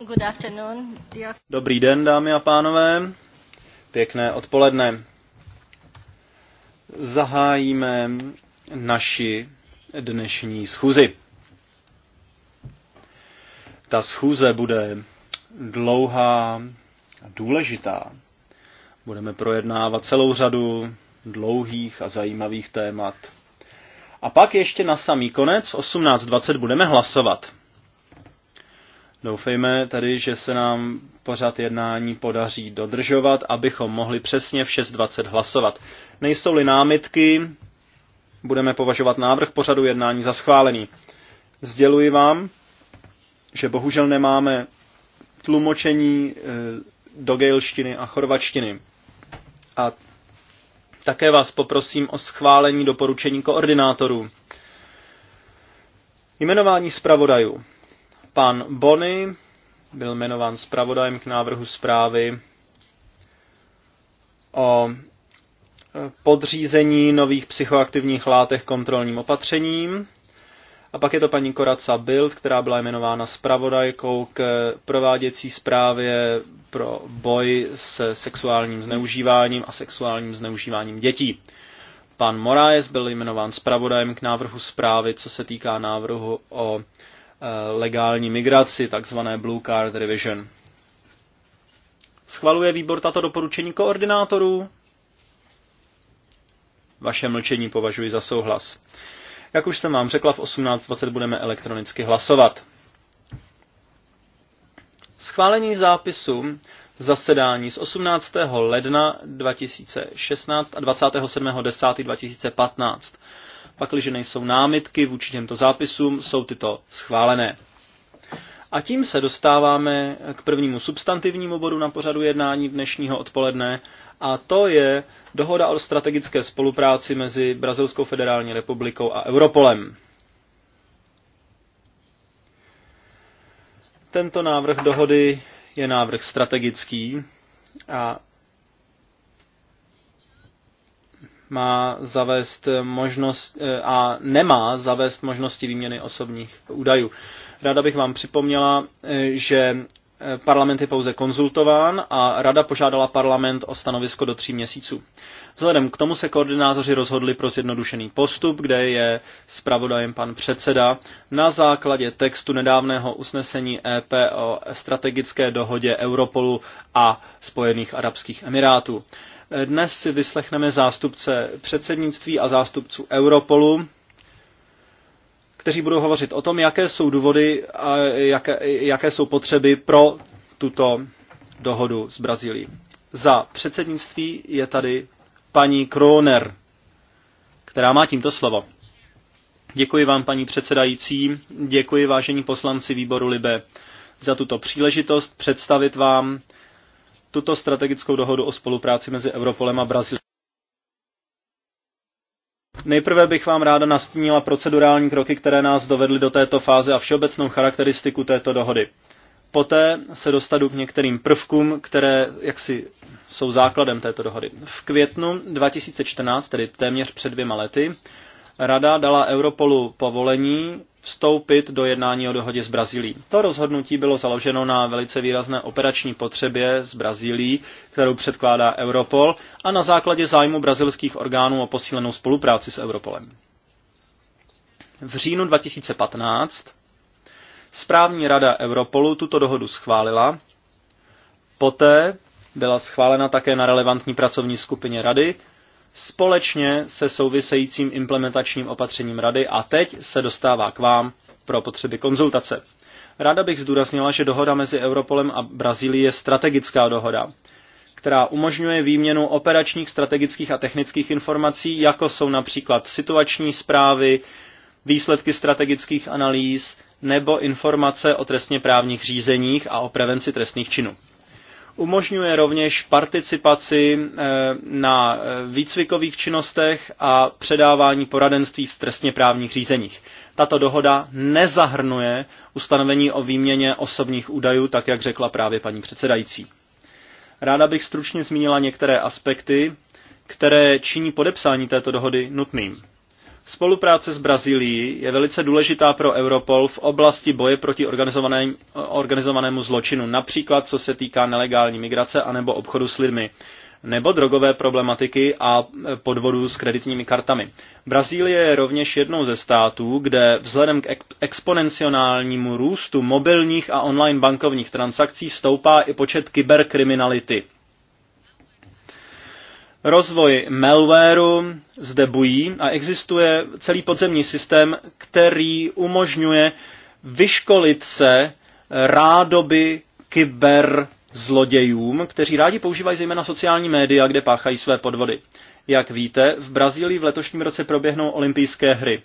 Good afternoon, dear... Dobrý den, dámy a pánové. Pěkné odpoledne. Zahájíme naši dnešní schůzi. Ta schůze bude dlouhá a důležitá. Budeme projednávat celou řadu dlouhých a zajímavých témat. A pak ještě na samý konec v 18.20 budeme hlasovat. Doufejme tedy, že se nám pořád jednání podaří dodržovat, abychom mohli přesně v 6.20 hlasovat. Nejsou-li námitky, budeme považovat návrh pořadu jednání za schválený. Sděluji vám, že bohužel nemáme tlumočení eh, do gejlštiny a chorvačtiny. A také vás poprosím o schválení doporučení koordinátorů. Jmenování zpravodajů. Pan Bonny byl jmenován zpravodajem k návrhu zprávy o podřízení nových psychoaktivních látek kontrolním opatřením. A pak je to paní Koraca Bild, která byla jmenována zpravodajkou k prováděcí zprávě pro boj se sexuálním zneužíváním a sexuálním zneužíváním dětí. Pan Moraes byl jmenován zpravodajem k návrhu zprávy, co se týká návrhu o Eh, legální migraci, takzvané Blue Card Revision. Schvaluje výbor tato doporučení koordinátorů? Vaše mlčení považuji za souhlas. Jak už jsem vám řekla, v 18.20 budeme elektronicky hlasovat. Schválení zápisu zasedání z 18. ledna 2016 a 27. 10. 2015. Pakliže nejsou námitky vůči těmto zápisům, jsou tyto schválené. A tím se dostáváme k prvnímu substantivnímu bodu na pořadu jednání dnešního odpoledne, a to je dohoda o strategické spolupráci mezi Brazilskou federální republikou a Europolem. Tento návrh dohody je návrh strategický a má zavést možnost eh, a nemá zavést možnosti výměny osobních údajů. Ráda bych vám připomněla, eh, že eh, Parlament je pouze konzultován a rada požádala parlament o stanovisko do tří měsíců. Vzhledem k tomu se koordinátoři rozhodli pro zjednodušený postup, kde je zpravodajem pan předseda na základě textu nedávného usnesení EP o strategické dohodě Europolu a Spojených Arabských Emirátů. Dnes si vyslechneme zástupce předsednictví a zástupců Europolu, kteří budou hovořit o tom, jaké jsou důvody a jaké, jaké jsou potřeby pro tuto dohodu s Brazílií. Za předsednictví je tady paní Kroner, která má tímto slovo. Děkuji vám, paní předsedající, děkuji vážení poslanci výboru Libe za tuto příležitost představit vám tuto strategickou dohodu o spolupráci mezi Europolem a Brazílií. Nejprve bych vám ráda nastínila procedurální kroky, které nás dovedly do této fáze a všeobecnou charakteristiku této dohody. Poté se dostanu k některým prvkům, které jaksi jsou základem této dohody. V květnu 2014, tedy téměř před dvěma lety, Rada dala Europolu povolení vstoupit do jednání o dohodě s Brazílií. To rozhodnutí bylo založeno na velice výrazné operační potřebě z Brazílií, kterou předkládá Europol a na základě zájmu brazilských orgánů o posílenou spolupráci s Europolem. V říjnu 2015 správní rada Europolu tuto dohodu schválila, poté byla schválena také na relevantní pracovní skupině rady, společně se souvisejícím implementačním opatřením Rady a teď se dostává k vám pro potřeby konzultace. Ráda bych zdůraznila, že dohoda mezi Europolem a Brazílií je strategická dohoda, která umožňuje výměnu operačních, strategických a technických informací, jako jsou například situační zprávy, výsledky strategických analýz nebo informace o trestně právních řízeních a o prevenci trestných činů. Umožňuje rovněž participaci eh, na eh, výcvikových činnostech a předávání poradenství v trestně právních řízeních. Tato dohoda nezahrnuje ustanovení o výměně osobních údajů, tak jak řekla právě paní předsedající. Ráda bych stručně zmínila některé aspekty, které činí podepsání této dohody nutným. Spolupráce s Brazílií je velice důležitá pro Europol v oblasti boje proti organizovaném, organizovanému zločinu, například co se týká nelegální migrace anebo obchodu s lidmi nebo drogové problematiky a podvodů s kreditními kartami. Brazílie je rovněž jednou ze států, kde vzhledem k exponenciálnímu růstu mobilních a online bankovních transakcí stoupá i počet kyberkriminality. Rozvoj malwareu zde bují a existuje celý podzemní systém, který umožňuje vyškolit se rádoby kyber zlodějům, kteří rádi používají zejména sociální média, kde páchají své podvody. Jak víte, v Brazílii v letošním roce proběhnou olympijské hry.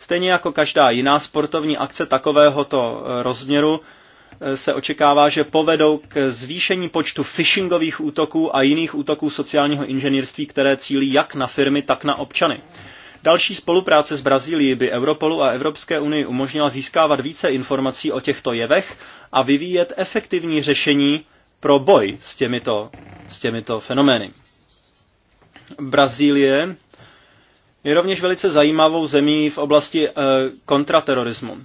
Stejně jako každá jiná sportovní akce takovéhoto rozměru, Eh, se očekává, že povedou k zvýšení počtu phishingových útoků a jiných útoků sociálního inženýrství, které cílí jak na firmy, tak na občany. Další spolupráce s Brazílií by Europolu a Evropské unii umožnila získávat více informací o těchto jevech a vyvíjet efektivní řešení pro boj s těmito, s těmito fenomény. Brazílie je rovněž velice zajímavou zemí v oblasti e, kontraterorismu.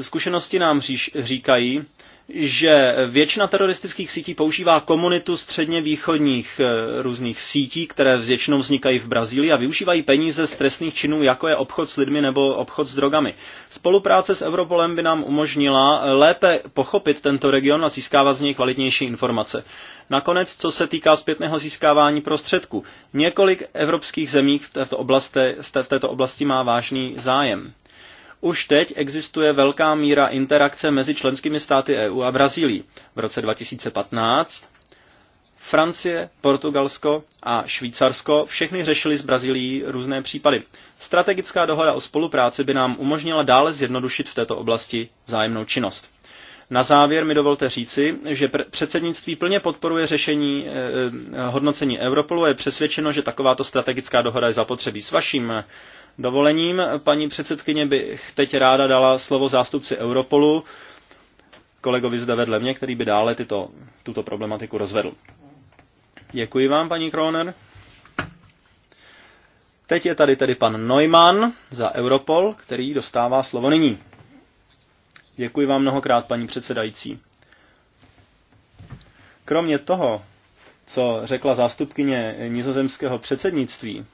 Zkušenosti nám říkají, že většina teroristických sítí používá komunitu středně východních eh, různých sítí, které většinou vznikají v Brazílii a využívají peníze z trestných činů, jako je obchod s lidmi nebo obchod s drogami. Spolupráce s Europolem by nám umožnila eh, lépe pochopit tento region a získávat z něj kvalitnější informace. Nakonec, co se týká zpětného získávání prostředků, několik evropských zemí v této oblasti, v této oblasti má vážný zájem. Už teď existuje velká míra interakce mezi členskými státy EU a Brazílií. V roce 2015 Francie, Portugalsko a Švýcarsko všechny řešili s Brazílií různé případy. Strategická dohoda o spolupráci by nám umožnila dále zjednodušit v této oblasti vzájemnou činnost. Na závěr mi dovolte říci, že předsednictví plně podporuje řešení eh, eh, hodnocení Europolu a je přesvědčeno, že takováto strategická dohoda je zapotřebí. S vaším eh, dovolením. Paní předsedkyně bych teď ráda dala slovo zástupci Europolu, kolegovi zde vedle mě, který by dále tyto, tuto problematiku rozvedl. Děkuji vám, paní Kroner. Teď je tady tedy pan Neumann za Europol, který dostává slovo nyní. Děkuji vám mnohokrát, paní předsedající. Kromě toho, co řekla zástupkyně nizozemského předsednictví,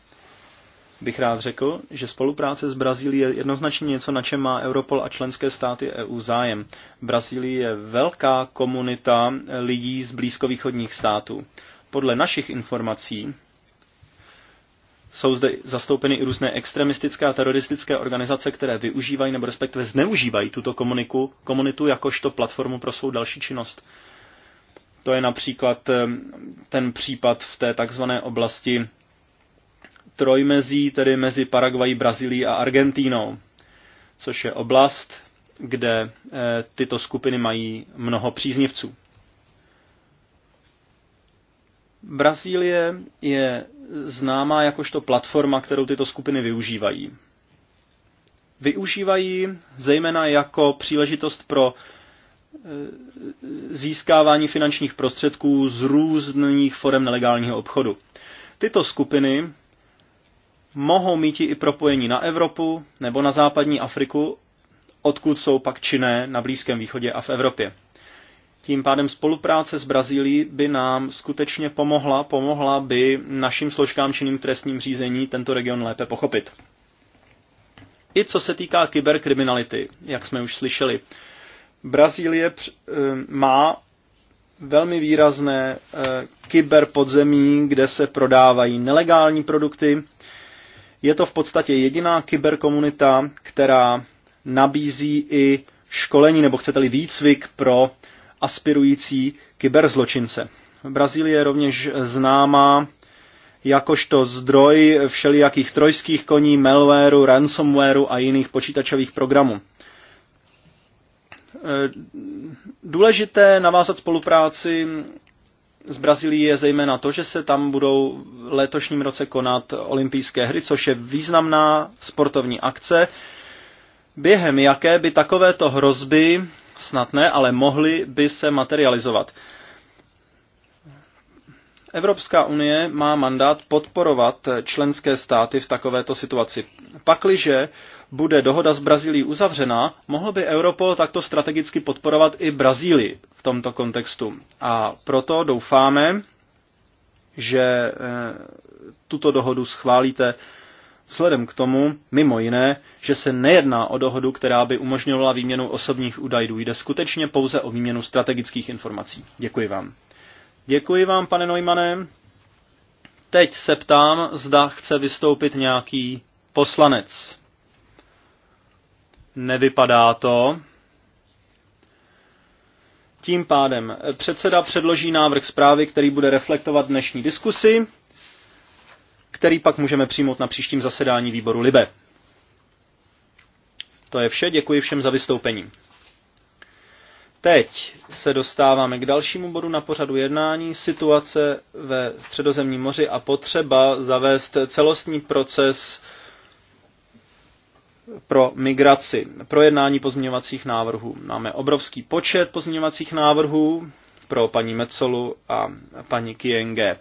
bych rád řekl, že spolupráce s Brazílií je jednoznačně něco, na čem má Europol a členské státy EU zájem. Brazílie je velká komunita lidí z blízkovýchodních států. Podle našich informací jsou zde zastoupeny i různé extremistické a teroristické organizace, které využívají nebo respektive zneužívají tuto komuniku, komunitu jakožto platformu pro svou další činnost. To je například eh, ten případ v té takzvané oblasti trojmezí, tedy mezi Paraguají, Brazílií a Argentínou, což je oblast, kde eh, tyto skupiny mají mnoho příznivců. Brazílie je známá jakožto platforma, kterou tyto skupiny využívají. Využívají zejména jako příležitost pro eh, získávání finančních prostředků z různých forem nelegálního obchodu. Tyto skupiny mohou mít i propojení na Evropu nebo na západní Afriku, odkud jsou pak činné na Blízkém východě a v Evropě. Tím pádem spolupráce s Brazílií by nám skutečně pomohla, pomohla by našim složkám činným trestním řízení tento region lépe pochopit. I co se týká kyberkriminality, jak jsme už slyšeli, Brazílie eh, má velmi výrazné eh, kyberpodzemí, kde se prodávají nelegální produkty, je to v podstatě jediná kyberkomunita, která nabízí i školení, nebo chcete-li výcvik pro aspirující kyberzločince. Brazílie je rovněž známá jakožto zdroj všelijakých trojských koní, malwareu, ransomwareu a jiných počítačových programů. E, důležité navázat spolupráci z Brazílie je zejména to, že se tam budou letošním roce konat olympijské hry, což je významná sportovní akce, během jaké by takovéto hrozby, snad ne, ale mohly by se materializovat. Evropská unie má mandát podporovat členské státy v takovéto situaci. Pakliže bude dohoda s Brazílií uzavřena, mohl by Europol takto strategicky podporovat i Brazílii v tomto kontextu. A proto doufáme, že e, tuto dohodu schválíte vzhledem k tomu, mimo jiné, že se nejedná o dohodu, která by umožňovala výměnu osobních údajů. Jde skutečně pouze o výměnu strategických informací. Děkuji vám. Děkuji vám, pane Neumane. Teď se ptám, zda chce vystoupit nějaký poslanec. Nevypadá to. Tím pádem předseda předloží návrh zprávy, který bude reflektovat dnešní diskusi, který pak můžeme přijmout na příštím zasedání výboru LIBE. To je vše, děkuji všem za vystoupení. Teď se dostáváme k dalšímu bodu na pořadu jednání, situace ve Středozemním moři a potřeba zavést celostní proces pro migraci. Projednání pozměňovacích návrhů. Máme obrovský počet pozměňovacích návrhů pro paní Mecolu a paní Kienge,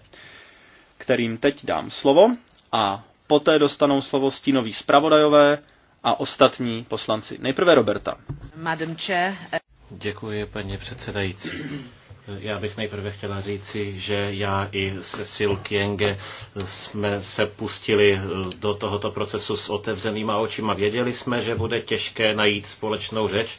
kterým teď dám slovo a poté dostanou slovo stínoví zpravodajové a ostatní poslanci. Nejprve Roberta. Madam Chair. Eh, Děkuji, paní předsedající. Já bych nejprve chtěla říci, že já i se Cecil Kienge jsme se pustili eh, do tohoto procesu s otevřenýma očima. Věděli jsme, že bude těžké najít společnou řeč,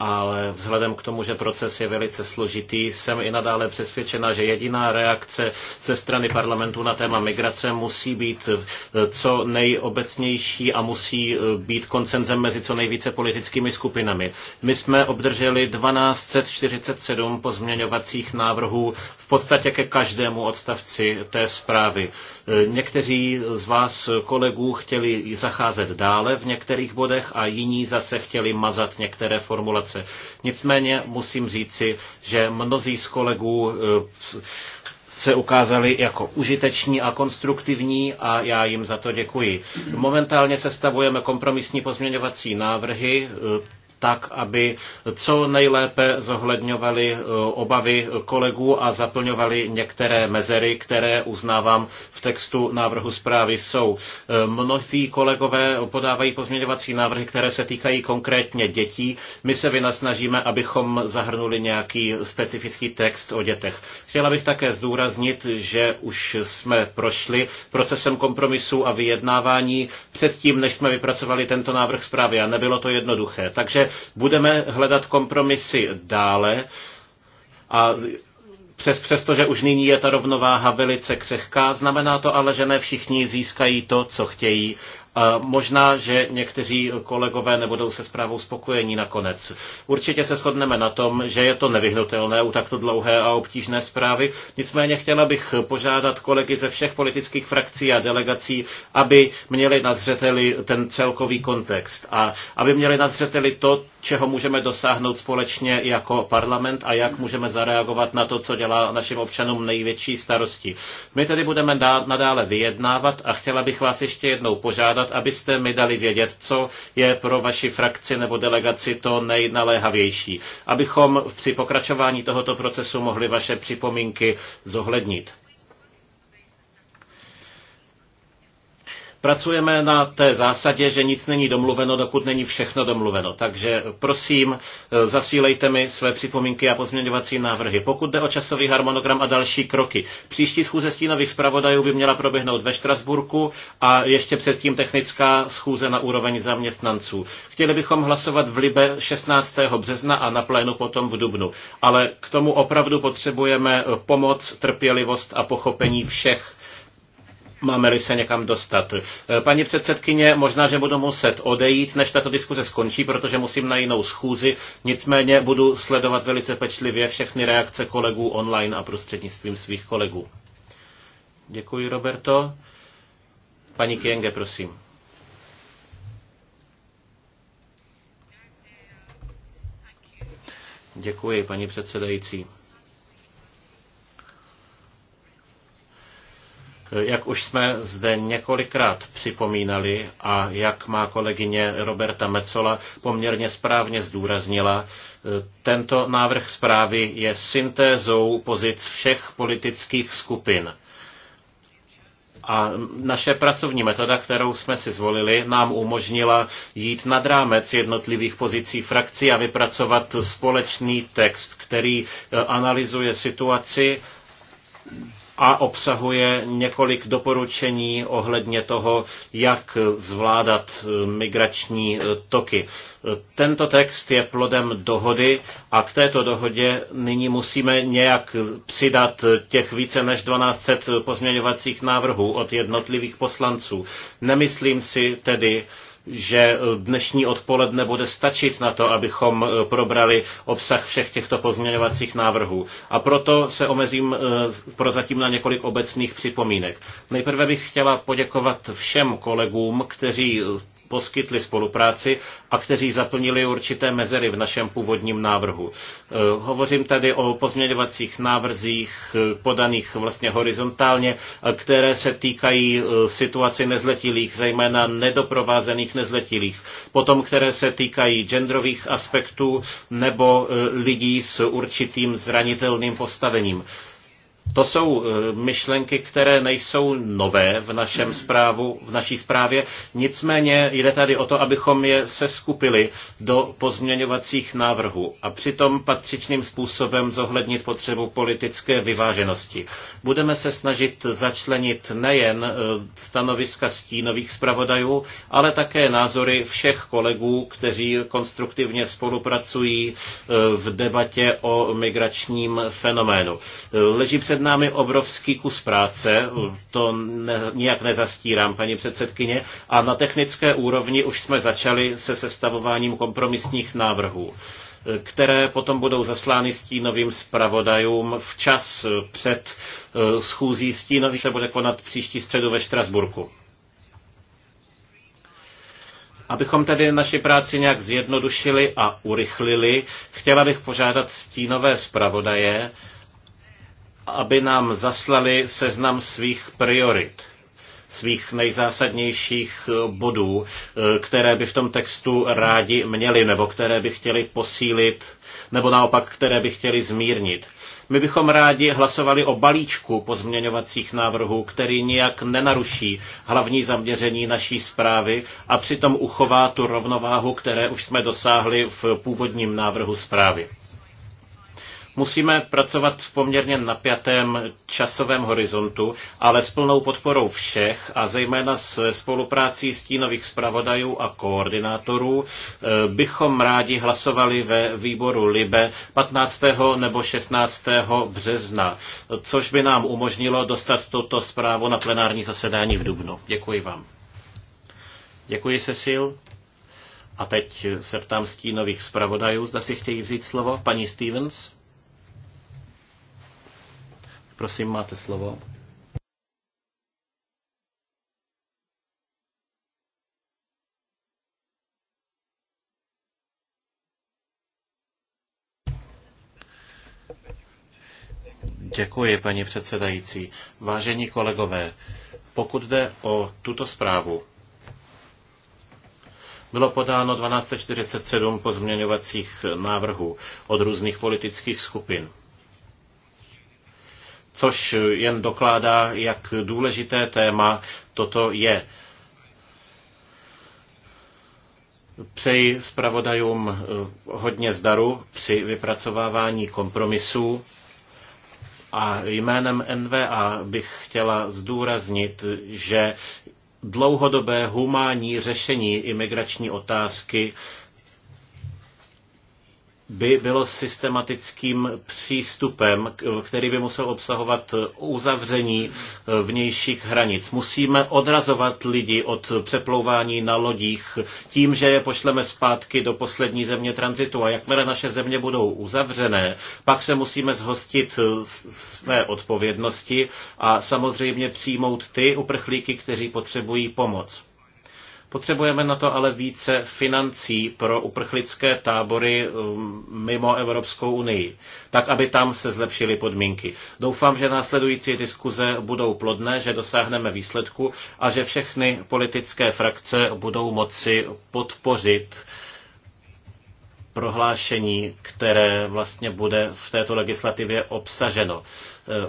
ale vzhledem k tomu, že proces je velice složitý, jsem i nadále přesvědčena, že jediná reakce ze strany parlamentu na téma migrace musí být eh, co nejobecnější a musí eh, být koncenzem mezi co nejvíce politickými skupinami. My jsme obdrželi 1247 pozměňovacích návrhů v podstatě ke každému odstavci té zprávy. Eh, někteří z vás kolegů chtěli zacházet dále v některých bodech a jiní zase chtěli mazat některé formulace situace. Nicméně musím říci, že mnozí z kolegů eh, se ukázali jako užiteční a konstruktivní a já jim za to děkuji. Momentálně sestavujeme kompromisní pozměňovací návrhy eh, tak, aby co nejlépe zohledňovali e, obavy kolegů a zaplňovali některé mezery, které uznávám v textu návrhu zprávy jsou. E, mnozí kolegové podávají pozměňovací návrhy, které se týkají konkrétně dětí. My se vynasnažíme, abychom zahrnuli nějaký specifický text o dětech. Chtěla bych také zdůraznit, že už jsme prošli procesem kompromisu a vyjednávání předtím, než jsme vypracovali tento návrh zprávy a nebylo to jednoduché. Takže budeme hledat kompromisy dále a přes, přesto, že už nyní je ta rovnováha velice křehká, znamená to ale, že ne všichni získají to, co chtějí možná, že někteří kolegové nebudou se zprávou spokojení nakonec. Určitě se shodneme na tom, že je to nevyhnutelné u takto dlouhé a obtížné zprávy. Nicméně chtěla bych požádat kolegy ze všech politických frakcí a delegací, aby měli na zřeteli ten celkový kontext a aby měli na zřeteli to, čeho můžeme dosáhnout společně jako parlament a jak můžeme zareagovat na to, co dělá našim občanům největší starosti. My tedy budeme nadále vyjednávat a chtěla bych vás ještě jednou požádat, abyste mi dali vědět, co je pro vaši frakci nebo delegaci to nejnaléhavější, abychom při pokračování tohoto procesu mohli vaše připomínky zohlednit. Pracujeme na té zásadě, že nic není domluveno, dokud není všechno domluveno. Takže prosím, e, zasílejte mi své připomínky a pozměňovací návrhy. Pokud jde o časový harmonogram a další kroky, příští schůze stínových zpravodajů by měla proběhnout ve Štrasburku a ještě předtím technická schůze na úroveň zaměstnanců. Chtěli bychom hlasovat v Libe 16. března a na plénu potom v Dubnu. Ale k tomu opravdu potřebujeme pomoc, trpělivost a pochopení všech Máme-li se někam dostat. E, paní předsedkyně, možná, že budu muset odejít, než tato diskuze skončí, protože musím na jinou schůzi. Nicméně budu sledovat velice pečlivě všechny reakce kolegů online a prostřednictvím svých kolegů. Děkuji, Roberto. Paní Kienge, prosím. Děkuji, paní předsedající. Jak už jsme zde několikrát připomínali a jak má kolegyně Roberta Mecola poměrně správně zdůraznila, e, tento návrh zprávy je syntézou pozic všech politických skupin. A naše pracovní metoda, kterou jsme si zvolili, nám umožnila jít nad rámec jednotlivých pozicí frakcí a vypracovat společný text, který e, analyzuje situaci a obsahuje několik doporučení ohledně toho, jak zvládat eh, migrační eh, toky. Tento text je plodem dohody a k této dohodě nyní musíme nějak přidat těch více než 1200 pozměňovacích návrhů od jednotlivých poslanců. Nemyslím si tedy, že eh, dnešní odpoledne bude stačit na to, abychom eh, probrali obsah všech těchto pozměňovacích návrhů. A proto se omezím eh, prozatím na několik obecných připomínek. Nejprve bych chtěla poděkovat všem kolegům, kteří poskytli spolupráci a kteří zaplnili určité mezery v našem původním návrhu. E, hovořím tady o pozměňovacích návrzích e, podaných vlastně horizontálně, e, které se týkají situaci nezletilých, zejména nedoprovázených nezletilých, potom které se týkají genderových aspektů nebo lidí s určitým zranitelným postavením. To jsou eh, myšlenky, které nejsou nové v, našem zprávu, v naší zprávě, nicméně jde tady o to, abychom je seskupili do pozměňovacích návrhů a přitom patřičným způsobem zohlednit potřebu politické vyváženosti. Budeme se snažit začlenit nejen eh, stanoviska stínových zpravodajů, ale také názory všech kolegů, kteří konstruktivně spolupracují eh, v debatě o migračním fenoménu. Leží před před námi obrovský kus práce, to ne, nijak nezastírám, paní předsedkyně, a na technické úrovni už jsme začali se sestavováním kompromisních návrhů které potom budou zaslány stínovým zpravodajům včas před eh, schůzí stínových, se bude konat příští středu ve Štrasburku. Abychom tedy naši práci nějak zjednodušili a urychlili, chtěla bych požádat stínové zpravodaje, aby nám zaslali seznam svých priorit svých nejzásadnějších eh, bodů, eh, které by v tom textu rádi měli, nebo které by chtěli posílit, nebo naopak, které by chtěli zmírnit. My bychom rádi hlasovali o balíčku pozměňovacích návrhů, který nijak nenaruší hlavní zaměření naší zprávy a přitom uchová tu rovnováhu, které už jsme dosáhli v původním návrhu zprávy. Musíme pracovat v poměrně napjatém časovém horizontu, ale s plnou podporou všech a zejména s spoluprácí stínových zpravodajů a koordinátorů eh, bychom rádi hlasovali ve výboru LIBE 15. nebo 16. března, což by nám umožnilo dostat tuto zprávu na plenární zasedání v Dubnu. Děkuji vám. Děkuji, Cecil. A teď se ptám stínových zpravodajů, zda si chtějí vzít slovo. Paní Stevens? Prosím, máte slovo. Děkuji, paní předsedající. Vážení kolegové, pokud jde o tuto zprávu, bylo podáno 1247 pozměňovacích návrhů od různých politických skupin což jen dokládá, jak důležité téma toto je. Přeji zpravodajům eh, hodně zdaru při vypracovávání kompromisů a jménem NVA bych chtěla zdůraznit, že dlouhodobé humánní řešení imigrační otázky by bylo systematickým přístupem, který by musel obsahovat uzavření eh, vnějších hranic. Musíme odrazovat lidi od přeplouvání na lodích tím, že je pošleme zpátky do poslední země tranzitu. A jakmile naše země budou uzavřené, pak se musíme zhostit eh, své odpovědnosti a samozřejmě přijmout ty uprchlíky, kteří potřebují pomoc. Potřebujeme na to ale více financí pro uprchlické tábory um, mimo Evropskou unii, tak aby tam se zlepšily podmínky. Doufám, že následující diskuze budou plodné, že dosáhneme výsledku a že všechny politické frakce budou moci podpořit prohlášení, které vlastně bude v této legislativě obsaženo. E,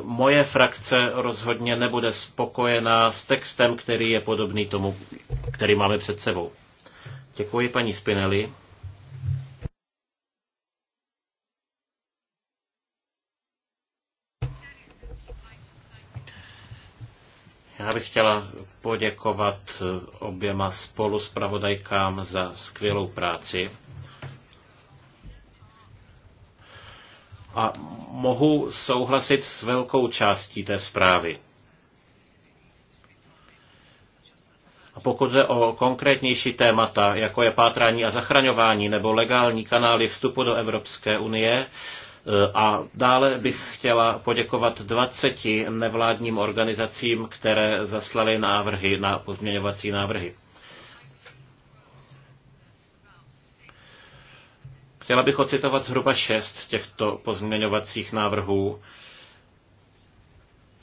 moje frakce rozhodně nebude spokojená s textem, který je podobný tomu, který máme před sebou. Děkuji paní Spinelli. Já bych chtěla poděkovat e, oběma spoluspravodajkám za skvělou práci. a mohu souhlasit s velkou částí té zprávy. A pokud jde o konkrétnější témata, jako je pátrání a zachraňování nebo legální kanály vstupu do Evropské unie, e, a dále bych chtěla poděkovat 20 nevládním organizacím, které zaslaly návrhy na pozměňovací návrhy. Chtěla bych ocitovat zhruba šest těchto pozměňovacích návrhů,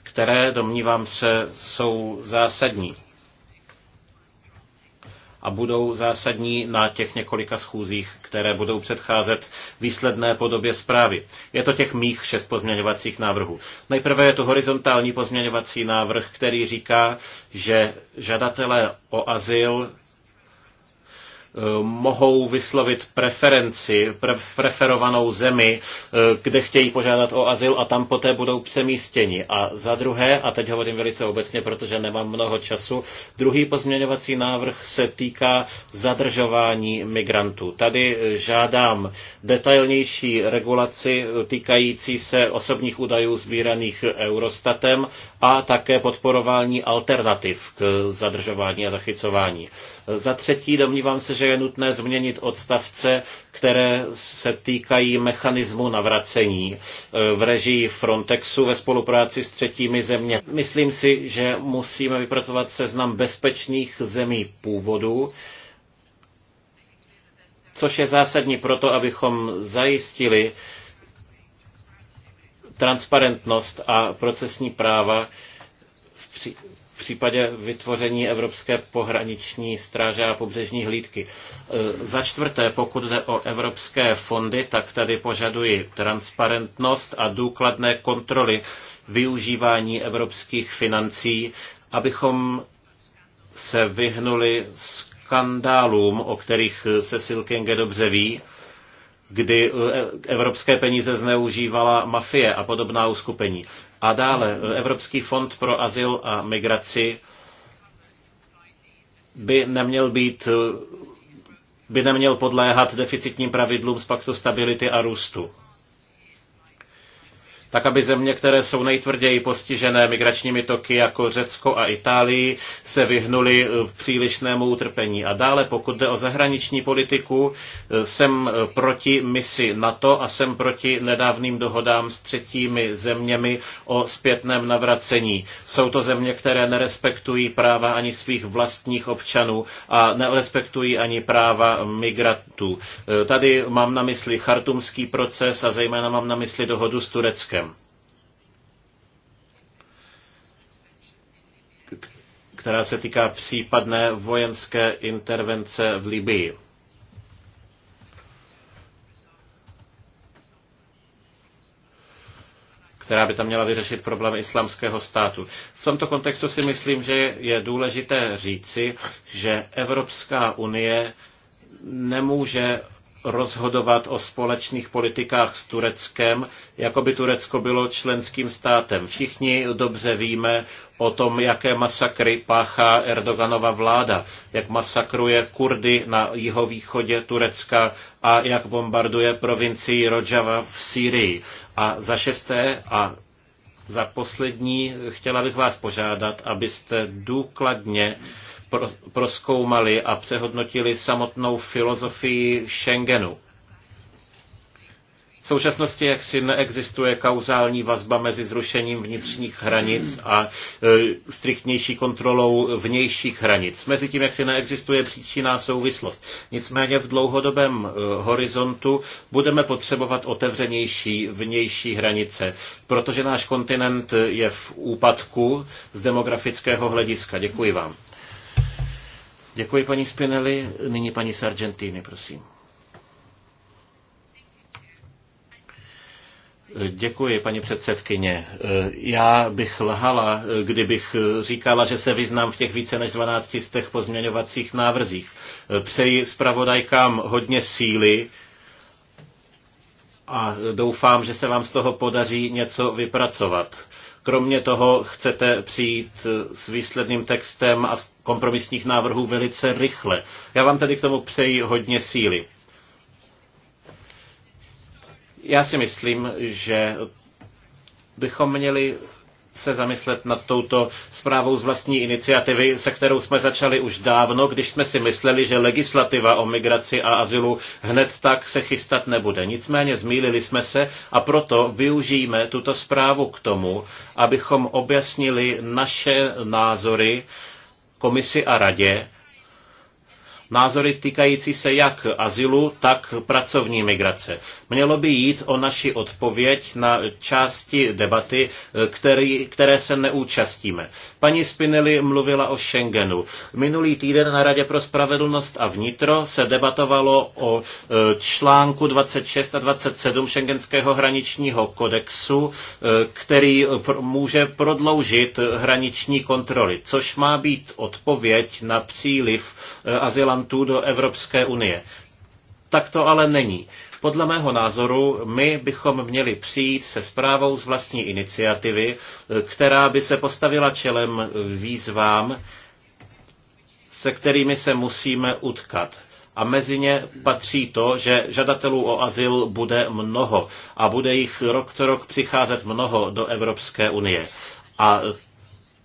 které, domnívám se, jsou zásadní a budou zásadní na těch několika schůzích, které budou předcházet výsledné podobě zprávy. Je to těch mých šest pozměňovacích návrhů. Nejprve je to horizontální pozměňovací návrh, který říká, že žadatelé o azyl mohou vyslovit preferenci, pre, preferovanou zemi, eh, kde chtějí požádat o azyl a tam poté budou přemístěni. A za druhé, a teď hovořím velice obecně, protože nemám mnoho času, druhý pozměňovací návrh se týká zadržování migrantů. Tady eh, žádám detailnější regulaci eh, týkající se osobních údajů sbíraných Eurostatem a také podporování alternativ k zadržování a zachycování. Za třetí domnívám se, že je nutné změnit odstavce, které se týkají mechanismu navracení eh, v režii Frontexu ve spolupráci s třetími země. Myslím si, že musíme vypracovat seznam bezpečných zemí původu, což je zásadní proto, abychom zajistili transparentnost a procesní práva v, případě vytvoření Evropské pohraniční stráže a pobřežní hlídky. E, za čtvrté, pokud jde o evropské fondy, tak tady požaduji transparentnost a důkladné kontroly využívání evropských financí, abychom se vyhnuli skandálům, o kterých se Silkenge dobře ví, kdy e, evropské peníze zneužívala mafie a podobná uskupení. A dále Evropský fond pro azyl a migraci by neměl být by neměl podléhat deficitním pravidlům z paktu stability a růstu tak aby země, které jsou nejtvrději postižené migračními toky jako Řecko a Itálii, se vyhnuly eh, přílišnému utrpení. A dále, pokud jde o zahraniční politiku, eh, jsem eh, proti misi NATO a jsem proti nedávným dohodám s třetími zeměmi o zpětném navracení. Jsou to země, které nerespektují práva ani svých vlastních občanů a nerespektují ani práva migrantů. Tady mám na mysli chartumský proces a zejména mám na mysli dohodu s Tureckem. která se týká případné vojenské intervence v Libii. která by tam měla vyřešit problém islamského státu. V tomto kontextu si myslím, že je důležité říci, že Evropská unie nemůže rozhodovat o společných politikách s Tureckem, jako by Turecko bylo členským státem. Všichni dobře víme o tom, jaké masakry páchá Erdoganova vláda, jak masakruje Kurdy na jihovýchodě Turecka a jak bombarduje provincii Rojava v Sýrii. A za šesté a za poslední chtěla bych vás požádat, abyste důkladně proskoumali a přehodnotili samotnou filozofii Schengenu. V současnosti jaksi neexistuje kauzální vazba mezi zrušením vnitřních hranic a e, striktnější kontrolou vnějších hranic. Mezi tím jaksi neexistuje příčinná souvislost. Nicméně v dlouhodobém e, horizontu budeme potřebovat otevřenější vnější hranice, protože náš kontinent je v úpadku z demografického hlediska. Děkuji vám. Děkuji paní Spinelli. Nyní paní Sargentini, prosím. Děkuji, paní předsedkyně. Já bych lhala, kdybych říkala, že se vyznám v těch více než 12 z těch pozměňovacích návrzích. Přeji zpravodajkám hodně síly a doufám, že se vám z toho podaří něco vypracovat. Kromě toho chcete přijít s výsledným textem a s kompromisních návrhů velice rychle. Já vám tedy k tomu přeji hodně síly. Já si myslím, že bychom měli se zamyslet nad touto zprávou z vlastní iniciativy, se kterou jsme začali už dávno, když jsme si mysleli, že legislativa o migraci a azylu hned tak se chystat nebude. Nicméně zmílili jsme se a proto využijeme tuto zprávu k tomu, abychom objasnili naše názory komisi a radě názory týkající se jak azylu, tak pracovní migrace. Mělo by jít o naši odpověď na části debaty, eh, který, které se neúčastíme. Paní Spinelli mluvila o Schengenu. Minulý týden na Radě pro spravedlnost a vnitro se debatovalo o eh, článku 26 a 27 Schengenského hraničního kodexu, eh, který může prodloužit hraniční kontroly, což má být odpověď na příliv azylantů migrantů do Evropské unie. Tak to ale není. Podle mého názoru my bychom měli přijít se zprávou z vlastní iniciativy, která by se postavila čelem výzvám, se kterými se musíme utkat. A mezi ně patří to, že žadatelů o azyl bude mnoho a bude jich rok co rok přicházet mnoho do Evropské unie. A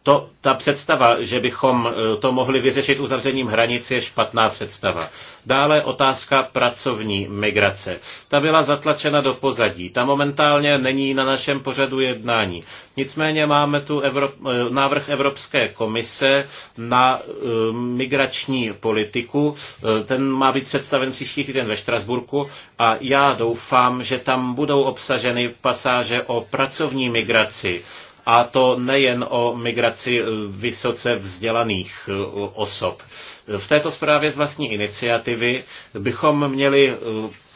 to, ta představa, že bychom e, to mohli vyřešit uzavřením hranic, je špatná představa. Dále otázka pracovní migrace. Ta byla zatlačena do pozadí. Ta momentálně není na našem pořadu jednání. Nicméně máme tu Evrop- e, návrh Evropské komise na e, migrační politiku. ten má být představen příští týden ve Štrasburku a já doufám, že tam budou obsaženy pasáže o pracovní migraci a to nejen o migraci eh, vysoce vzdělaných eh, osob. V této zprávě z vlastní iniciativy bychom měli eh,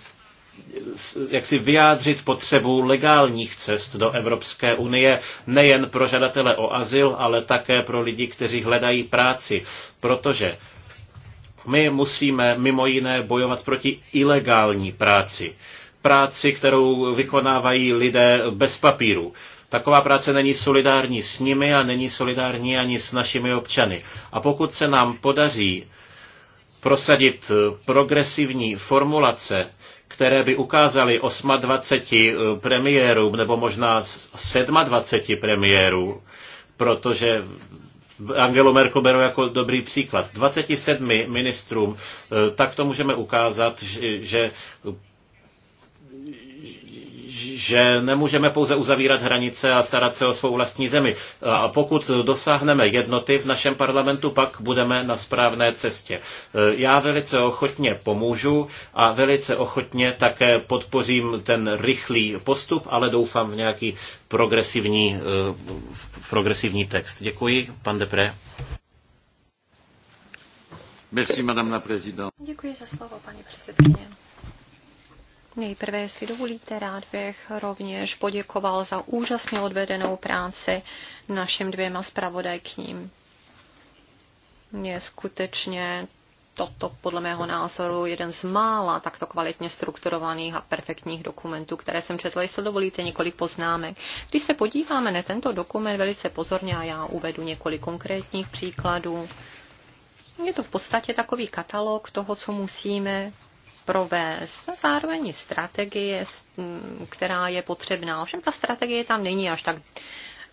jak si vyjádřit potřebu legálních cest do Evropské unie, nejen pro žadatele o azyl, ale také pro lidi, kteří hledají práci. Protože my musíme mimo jiné bojovat proti ilegální práci. Práci, kterou vykonávají lidé bez papíru. Taková práce není solidární s nimi a není solidární ani s našimi občany. A pokud se nám podaří prosadit eh, progresivní formulace, které by ukázaly 28 eh, premiérům nebo možná 27 premiérů, protože Angelo Merkel beru jako dobrý příklad. 27 ministrům, eh, tak to můžeme ukázat, že že nemůžeme pouze uzavírat hranice a starat se o svou vlastní zemi. A pokud dosáhneme jednoty v našem parlamentu, pak budeme na správné cestě. Já velice ochotně pomůžu a velice ochotně také podpořím ten rychlý postup, ale doufám v nějaký progresivní, v eh, progresivní text. Děkuji, pan Depré. Merci, madame la Děkuji za slovo, paní předsedkyně. Nejprve, jestli dovolíte, rád bych rovněž poděkoval za úžasně odvedenou práci našim dvěma zpravodajkním. Je skutečně toto podle mého názoru jeden z mála takto kvalitně strukturovaných a perfektních dokumentů, které jsem četla, jestli dovolíte několik poznámek. Když se podíváme na tento dokument velice pozorně a já uvedu několik konkrétních příkladů, je to v podstatě takový katalog toho, co musíme provést. A zároveň strategie, která je potřebná. Ovšem ta strategie tam není až tak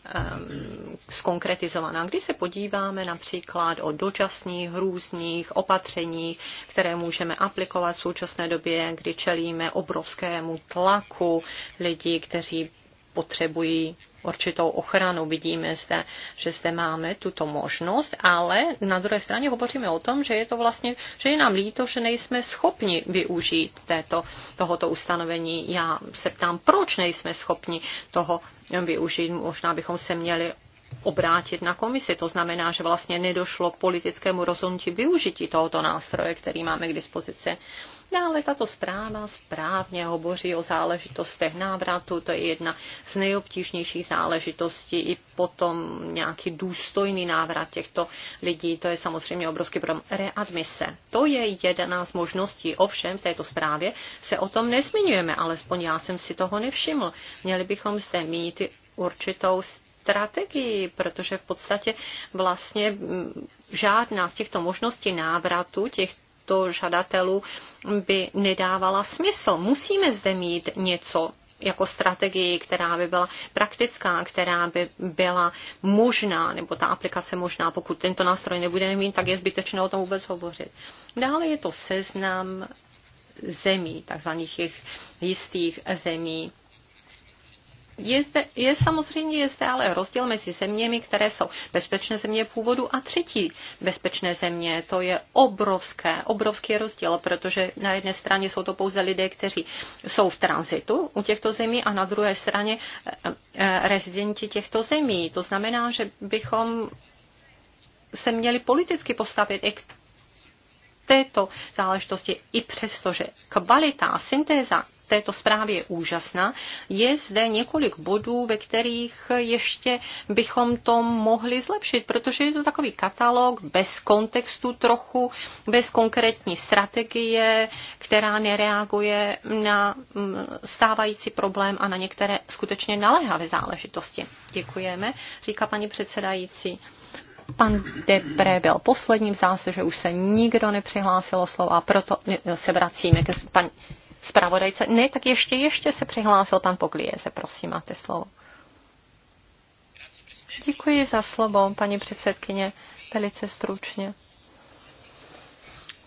zkonkretizovaná. skonkretizovaná. Když se podíváme například o dočasných různých opatřeních, které můžeme aplikovat v současné době, kdy čelíme obrovskému tlaku lidí, kteří potřebují určitou ochranu. Vidíme zde, že zde máme tuto možnost, ale na druhé straně hovoříme o tom, že je to vlastně, že je nám líto, že nejsme schopni využít této, tohoto ustanovení. Já se ptám, proč nejsme schopni toho využít. Možná bychom se měli obrátit na komisi. To znamená, že vlastně nedošlo k politickému rozhodnutí využití tohoto nástroje, který máme k dispozici. Dále no, tato zpráva správně hovoří o záležitostech návratu, to je jedna z nejobtížnějších záležitostí i potom nějaký důstojný návrat těchto lidí, to je samozřejmě obrovský problém. Readmise, to je jedna z možností, ovšem v této zprávě se o tom nezmiňujeme, alespoň já jsem si toho nevšiml. Měli bychom zde mít určitou strategii, protože v podstatě vlastně mm, žádná z těchto možností návratu těch to žadatelů by nedávala smysl. Musíme zde mít něco jako strategii, která by byla praktická, která by byla možná, nebo ta aplikace možná, pokud tento nástroj nebudeme mít, tak je zbytečné o tom vůbec hovořit. Dále je to seznam zemí, takzvaných jistých zemí, je, zde, je samozřejmě je zde ale rozdíl mezi zeměmi, které jsou bezpečné země původu a třetí bezpečné země. To je obrovské, obrovský rozdíl, protože na jedné straně jsou to pouze lidé, kteří jsou v tranzitu u těchto zemí a na druhé straně eh, eh, rezidenti těchto zemí. To znamená, že bychom se měli politicky postavit i k této záležitosti, i přesto, že kvalita, syntéza této zprávy je úžasná, je zde několik bodů, ve kterých ještě bychom to mohli zlepšit, protože je to takový katalog bez kontextu trochu, bez konkrétní strategie, která nereaguje na mm, stávající problém a na některé skutečně naléhavé záležitosti. Děkujeme, říká paní předsedající. Pan Depre byl posledním, zdá se, že už se nikdo nepřihlásil o slovo a proto se vracíme ke paní zpravodajce. Ne, tak ještě, ještě se přihlásil pan Pogliese, prosím, máte slovo. Děkuji za slovo, paní předsedkyně, velice stručně.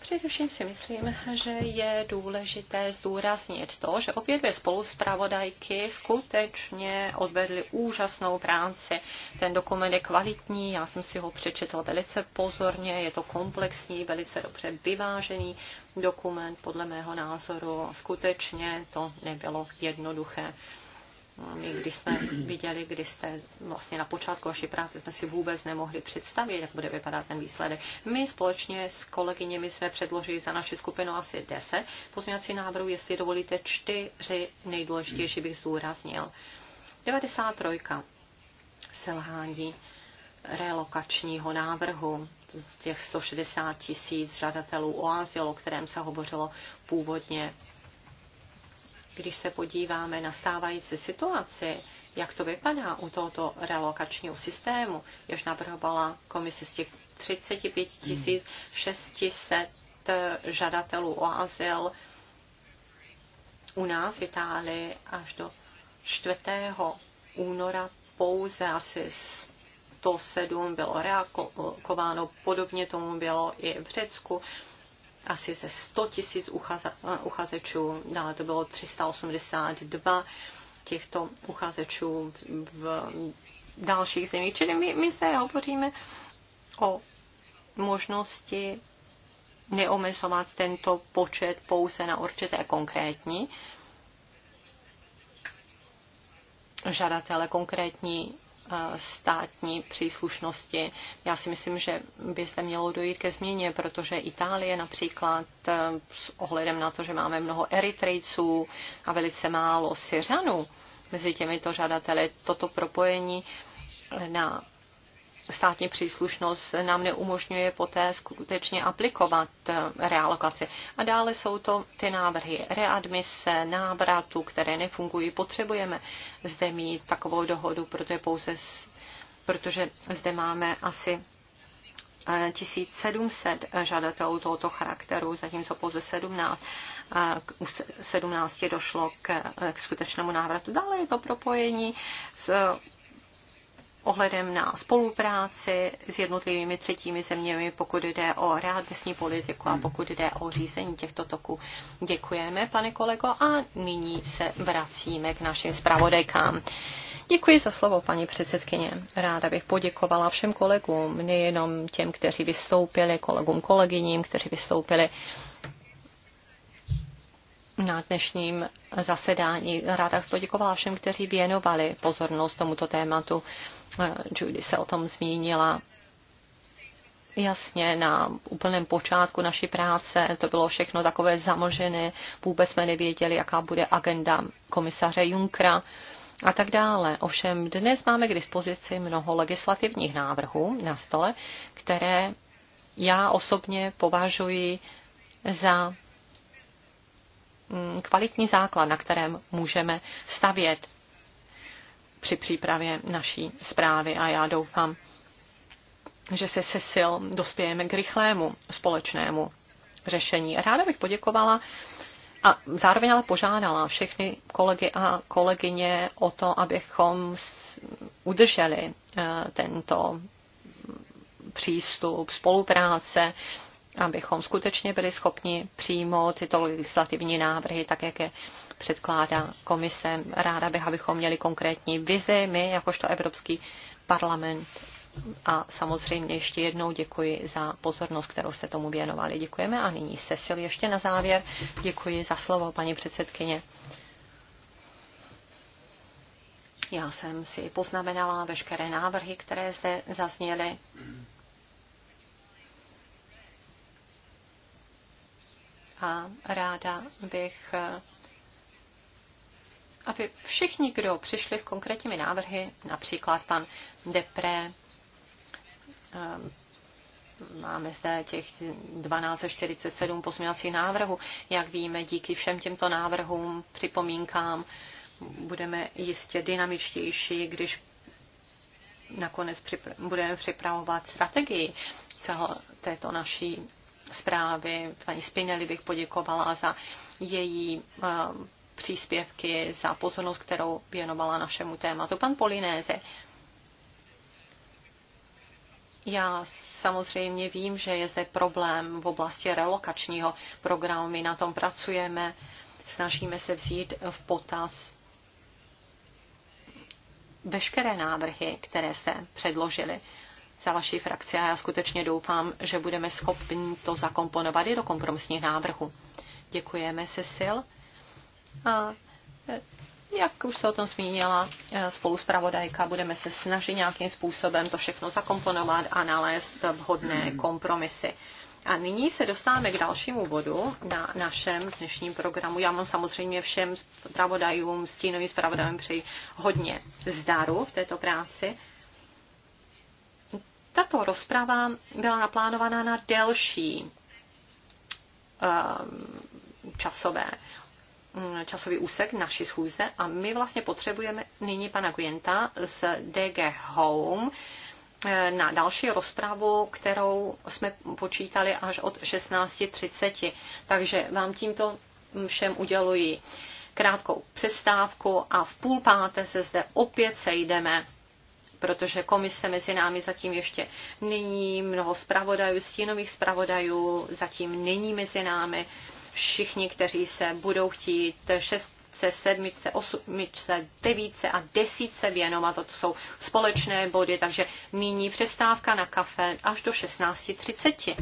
Především si myslím, že je důležité zdůraznit to, že obě dvě spoluzpravodajky skutečně odvedly úžasnou práci. Ten dokument je kvalitní, já jsem si ho přečetla velice pozorně, je to komplexní, velice dobře vyvážený dokument, podle mého názoru skutečně to nebylo jednoduché. My, když jsme viděli, když jste vlastně na počátku vaší práce, jsme si vůbec nemohli představit, jak bude vypadat ten výsledek. My společně s kolegyněmi jsme předložili za naši skupinu asi 10 pozměňovací návrhů, jestli dovolíte, čtyři nejdůležitější bych zdůraznil. 93. Selhání relokačního návrhu těch 160 tisíc žadatelů o azyl, o kterém se hovořilo původně když se podíváme na stávající situaci, jak to vypadá u tohoto relokačního systému, jež navrhovala komise z těch 35 600 hmm. eh, žadatelů o azyl u nás v Itálii až do 4. února pouze asi 107 bylo reakováno podobně tomu bylo i v Řecku asi ze 100 tisíc eh, uchazečů, dále to bylo 382 těchto uchazečů v dalších zemích. Čili my, my se hovoříme o možnosti neomezovat tento počet pouze na určité konkrétní žadatele, konkrétní E, státní příslušnosti. Já si myslím, že by se mělo dojít ke změně, protože Itálie například e, s ohledem na to, že máme mnoho Eritrejců a velice málo Syřanů mezi těmito žadateli, toto propojení na státní příslušnost nám neumožňuje poté skutečně aplikovat eh, realokaci. A dále jsou to ty návrhy readmise, návratu, které nefungují. Potřebujeme zde mít takovou dohodu, protože, pouze, protože zde máme asi 1700 eh, žadatelů tohoto charakteru, zatímco pouze 17, 17 eh, došlo k, k skutečnému návratu. Dále je to propojení s ohledem na spolupráci s jednotlivými třetími zeměmi, pokud jde o readmisní politiku a pokud jde o řízení těchto toků. Děkujeme, pane kolego, a nyní se vracíme k našim zpravodajkám. Děkuji za slovo, paní předsedkyně. Ráda bych poděkovala všem kolegům, nejenom těm, kteří vystoupili, kolegům, kolegyním, kteří vystoupili na dnešním zasedání. Ráda bych poděkovala všem, kteří věnovali pozornost tomuto tématu. Judy se o tom zmínila. Jasně, na úplném počátku naší práce to bylo všechno takové zamlžené, vůbec jsme nevěděli, jaká bude agenda komisaře Junkra a tak dále. Ovšem dnes máme k dispozici mnoho legislativních návrhů na stole, které já osobně považuji za Mm, kvalitní základ, na kterém můžeme stavět při přípravě naší zprávy a já doufám, že se se sil dospějeme k rychlému společnému řešení. Ráda bych poděkovala a zároveň ale požádala všechny kolegy a kolegyně o to, abychom udrželi eh, tento přístup, spolupráce abychom skutečně byli schopni přijmout tyto legislativní návrhy, tak jak je předkládá komise. Ráda bych, abychom měli konkrétní vizi, my jakožto Evropský parlament. A samozřejmě ještě jednou děkuji za pozornost, kterou jste tomu věnovali. Děkujeme a nyní Cecil ještě na závěr. Děkuji za slovo, paní předsedkyně. Já jsem si poznamenala veškeré návrhy, které zde zazněly. a ráda bych, aby všichni, kdo přišli s konkrétními návrhy, například pan Depré, ehm, máme zde těch 1247 pozměňovacích návrhů. Jak víme, díky všem těmto návrhům, připomínkám, budeme jistě dynamičtější, když nakonec připra- budeme připravovat strategii celé této naší zprávy. Paní Spinelli bych poděkovala za její eh, příspěvky, za pozornost, kterou věnovala našemu tématu. Pan Polinéze, já samozřejmě vím, že je zde problém v oblasti relokačního programu. My na tom pracujeme, snažíme se vzít v potaz veškeré návrhy, které jste předložili za vaší frakci a já skutečně doufám, že budeme schopni to zakomponovat i do kompromisních návrhů. Děkujeme, Cecil. A e, jak už se o tom zmínila e, spoluspravodajka, budeme se snažit nějakým způsobem to všechno zakomponovat a nalézt vhodné hmm. kompromisy. A nyní se dostáváme k dalšímu bodu na našem dnešním programu. Já vám samozřejmě všem zpravodajům, stínovým zpravodajům přeji hodně zdaru v této práci. Tato rozprava byla naplánovaná na delší eh, časové mm, časový úsek naší schůze a my vlastně potřebujeme nyní pana Guenta z DG Home eh, na další rozpravu, kterou jsme počítali až od 16.30. Takže vám tímto všem uděluji krátkou přestávku a v půl páté se zde opět sejdeme protože komise mezi námi zatím ještě není, mnoho zpravodajů, stínových zpravodajů zatím není mezi námi. Všichni, kteří se budou chtít šest se sedmičce, osmičce, devíce a desíce věnovat. To jsou společné body, takže nyní přestávka na kafe až do 16.30.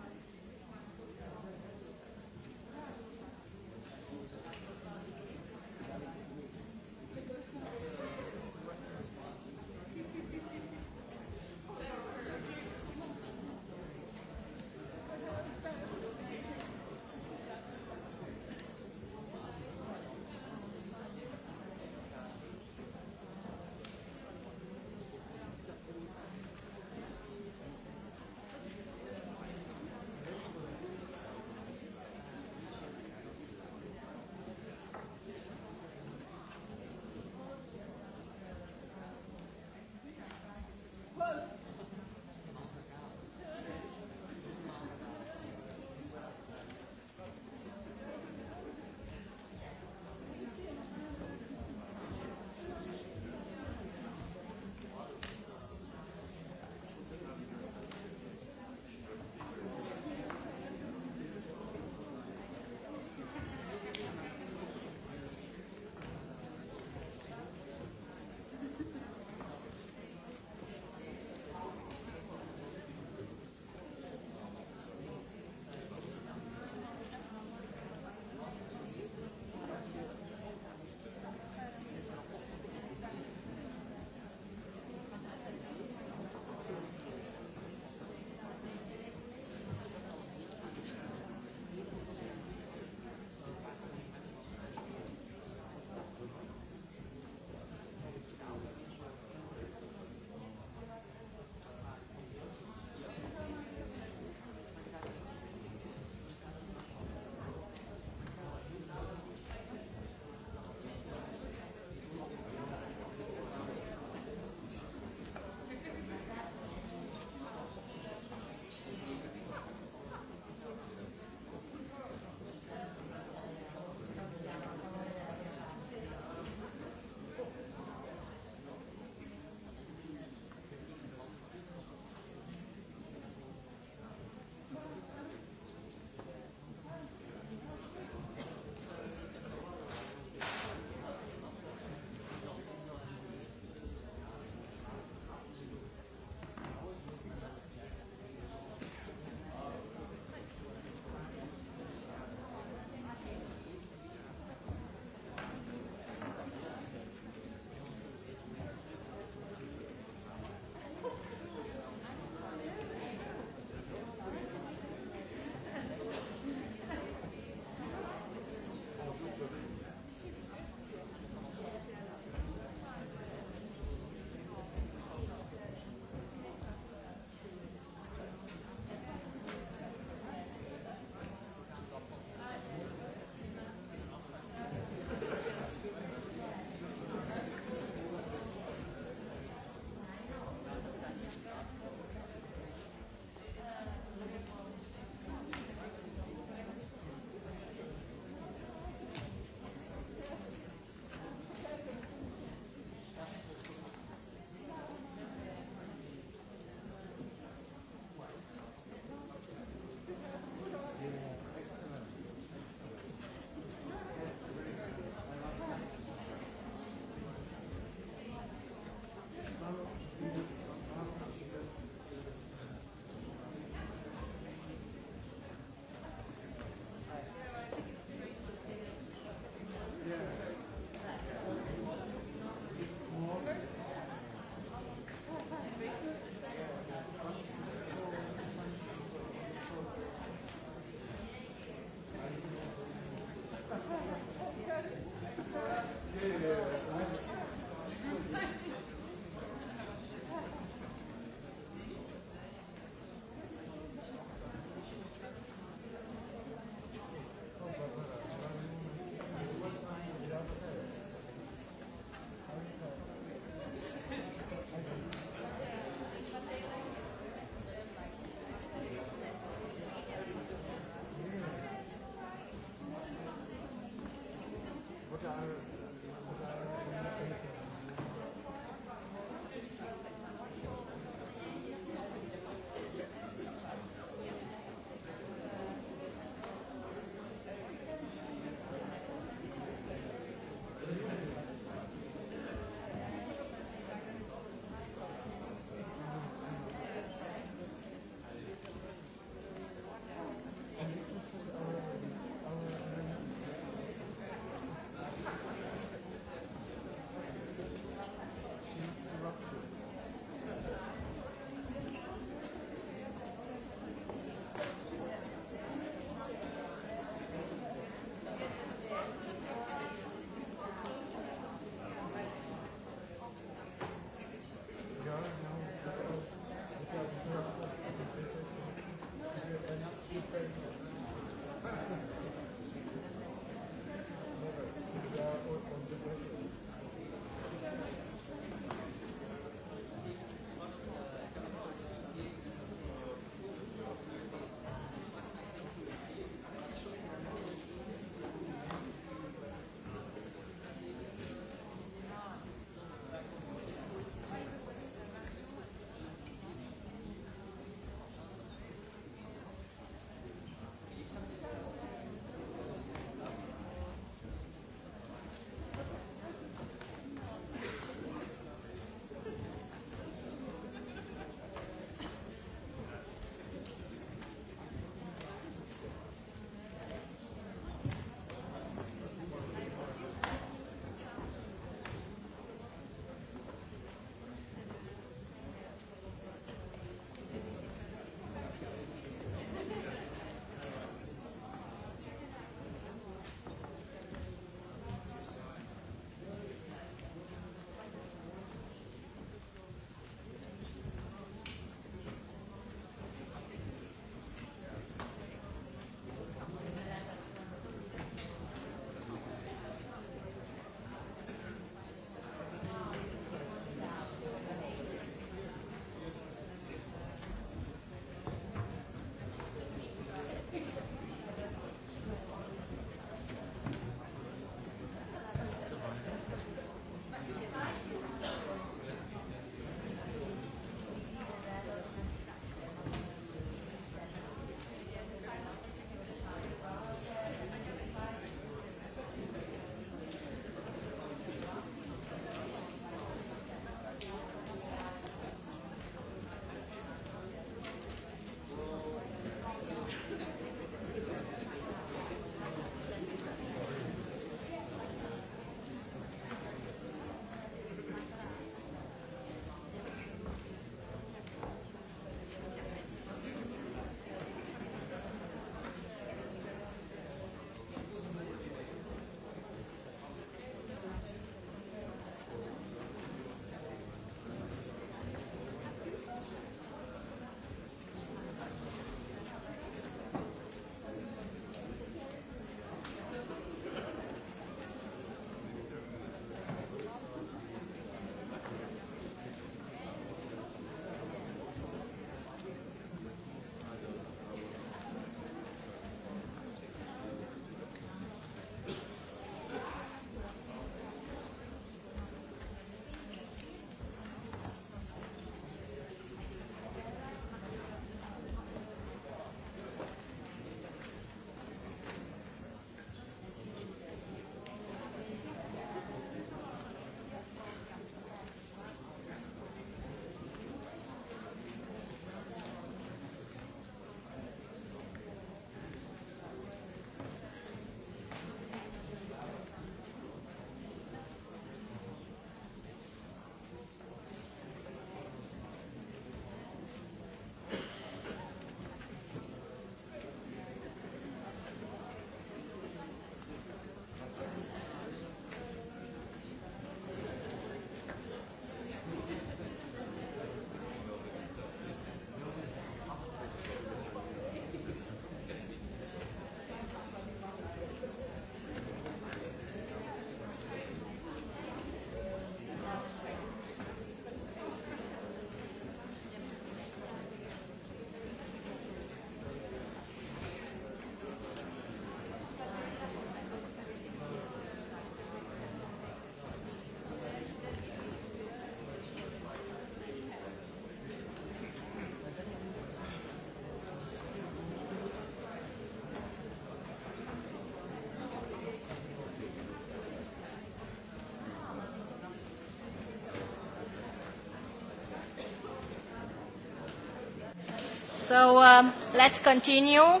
So um, let's continue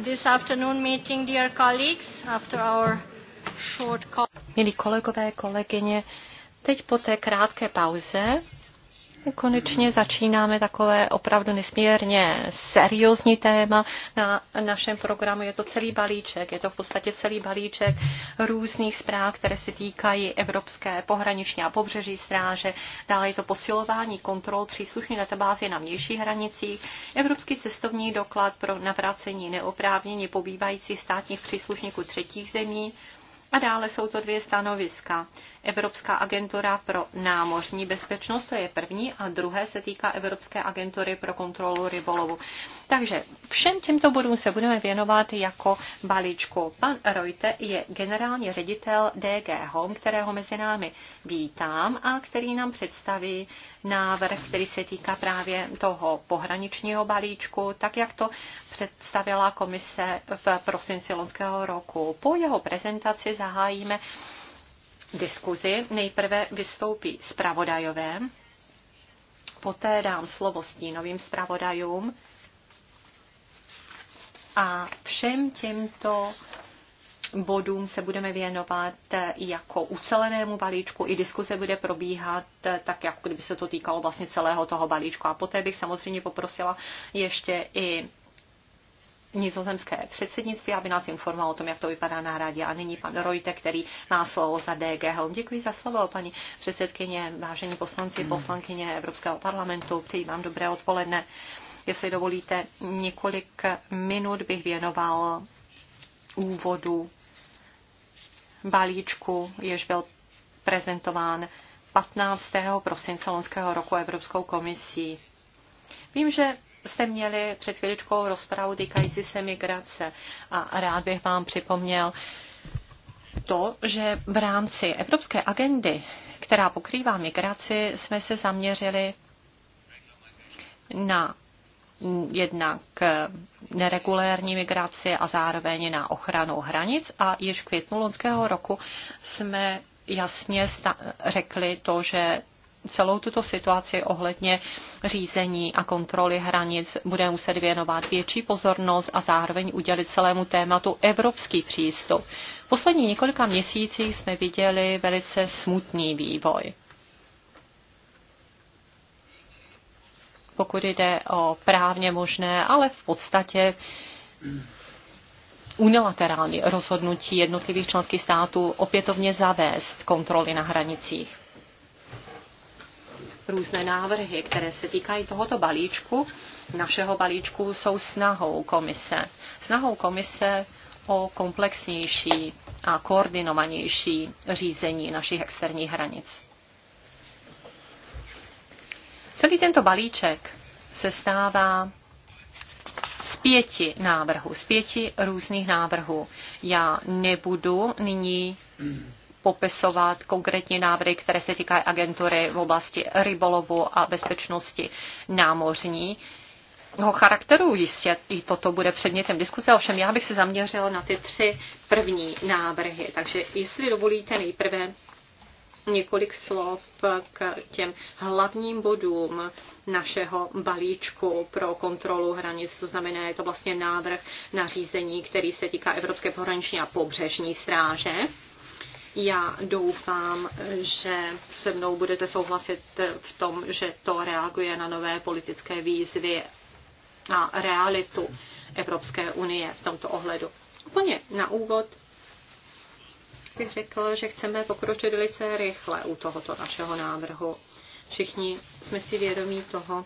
this afternoon meeting, dear colleagues, after our short call. Milí kolegové, kolegyně, teď po té krátké pauze konečně začínáme takové opravdu nesmírně seriózní téma na našem programu. Je to celý balíček, je to v podstatě celý balíček různých zpráv, které se týkají Evropské pohraniční a pobřeží stráže. Dále je to posilování kontrol příslušné databázy na vnějších hranicích. Evropský cestovní doklad pro navracení neoprávněně pobývajících státních příslušníků třetích zemí. A dále jsou to dvě stanoviska. Evropská agentura pro námořní bezpečnost, to je první, a druhé se týká Evropské agentury pro kontrolu rybolovu. Takže všem těmto bodům se budeme věnovat jako balíčku. Pan Rojte je generální ředitel DG Home, kterého mezi námi vítám a který nám představí návrh, který se týká právě toho pohraničního balíčku, tak jak to představila komise v prosinci loňského roku. Po jeho prezentaci zahájíme diskuzi. Nejprve vystoupí zpravodajové, poté dám slovo stínovým zpravodajům a všem těmto bodům se budeme věnovat jako ucelenému balíčku. I diskuse bude probíhat tak, jako kdyby se to týkalo vlastně celého toho balíčku. A poté bych samozřejmě poprosila ještě i nizozemské předsednictví, aby nás informoval o tom, jak to vypadá na radě. A nyní pan Rojte, který má slovo za DG Helm. Děkuji za slovo, paní předsedkyně, vážení poslanci, hmm. poslankyně Evropského parlamentu. Přeji vám dobré odpoledne. Uh, Jestli dovolíte, několik minut bych věnoval úvodu balíčku, jež byl prezentován 15. prosince loňského roku Evropskou komisí. Vím, že jste měli před chvíličkou rozpravu týkající se migrace a rád bych vám připomněl to, že v rámci Evropské agendy, která pokrývá migraci, jsme se zaměřili na jednak neregulérní migraci a zároveň na ochranu hranic. A již v květnu loňského roku jsme jasně řekli to, že celou tuto situaci ohledně řízení a kontroly hranic bude muset věnovat větší pozornost a zároveň udělit celému tématu evropský přístup. V posledních několika měsících jsme viděli velice smutný vývoj. pokud jde o právně možné, ale v podstatě unilaterální rozhodnutí jednotlivých členských států opětovně zavést kontroly na hranicích. Různé návrhy, které se týkají tohoto balíčku, našeho balíčku, jsou snahou komise. Snahou komise o komplexnější a koordinovanější řízení našich externích hranic. Celý tento balíček se stává z pěti návrhů, z pěti různých návrhů. Já nebudu nyní popisovat konkrétní návrhy, které se týkají agentury v oblasti rybolovu a bezpečnosti námořní. Jeho charakteru jistě i toto bude předmětem diskuse, ovšem já bych se zaměřila na ty tři první návrhy. Takže jestli dovolíte nejprve několik slov k těm hlavním bodům našeho balíčku pro kontrolu hranic. To znamená, je to vlastně návrh nařízení, který se týká Evropské pohraniční a pobřežní stráže. Já doufám, že se mnou budete souhlasit v tom, že to reaguje na nové politické výzvy a realitu Evropské unie v tomto ohledu. Úplně na úvod bych řekl, že chceme pokročit velice rychle u tohoto našeho návrhu. Všichni jsme si vědomí toho,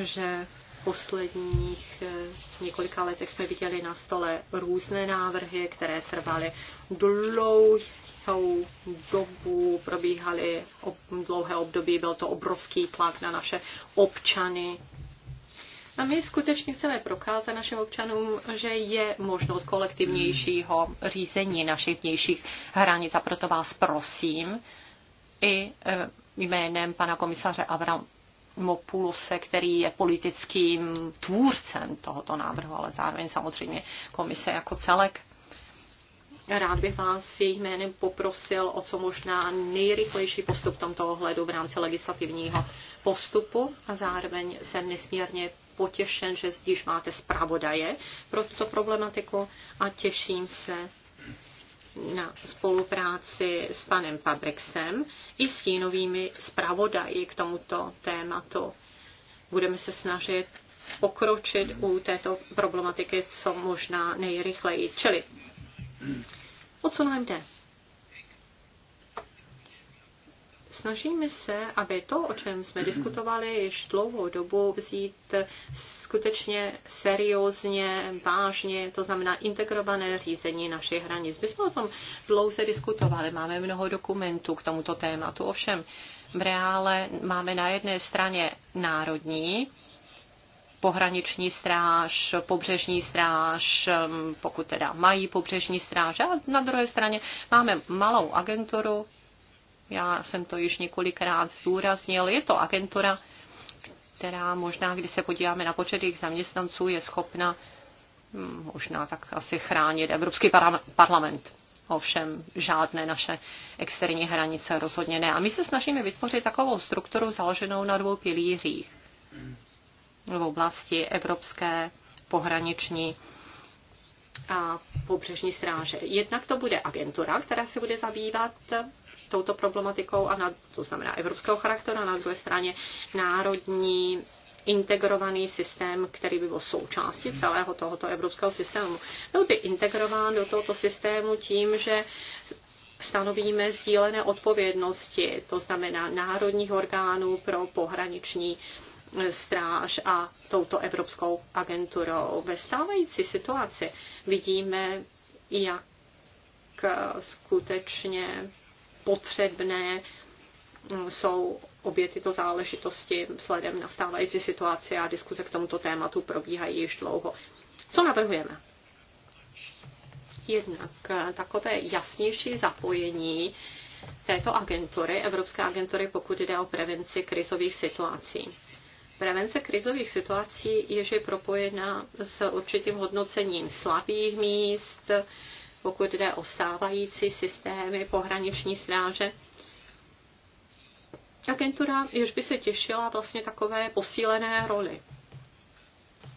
že v posledních eh, několika letech jsme viděli na stole různé návrhy, které trvaly dlouhou dobu, probíhaly dlouhé období, byl to obrovský tlak na naše občany, a my skutečně chceme prokázat našim občanům, že je možnost kolektivnějšího řízení našich vnějších hranic. A proto vás prosím i e, jménem pana komisaře Avramopulose, který je politickým tvůrcem tohoto návrhu, ale zároveň samozřejmě komise jako celek, Rád bych vás jejich jménem poprosil o co možná nejrychlejší postup v tomto ohledu v rámci legislativního postupu a zároveň jsem nesmírně potěšen, že zdiž máte zpravodaje pro tuto problematiku a těším se na spolupráci s panem Pabrexem i s jinovými zpravodaji k tomuto tématu. Budeme se snažit pokročit u této problematiky co možná nejrychleji. Čili o co nám jde? Snažíme se, aby to, o čem jsme diskutovali již dlouhou dobu, vzít skutečně seriózně, vážně, to znamená integrované řízení našich hranic. My jsme o tom dlouze diskutovali, máme mnoho dokumentů k tomuto tématu, ovšem v reále máme na jedné straně národní pohraniční stráž, pobřežní stráž, um, pokud teda mají pobřežní stráž. A na druhé straně máme malou agenturu, já jsem to již několikrát zdůraznil. Je to agentura, která možná, když se podíváme na počet jejich zaměstnanců, je schopna hm, možná tak asi chránit Evropský parlament. Ovšem žádné naše externí hranice rozhodně ne. A my se snažíme vytvořit takovou strukturu založenou na dvou pilířích v oblasti evropské pohraniční a pobřežní stráže. Jednak to bude agentura, která se bude zabývat touto problematikou, a na, to znamená evropského charakteru, a na druhé straně národní integrovaný systém, který by byl součástí mhm. celého tohoto evropského systému. Byl by integrován do tohoto systému tím, že stanovíme sdílené odpovědnosti, to znamená národních orgánů pro pohraniční stráž a touto evropskou agenturou. Ve stávající situaci vidíme, jak skutečně potřebné mm, jsou obě tyto záležitosti vzhledem na stávající situaci a diskuze k tomuto tématu probíhají již dlouho. Co navrhujeme? Jednak eh, takové jasnější zapojení této agentury, Evropské agentury, pokud jde o prevenci krizových situací. Prevence krizových situací je, že je propojena s určitým hodnocením slabých míst, pokud jde o stávající systémy pohraniční stráže. Agentura, jež by se těšila vlastně takové posílené roli.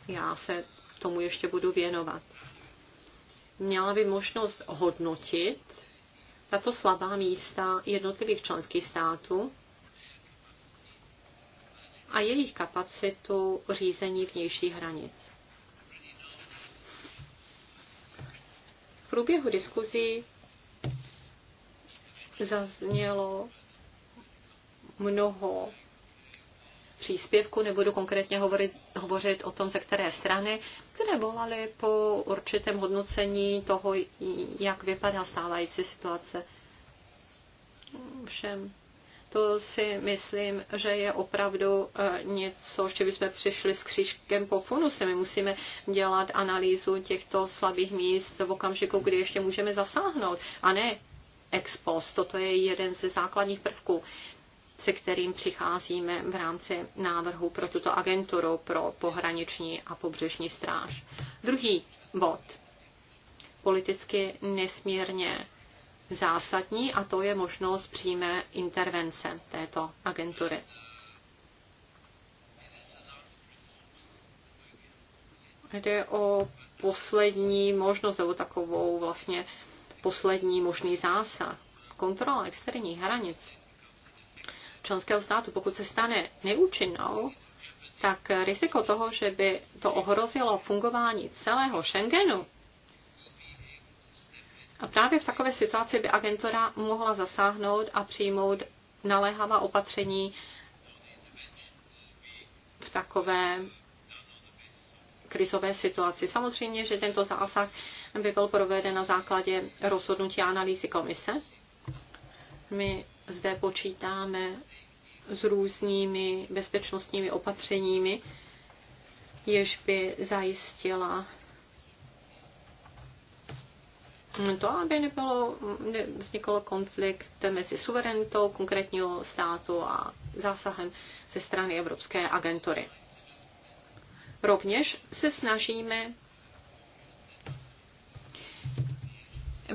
Já se tomu ještě budu věnovat. Měla by možnost hodnotit tato slabá místa jednotlivých členských států a jejich kapacitu řízení vnějších hranic. průběhu diskuzí zaznělo mnoho příspěvků, nebudu konkrétně hovorit, hovořit o tom, ze které strany, které volaly po určitém hodnocení toho, jak vypadá stávající situace. Všem to si myslím, že je opravdu eh, něco, že bychom přišli s křížkem po funuse. My musíme dělat analýzu těchto slabých míst v okamžiku, kdy ještě můžeme zasáhnout, a ne ex post. Toto je jeden ze základních prvků se kterým přicházíme v rámci návrhu pro tuto agenturu pro pohraniční a pobřežní stráž. Druhý bod. Politicky nesmírně zásadní a to je možnost přímé intervence této agentury. Jde o poslední možnost nebo takovou vlastně poslední možný zásah. Kontrola externích hranic členského státu, pokud se stane neúčinnou, tak riziko toho, že by to ohrozilo fungování celého Schengenu, a právě v takové situaci by agentura mohla zasáhnout a přijmout naléhavá opatření v takové krizové situaci. Samozřejmě, že tento zásah by byl proveden na základě rozhodnutí a analýzy komise. My zde počítáme s různými bezpečnostními opatřeními, jež by zajistila to, aby nebylo, vznikl konflikt mezi suverenitou konkrétního státu a zásahem ze strany Evropské agentury. Rovněž se snažíme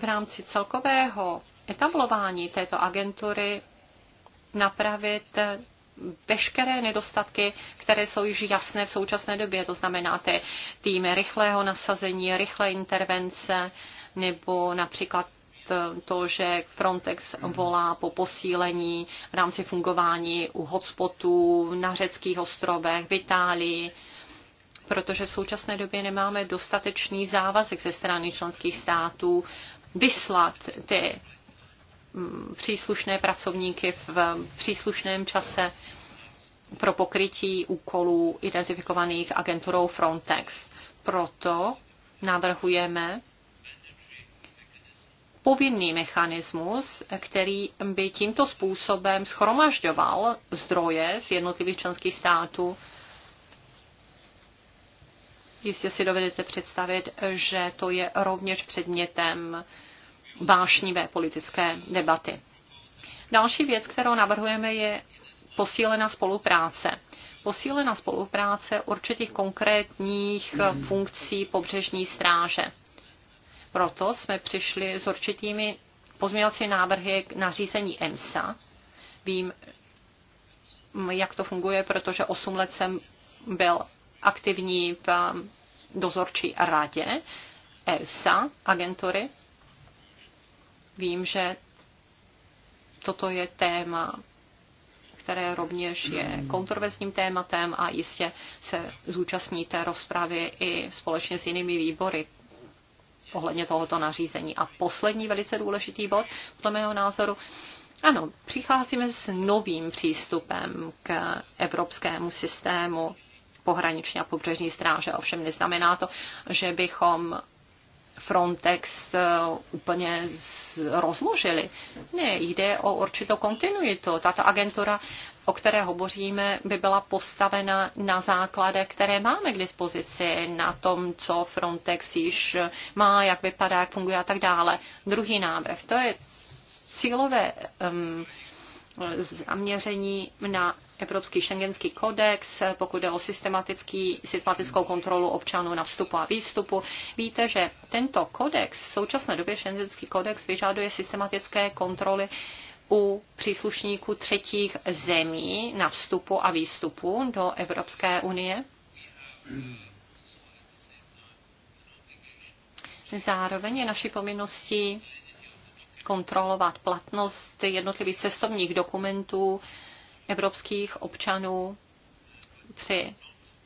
v rámci celkového etablování této agentury napravit veškeré nedostatky, které jsou již jasné v současné době. To znamená ty týmy rychlého nasazení, rychlé intervence, nebo například eh, to, že Frontex volá po posílení v rámci fungování u hotspotů na řeckých ostrovech, v Itálii, protože v současné době nemáme dostatečný závazek ze strany členských států vyslat ty mm, příslušné pracovníky v příslušném čase pro pokrytí úkolů identifikovaných agenturou Frontex. Proto navrhujeme povinný mechanismus, který by tímto způsobem schromažďoval zdroje z jednotlivých členských států. Jistě si dovedete představit, že to je rovněž předmětem vášnivé politické debaty. Další věc, kterou navrhujeme, je posílená spolupráce. Posílená spolupráce určitých konkrétních funkcí pobřežní stráže. Proto jsme přišli s určitými pozměňovací návrhy k nařízení EMSA. Vím, jak to funguje, protože 8 let jsem byl aktivní v dozorčí radě EMSA agentury. Vím, že toto je téma, které rovněž je kontroverzním tématem a jistě se zúčastníte rozpravy i společně s jinými výbory ohledně tohoto nařízení. A poslední velice důležitý bod, podle mého názoru, ano, přicházíme s novým přístupem k evropskému systému pohraniční a pobřežní stráže. Ovšem neznamená to, že bychom Frontex eh, úplně rozložili. Ne, jde o určitou kontinuitu. Tato agentura o které hovoříme, by byla postavena na základech, které máme k dispozici, na tom, co Frontex již má, jak vypadá, jak funguje a tak dále. Druhý návrh, to je cílové um, zaměření na Evropský šengenský kodex, pokud jde o systematický, systematickou kontrolu občanů na vstupu a výstupu. Víte, že tento kodex, v současné době šengenský kodex, vyžaduje systematické kontroly uh, u příslušníků třetích zemí na vstupu a výstupu do Evropské unie. Zároveň je naší povinností kontrolovat platnost jednotlivých cestovních dokumentů evropských občanů při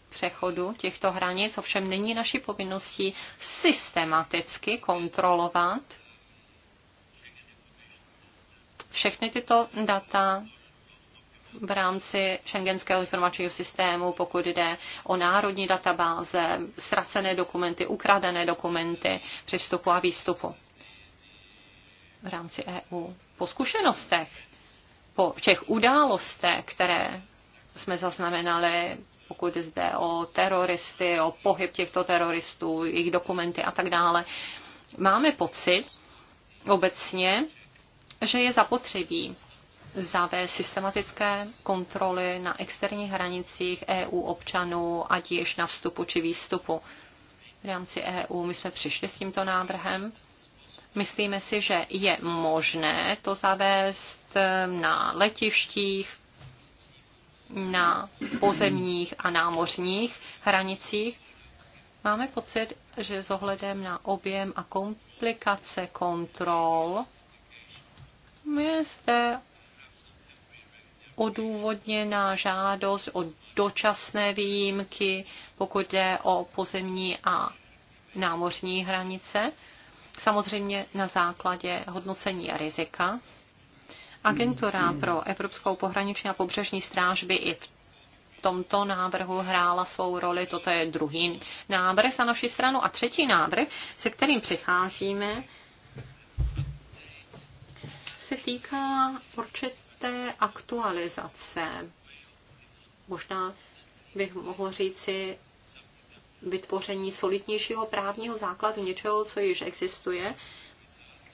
přechodu těchto hranic. Ovšem není naší povinností systematicky kontrolovat všechny tyto data v rámci šengenského informačního systému, pokud jde o národní databáze, ztracené dokumenty, ukradené dokumenty při vstupu a výstupu v rámci EU. Po zkušenostech, po těch událostech, které jsme zaznamenali, pokud zde o teroristy, o pohyb těchto teroristů, jejich dokumenty a tak dále, máme pocit obecně, že je zapotřebí zavést systematické kontroly na externích hranicích EU občanů, ať již na vstupu či výstupu. V rámci EU my jsme přišli s tímto návrhem. Myslíme si, že je možné to zavést na letištích, na pozemních a námořních hranicích. Máme pocit, že s ohledem na objem a komplikace kontrol je zde odůvodněná žádost o dočasné výjimky, pokud jde o pozemní a námořní hranice, samozřejmě na základě hodnocení rizika. Agentura pro Evropskou pohraniční a pobřežní stráž by i v tomto návrhu hrála svou roli. Toto je druhý návrh za naši stranu. A třetí návrh, se kterým přicházíme, se týká určité aktualizace. Možná bych mohl říci vytvoření solidnějšího právního základu něčeho, co již existuje.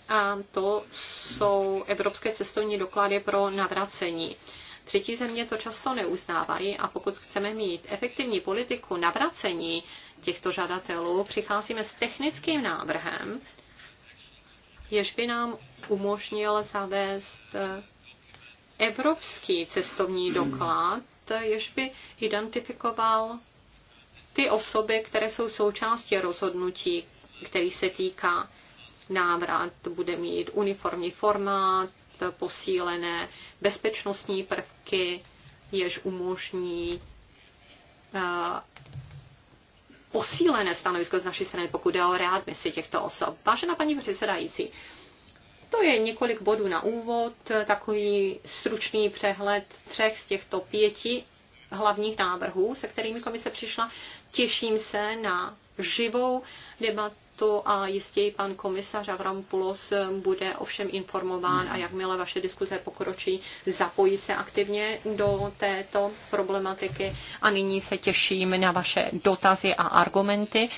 A to jsou evropské cestovní doklady pro navracení. Třetí země to často neuznávají a pokud chceme mít efektivní politiku navracení těchto žadatelů, přicházíme s technickým návrhem, jež by nám umožnil zavést eh, evropský cestovní hmm. doklad, jež by identifikoval ty osoby, které jsou součástí rozhodnutí, který se týká návrat, bude mít uniformní formát, posílené bezpečnostní prvky, jež umožní eh, posílené stanovisko z naší strany, pokud jde o readmisi těchto osob. Vážená paní předsedající, to je několik bodů na úvod, takový stručný přehled třech z těchto pěti hlavních návrhů, se kterými komise přišla. Těším se na živou debatu tématu a jistě i pan komisař Avramopoulos bude ovšem informován a jakmile vaše diskuze pokročí, zapojí se aktivně do této problematiky a nyní se těším na vaše dotazy a argumenty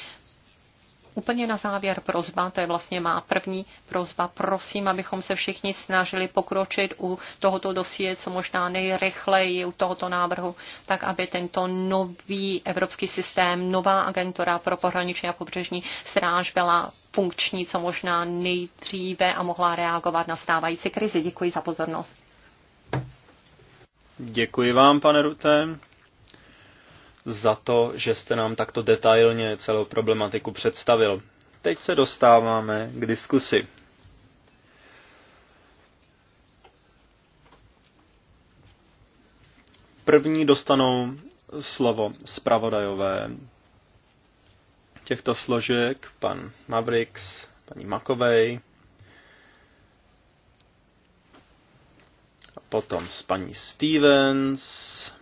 úplně na závěr prozba, to je vlastně má první prozba. Prosím, abychom se všichni snažili pokročit u tohoto dosie, co možná nejrychleji u tohoto návrhu, tak aby tento nový evropský systém, nová agentura pro pohraniční a pobřežní stráž byla funkční, co možná nejdříve a mohla reagovat na stávající krizi. Děkuji za pozornost. Děkuji vám, pane Rutem za to, že jste nám takto detailně celou problematiku představil. Teď se dostáváme k diskusi. První dostanou slovo zpravodajové těchto složek, pan Mavrix, paní Makovej, a potom s paní Stevens,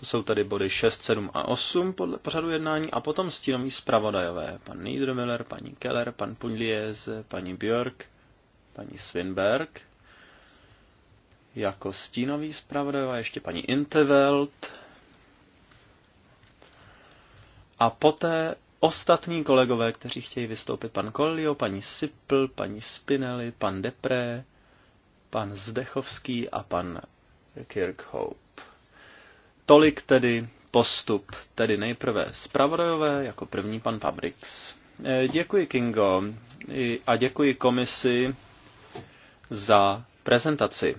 to jsou tady body 6, 7 a 8 podle pořadu jednání a potom stínoví zpravodajové. Pan Niedermüller, paní Keller, pan Punliez, paní Björk, paní Swinberg. Jako stínový zpravodajové ještě paní Intervelt. A poté ostatní kolegové, kteří chtějí vystoupit, pan Collio, paní Sipl, paní Spinelli, pan Depré, pan Zdechovský a pan Kirkhope. Tolik tedy postup, tedy nejprve zpravodajové, jako první pan Fabrix. E, děkuji, Kingo, a děkuji komisi za prezentaci.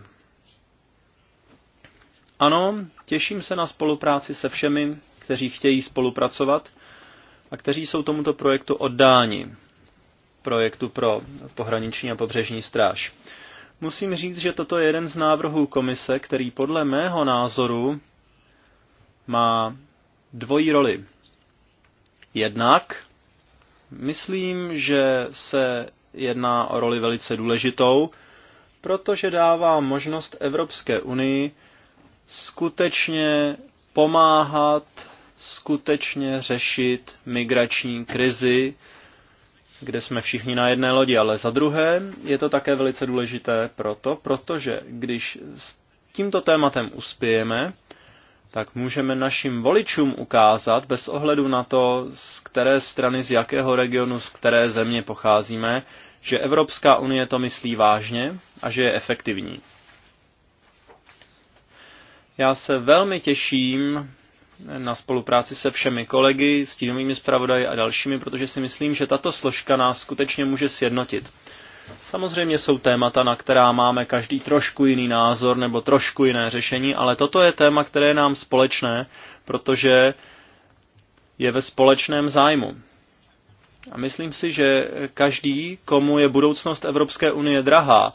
Ano, těším se na spolupráci se všemi, kteří chtějí spolupracovat a kteří jsou tomuto projektu oddáni, projektu pro pohraniční a pobřežní stráž. Musím říct, že toto je jeden z návrhů komise, který podle mého názoru má dvojí roli. Jednak myslím, že se jedná o roli velice důležitou, protože dává možnost Evropské unii skutečně pomáhat, skutečně řešit migrační krizi, kde jsme všichni na jedné lodi, ale za druhé je to také velice důležité proto, protože když s tímto tématem uspějeme, tak můžeme našim voličům ukázat, bez ohledu na to, z které strany, z jakého regionu, z které země pocházíme, že Evropská unie to myslí vážně a že je efektivní. Já se velmi těším na spolupráci se všemi kolegy, stínovými zpravodaji a dalšími, protože si myslím, že tato složka nás skutečně může sjednotit. Samozřejmě jsou témata, na která máme každý trošku jiný názor nebo trošku jiné řešení, ale toto je téma, které je nám společné, protože je ve společném zájmu. A myslím si, že každý, komu je budoucnost Evropské unie drahá,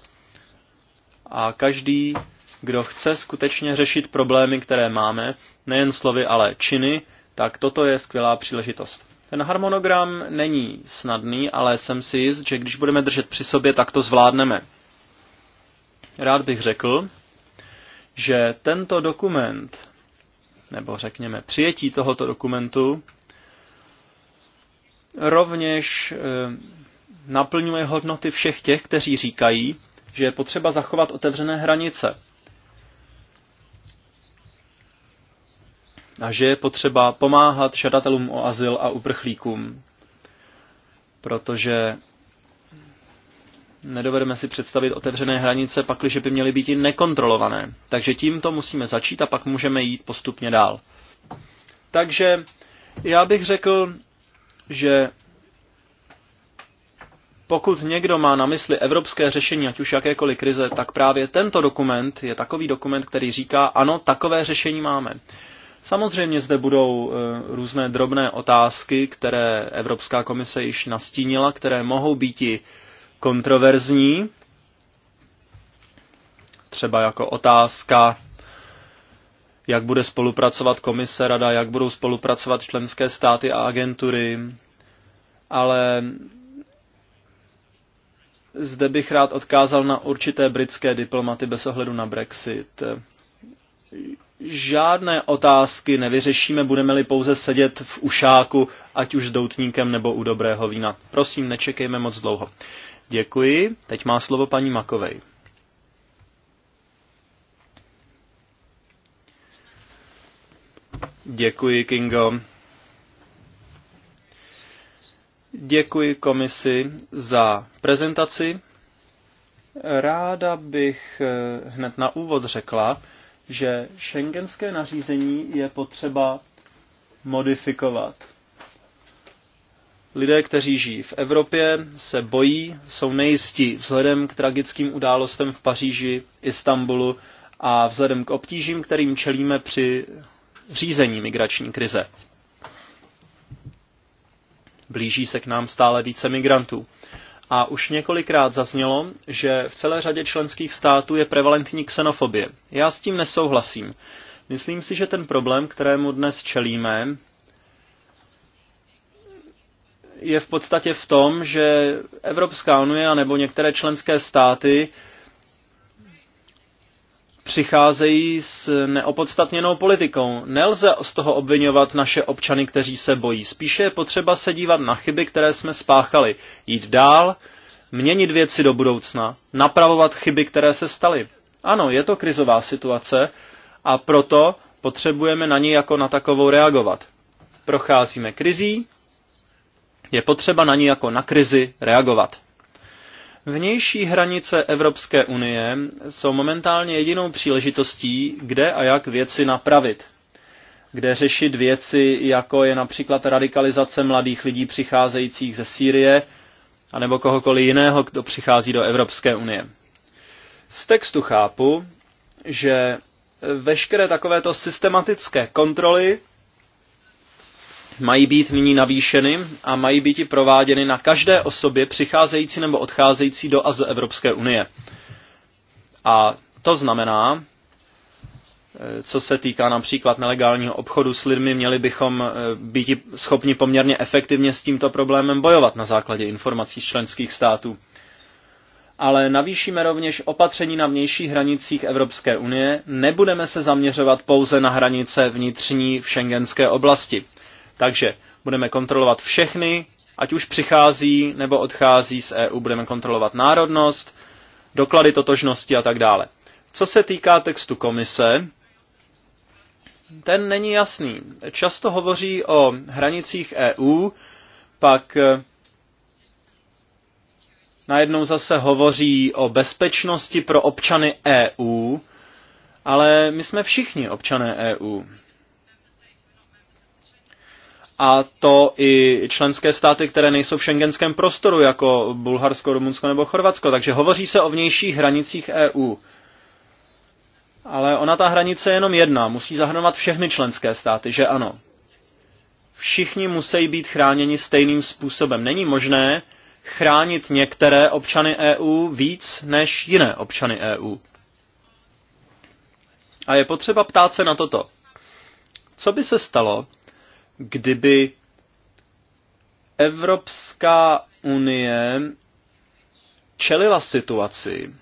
a každý, kdo chce skutečně řešit problémy, které máme, nejen slovy, ale činy, tak toto je skvělá příležitost. Ten harmonogram není snadný, ale jsem si jist, že když budeme držet při sobě, tak to zvládneme. Rád bych řekl, že tento dokument, nebo řekněme přijetí tohoto dokumentu, rovněž eh, naplňuje hodnoty všech těch, kteří říkají, že je potřeba zachovat otevřené hranice. a že je potřeba pomáhat žadatelům o azyl a uprchlíkům, protože nedovedeme si představit otevřené hranice, pakliže by měly být i nekontrolované. Takže tímto musíme začít a pak můžeme jít postupně dál. Takže já bych řekl, že pokud někdo má na mysli evropské řešení, ať už jakékoliv krize, tak právě tento dokument je takový dokument, který říká, ano, takové řešení máme. Samozřejmě zde budou eh, různé drobné otázky, které Evropská komise již nastínila, které mohou být i kontroverzní, třeba jako otázka, jak bude spolupracovat komise, rada, jak budou spolupracovat členské státy a agentury, ale zde bych rád odkázal na určité britské diplomaty bez ohledu na Brexit žádné otázky nevyřešíme, budeme-li pouze sedět v ušáku, ať už s doutníkem nebo u dobrého vína. Prosím, nečekejme moc dlouho. Děkuji. Teď má slovo paní Makovej. Děkuji, Kingo. Děkuji komisi za prezentaci. Ráda bych hned na úvod řekla, že šengenské nařízení je potřeba modifikovat. Lidé, kteří žijí v Evropě, se bojí, jsou nejistí vzhledem k tragickým událostem v Paříži, Istanbulu a vzhledem k obtížím, kterým čelíme při řízení migrační krize. Blíží se k nám stále více migrantů. A už několikrát zaznělo, že v celé řadě členských států je prevalentní xenofobie. Já s tím nesouhlasím. Myslím si, že ten problém, kterému dnes čelíme, je v podstatě v tom, že Evropská unie nebo některé členské státy přicházejí s neopodstatněnou politikou. Nelze z toho obvinovat naše občany, kteří se bojí. Spíše je potřeba se dívat na chyby, které jsme spáchali, jít dál, měnit věci do budoucna, napravovat chyby, které se staly. Ano, je to krizová situace a proto potřebujeme na ní jako na takovou reagovat. Procházíme krizí, je potřeba na ní jako na krizi reagovat. Vnější hranice Evropské unie jsou momentálně jedinou příležitostí, kde a jak věci napravit. Kde řešit věci, jako je například radikalizace mladých lidí přicházejících ze Sýrie, anebo kohokoliv jiného, kdo přichází do Evropské unie. Z textu chápu, že veškeré takovéto systematické kontroly mají být nyní navýšeny a mají být i prováděny na každé osobě přicházející nebo odcházející do a z Evropské unie. A to znamená, eh, co se týká například nelegálního obchodu s lidmi, měli bychom eh, být schopni poměrně efektivně s tímto problémem bojovat na základě informací z členských států. Ale navýšíme rovněž opatření na vnějších hranicích Evropské unie, nebudeme se zaměřovat pouze na hranice vnitřní v šengenské oblasti. Takže budeme kontrolovat všechny, ať už přichází nebo odchází z EU, budeme kontrolovat národnost, doklady totožnosti a tak dále. Co se týká textu komise, ten není jasný. Často hovoří o hranicích EU, pak eh, najednou zase hovoří o bezpečnosti pro občany EU, ale my jsme všichni občané EU a to i členské státy, které nejsou v šengenském prostoru, jako Bulharsko, Rumunsko nebo Chorvatsko. Takže hovoří se o vnějších hranicích EU. Ale ona ta hranice je jenom jedna, musí zahrnovat všechny členské státy, že ano. Všichni musí být chráněni stejným způsobem. Není možné chránit některé občany EU víc než jiné občany EU. A je potřeba ptát se na toto. Co by se stalo, kdyby Evropská unie čelila situaci,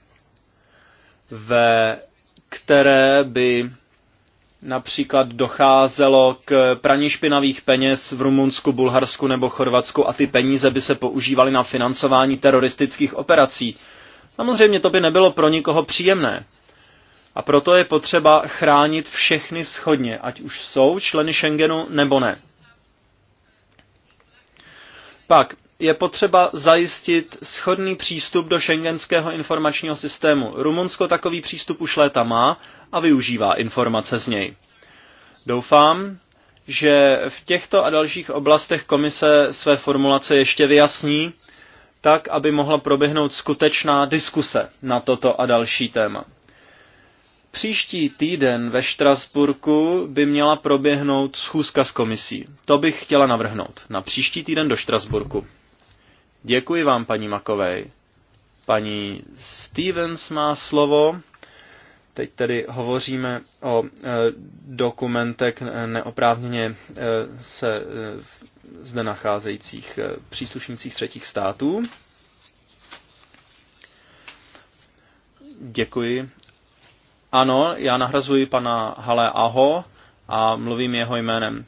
ve které by například docházelo k praní špinavých peněz v Rumunsku, Bulharsku nebo Chorvatsku a ty peníze by se používaly na financování teroristických operací. Samozřejmě to by nebylo pro nikoho příjemné. A proto je potřeba chránit všechny schodně, ať už jsou členy Schengenu nebo ne. Pak je potřeba zajistit schodný přístup do šengenského informačního systému. Rumunsko takový přístup už léta má a využívá informace z něj. Doufám, že v těchto a dalších oblastech komise své formulace ještě vyjasní, tak aby mohla proběhnout skutečná diskuse na toto a další téma. Příští týden ve Štrasburku by měla proběhnout schůzka s komisí. To bych chtěla navrhnout. Na příští týden do Štrasburku. Děkuji vám, paní Makovej. Paní Stevens má slovo. Teď tedy hovoříme o e, dokumentech neoprávněně e, se e, zde nacházejících e, příslušnících třetích států. Děkuji ano, já nahrazuji pana Hale Aho a mluvím jeho jménem.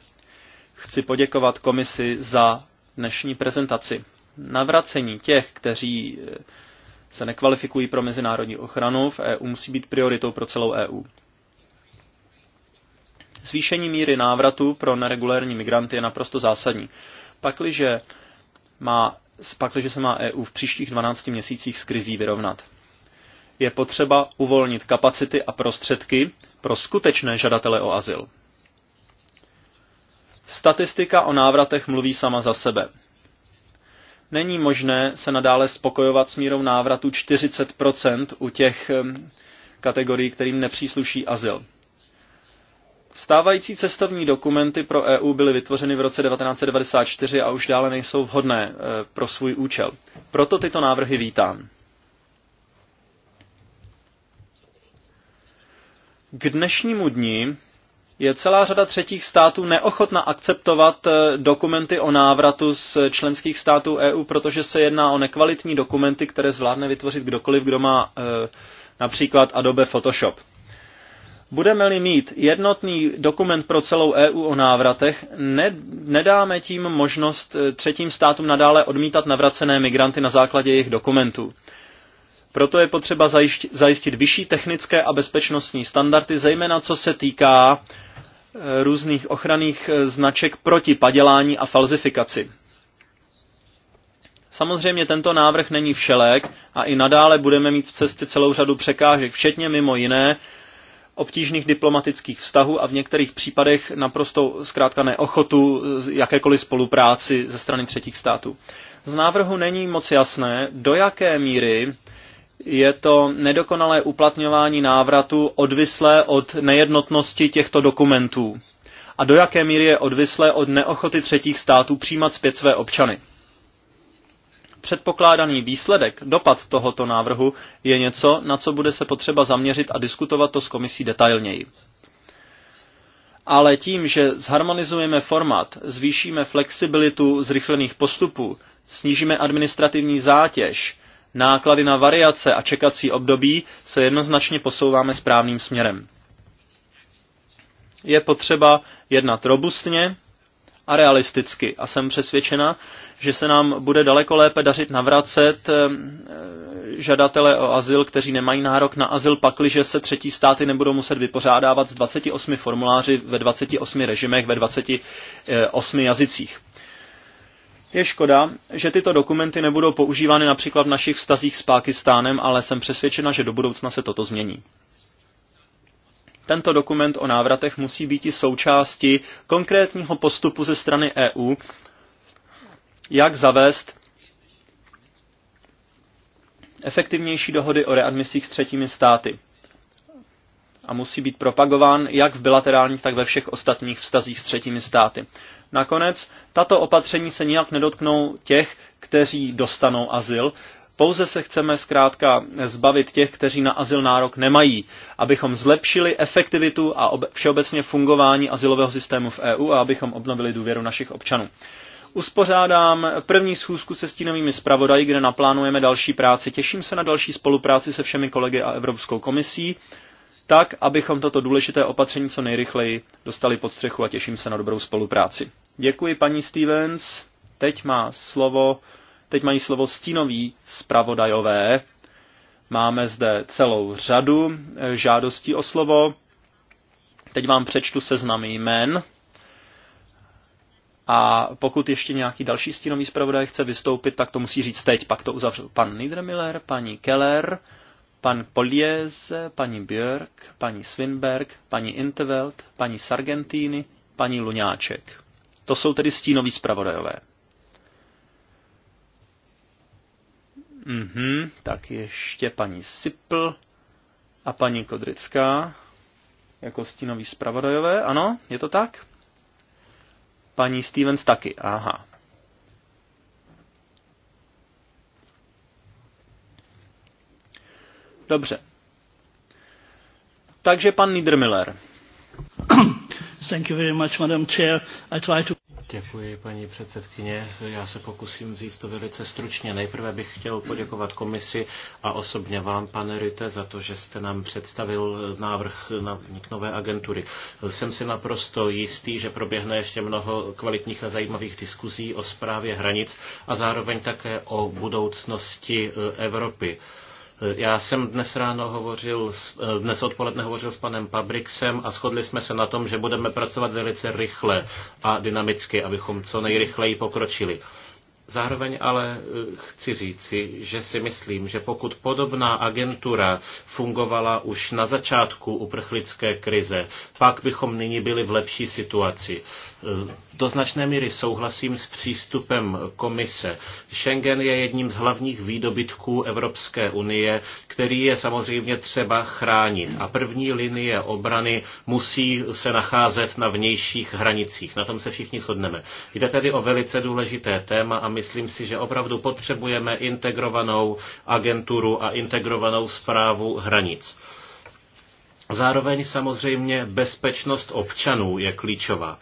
Chci poděkovat komisi za dnešní prezentaci. Navracení těch, kteří eh, se nekvalifikují pro mezinárodní ochranu v EU, musí být prioritou pro celou EU. Zvýšení míry návratu pro neregulérní migranty je naprosto zásadní. Pakliže, má, pakliže se má EU v příštích 12 měsících s krizí vyrovnat je potřeba uvolnit kapacity a prostředky pro skutečné žadatele o azyl. Statistika o návratech mluví sama za sebe. Není možné se nadále spokojovat s mírou návratu 40% u těch hm, kategorií, kterým nepřísluší azyl. Stávající cestovní dokumenty pro EU byly vytvořeny v roce 1994 a už dále nejsou vhodné eh, pro svůj účel. Proto tyto návrhy vítám. K dnešnímu dní je celá řada třetích států neochotna akceptovat eh, dokumenty o návratu z členských států EU, protože se jedná o nekvalitní dokumenty, které zvládne vytvořit kdokoliv, kdo má eh, například Adobe Photoshop. Budeme-li mít jednotný dokument pro celou EU o návratech, ne, nedáme tím možnost eh, třetím státům nadále odmítat navracené migranty na základě jejich dokumentů. Proto je potřeba zajistit vyšší technické a bezpečnostní standardy, zejména co se týká e, různých ochranných e, značek proti padělání a falzifikaci. Samozřejmě tento návrh není všelek a i nadále budeme mít v cestě celou řadu překážek, včetně mimo jiné obtížných diplomatických vztahů a v některých případech naprosto zkrátka neochotu e, jakékoliv spolupráci ze strany třetích států. Z návrhu není moc jasné, do jaké míry je to nedokonalé uplatňování návratu odvislé od nejednotnosti těchto dokumentů a do jaké míry je odvislé od neochoty třetích států přijímat zpět své občany. Předpokládaný výsledek, dopad tohoto návrhu je něco, na co bude se potřeba zaměřit a diskutovat to s komisí detailněji. Ale tím, že zharmonizujeme formát, zvýšíme flexibilitu zrychlených postupů, snížíme administrativní zátěž, náklady na variace a čekací období se jednoznačně posouváme správným směrem. Je potřeba jednat robustně a realisticky a jsem přesvědčena, že se nám bude daleko lépe dařit navracet eh, žadatele o azyl, kteří nemají nárok na azyl, pakliže se třetí státy nebudou muset vypořádávat z 28 formuláři ve 28 režimech ve 28 eh, jazycích. Je škoda, že tyto dokumenty nebudou používány například v našich vztazích s Pákistánem, ale jsem přesvědčena, že do budoucna se toto změní. Tento dokument o návratech musí být i součástí konkrétního postupu ze strany EU, jak zavést efektivnější dohody o readmisích s třetími státy a musí být propagován jak v bilaterálních, tak ve všech ostatních vztazích s třetími státy. Nakonec, tato opatření se nijak nedotknou těch, kteří dostanou azyl, pouze se chceme zkrátka zbavit těch, kteří na azyl nárok nemají, abychom zlepšili efektivitu a všeobecně fungování azylového systému v EU a abychom obnovili důvěru našich občanů uspořádám první schůzku se stínovými zpravodaji, kde naplánujeme další práci. Těším se na další spolupráci se všemi kolegy a Evropskou komisí tak abychom toto důležité opatření co nejrychleji dostali pod střechu a těším se na dobrou spolupráci. Děkuji paní Stevens. Teď má slovo, teď mají slovo stínoví zpravodajové. Máme zde celou řadu eh, žádostí o slovo. Teď vám přečtu seznam jmen. A pokud ještě nějaký další stínový zpravodaj chce vystoupit, tak to musí říct teď. Pak to uzavřu pan Niedermiller, paní Keller, pan Poliese, paní Björk, paní Svinberg, paní Intervelt, paní Sargentini, paní Luňáček. To jsou tedy stínoví zpravodajové. Mhm, tak ještě paní Sipl a paní Kodrická jako stínoví zpravodajové, ano, je to tak? Paní Stevens taky, aha. Dobře. Takže pan Niedermiller. Thank you very much, Madam Chair. I try to... Děkuji, paní předsedkyně. Já se pokusím vzít to velice stručně. Nejprve bych chtěl poděkovat komisi a osobně vám, pane Rite, za to, že jste nám představil návrh na vznik nové agentury. Jsem si naprosto jistý, že proběhne ještě mnoho kvalitních a zajímavých diskuzí o zprávě hranic a zároveň také o budoucnosti Evropy já jsem dnes ráno hovořil, eh, dnes odpoledne hovořil s panem Pabriksem a shodli jsme se na tom, že budeme pracovat velice rychle a dynamicky, abychom co nejrychleji pokročili. Zároveň ale eh, chci říci, že si myslím, že pokud podobná agentura fungovala už na začátku uprchlické krize, pak bychom nyní byli v lepší situaci. Eh, do značné míry souhlasím s přístupem komise. Schengen je jedním z hlavních výdobytků Evropské unie, který je samozřejmě třeba chránit. A první linie obrany musí se nacházet na vnějších hranicích. Na tom se všichni shodneme. Jde tedy o velice důležité téma a myslím si, že opravdu potřebujeme integrovanou agenturu a integrovanou zprávu hranic. Zároveň samozřejmě bezpečnost občanů je klíčová.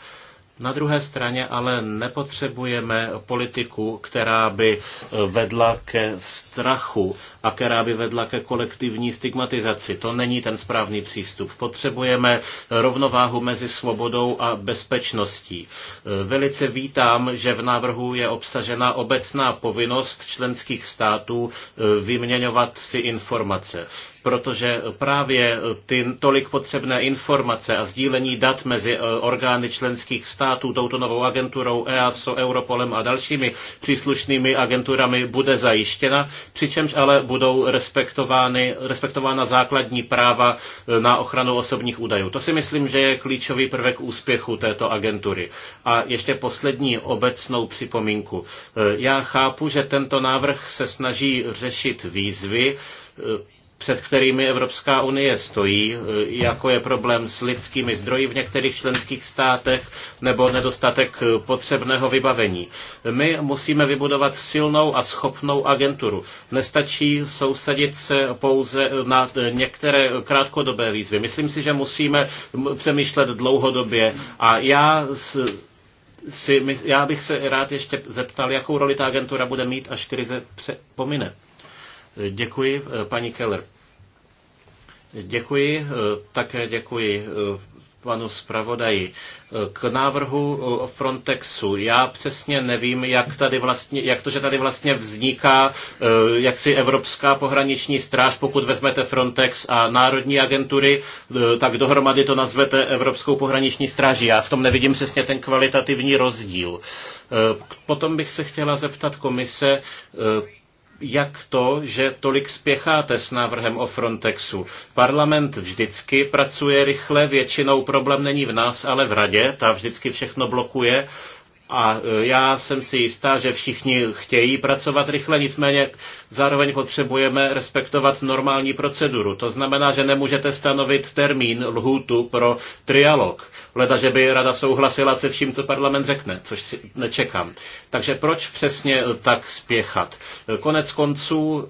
Na druhé straně ale nepotřebujeme politiku, která by e, vedla ke strachu a která by vedla ke kolektivní stigmatizaci. To není ten správný přístup. Potřebujeme rovnováhu mezi svobodou a bezpečností. E, velice vítám, že v návrhu je obsažena obecná povinnost členských států e, vyměňovat si informace protože právě ty tolik potřebné informace a sdílení dat mezi eh, orgány členských států, touto novou agenturou EASO, Europolem a dalšími příslušnými agenturami bude zajištěna, přičemž ale budou respektovány, respektována základní práva eh, na ochranu osobních údajů. To si myslím, že je klíčový prvek úspěchu této agentury. A ještě poslední obecnou připomínku. Eh, já chápu, že tento návrh se snaží řešit výzvy, před kterými Evropská unie stojí, e, jako je problém s lidskými zdroji v některých členských státech nebo nedostatek e, potřebného vybavení. My musíme vybudovat silnou a schopnou agenturu. Nestačí sousadit se pouze na e, některé krátkodobé výzvy. Myslím si, že musíme přemýšlet dlouhodobě. A já s si, já bych se rád ještě zeptal, jakou roli ta agentura bude mít, až krize pře- pomine. Děkuji, paní Keller. Děkuji, eh, také děkuji eh, panu zpravodaji. Eh, k návrhu Frontexu. Já přesně nevím, jak, tady vlastně, jak to, že tady vlastně vzniká jak si Evropská pohraniční stráž, pokud vezmete Frontex a národní agentury, tak dohromady to nazvete Evropskou pohraniční stráží. Já v tom nevidím přesně ten kvalitativní rozdíl. Potom bych se chtěla zeptat komise, jak to, že tolik spěcháte s návrhem o Frontexu. Parlament vždycky pracuje rychle, většinou problém není v nás, ale v radě, ta vždycky všechno blokuje a e, já jsem si jistá, že všichni chtějí pracovat rychle, nicméně zároveň potřebujeme respektovat normální proceduru. To znamená, že nemůžete stanovit termín lhůtu pro trialog. Leda, že by rada souhlasila se vším, co parlament řekne, což si nečekám. Takže proč přesně tak spěchat? E, konec konců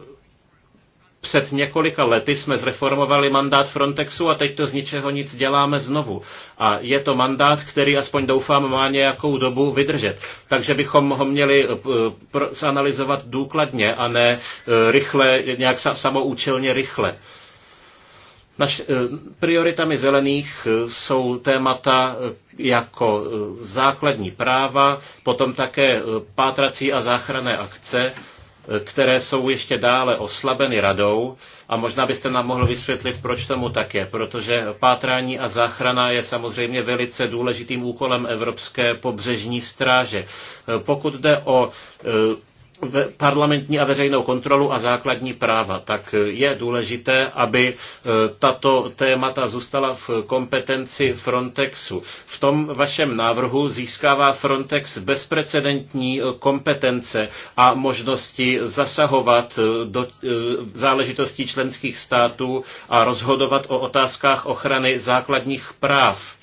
před několika lety jsme zreformovali mandát Frontexu a teď to z ničeho nic děláme znovu. A je to mandát, který aspoň doufám má nějakou dobu vydržet. Takže bychom ho měli eh, zanalizovat důkladně a ne eh, rychle, nějak samoučelně rychle. Naš, eh, prioritami zelených jsou témata jako základní práva, potom také pátrací a záchranné akce které jsou ještě dále oslabeny radou. A možná byste nám mohl vysvětlit, proč tomu tak je, protože pátrání a záchrana je samozřejmě velice důležitým úkolem Evropské pobřežní stráže. Pokud jde o eh, parlamentní a veřejnou kontrolu a základní práva, tak je důležité, aby e, tato témata zůstala v kompetenci Frontexu. V tom vašem návrhu získává Frontex bezprecedentní e, kompetence a možnosti zasahovat e, do záležitostí členských států a rozhodovat o otázkách ochrany základních práv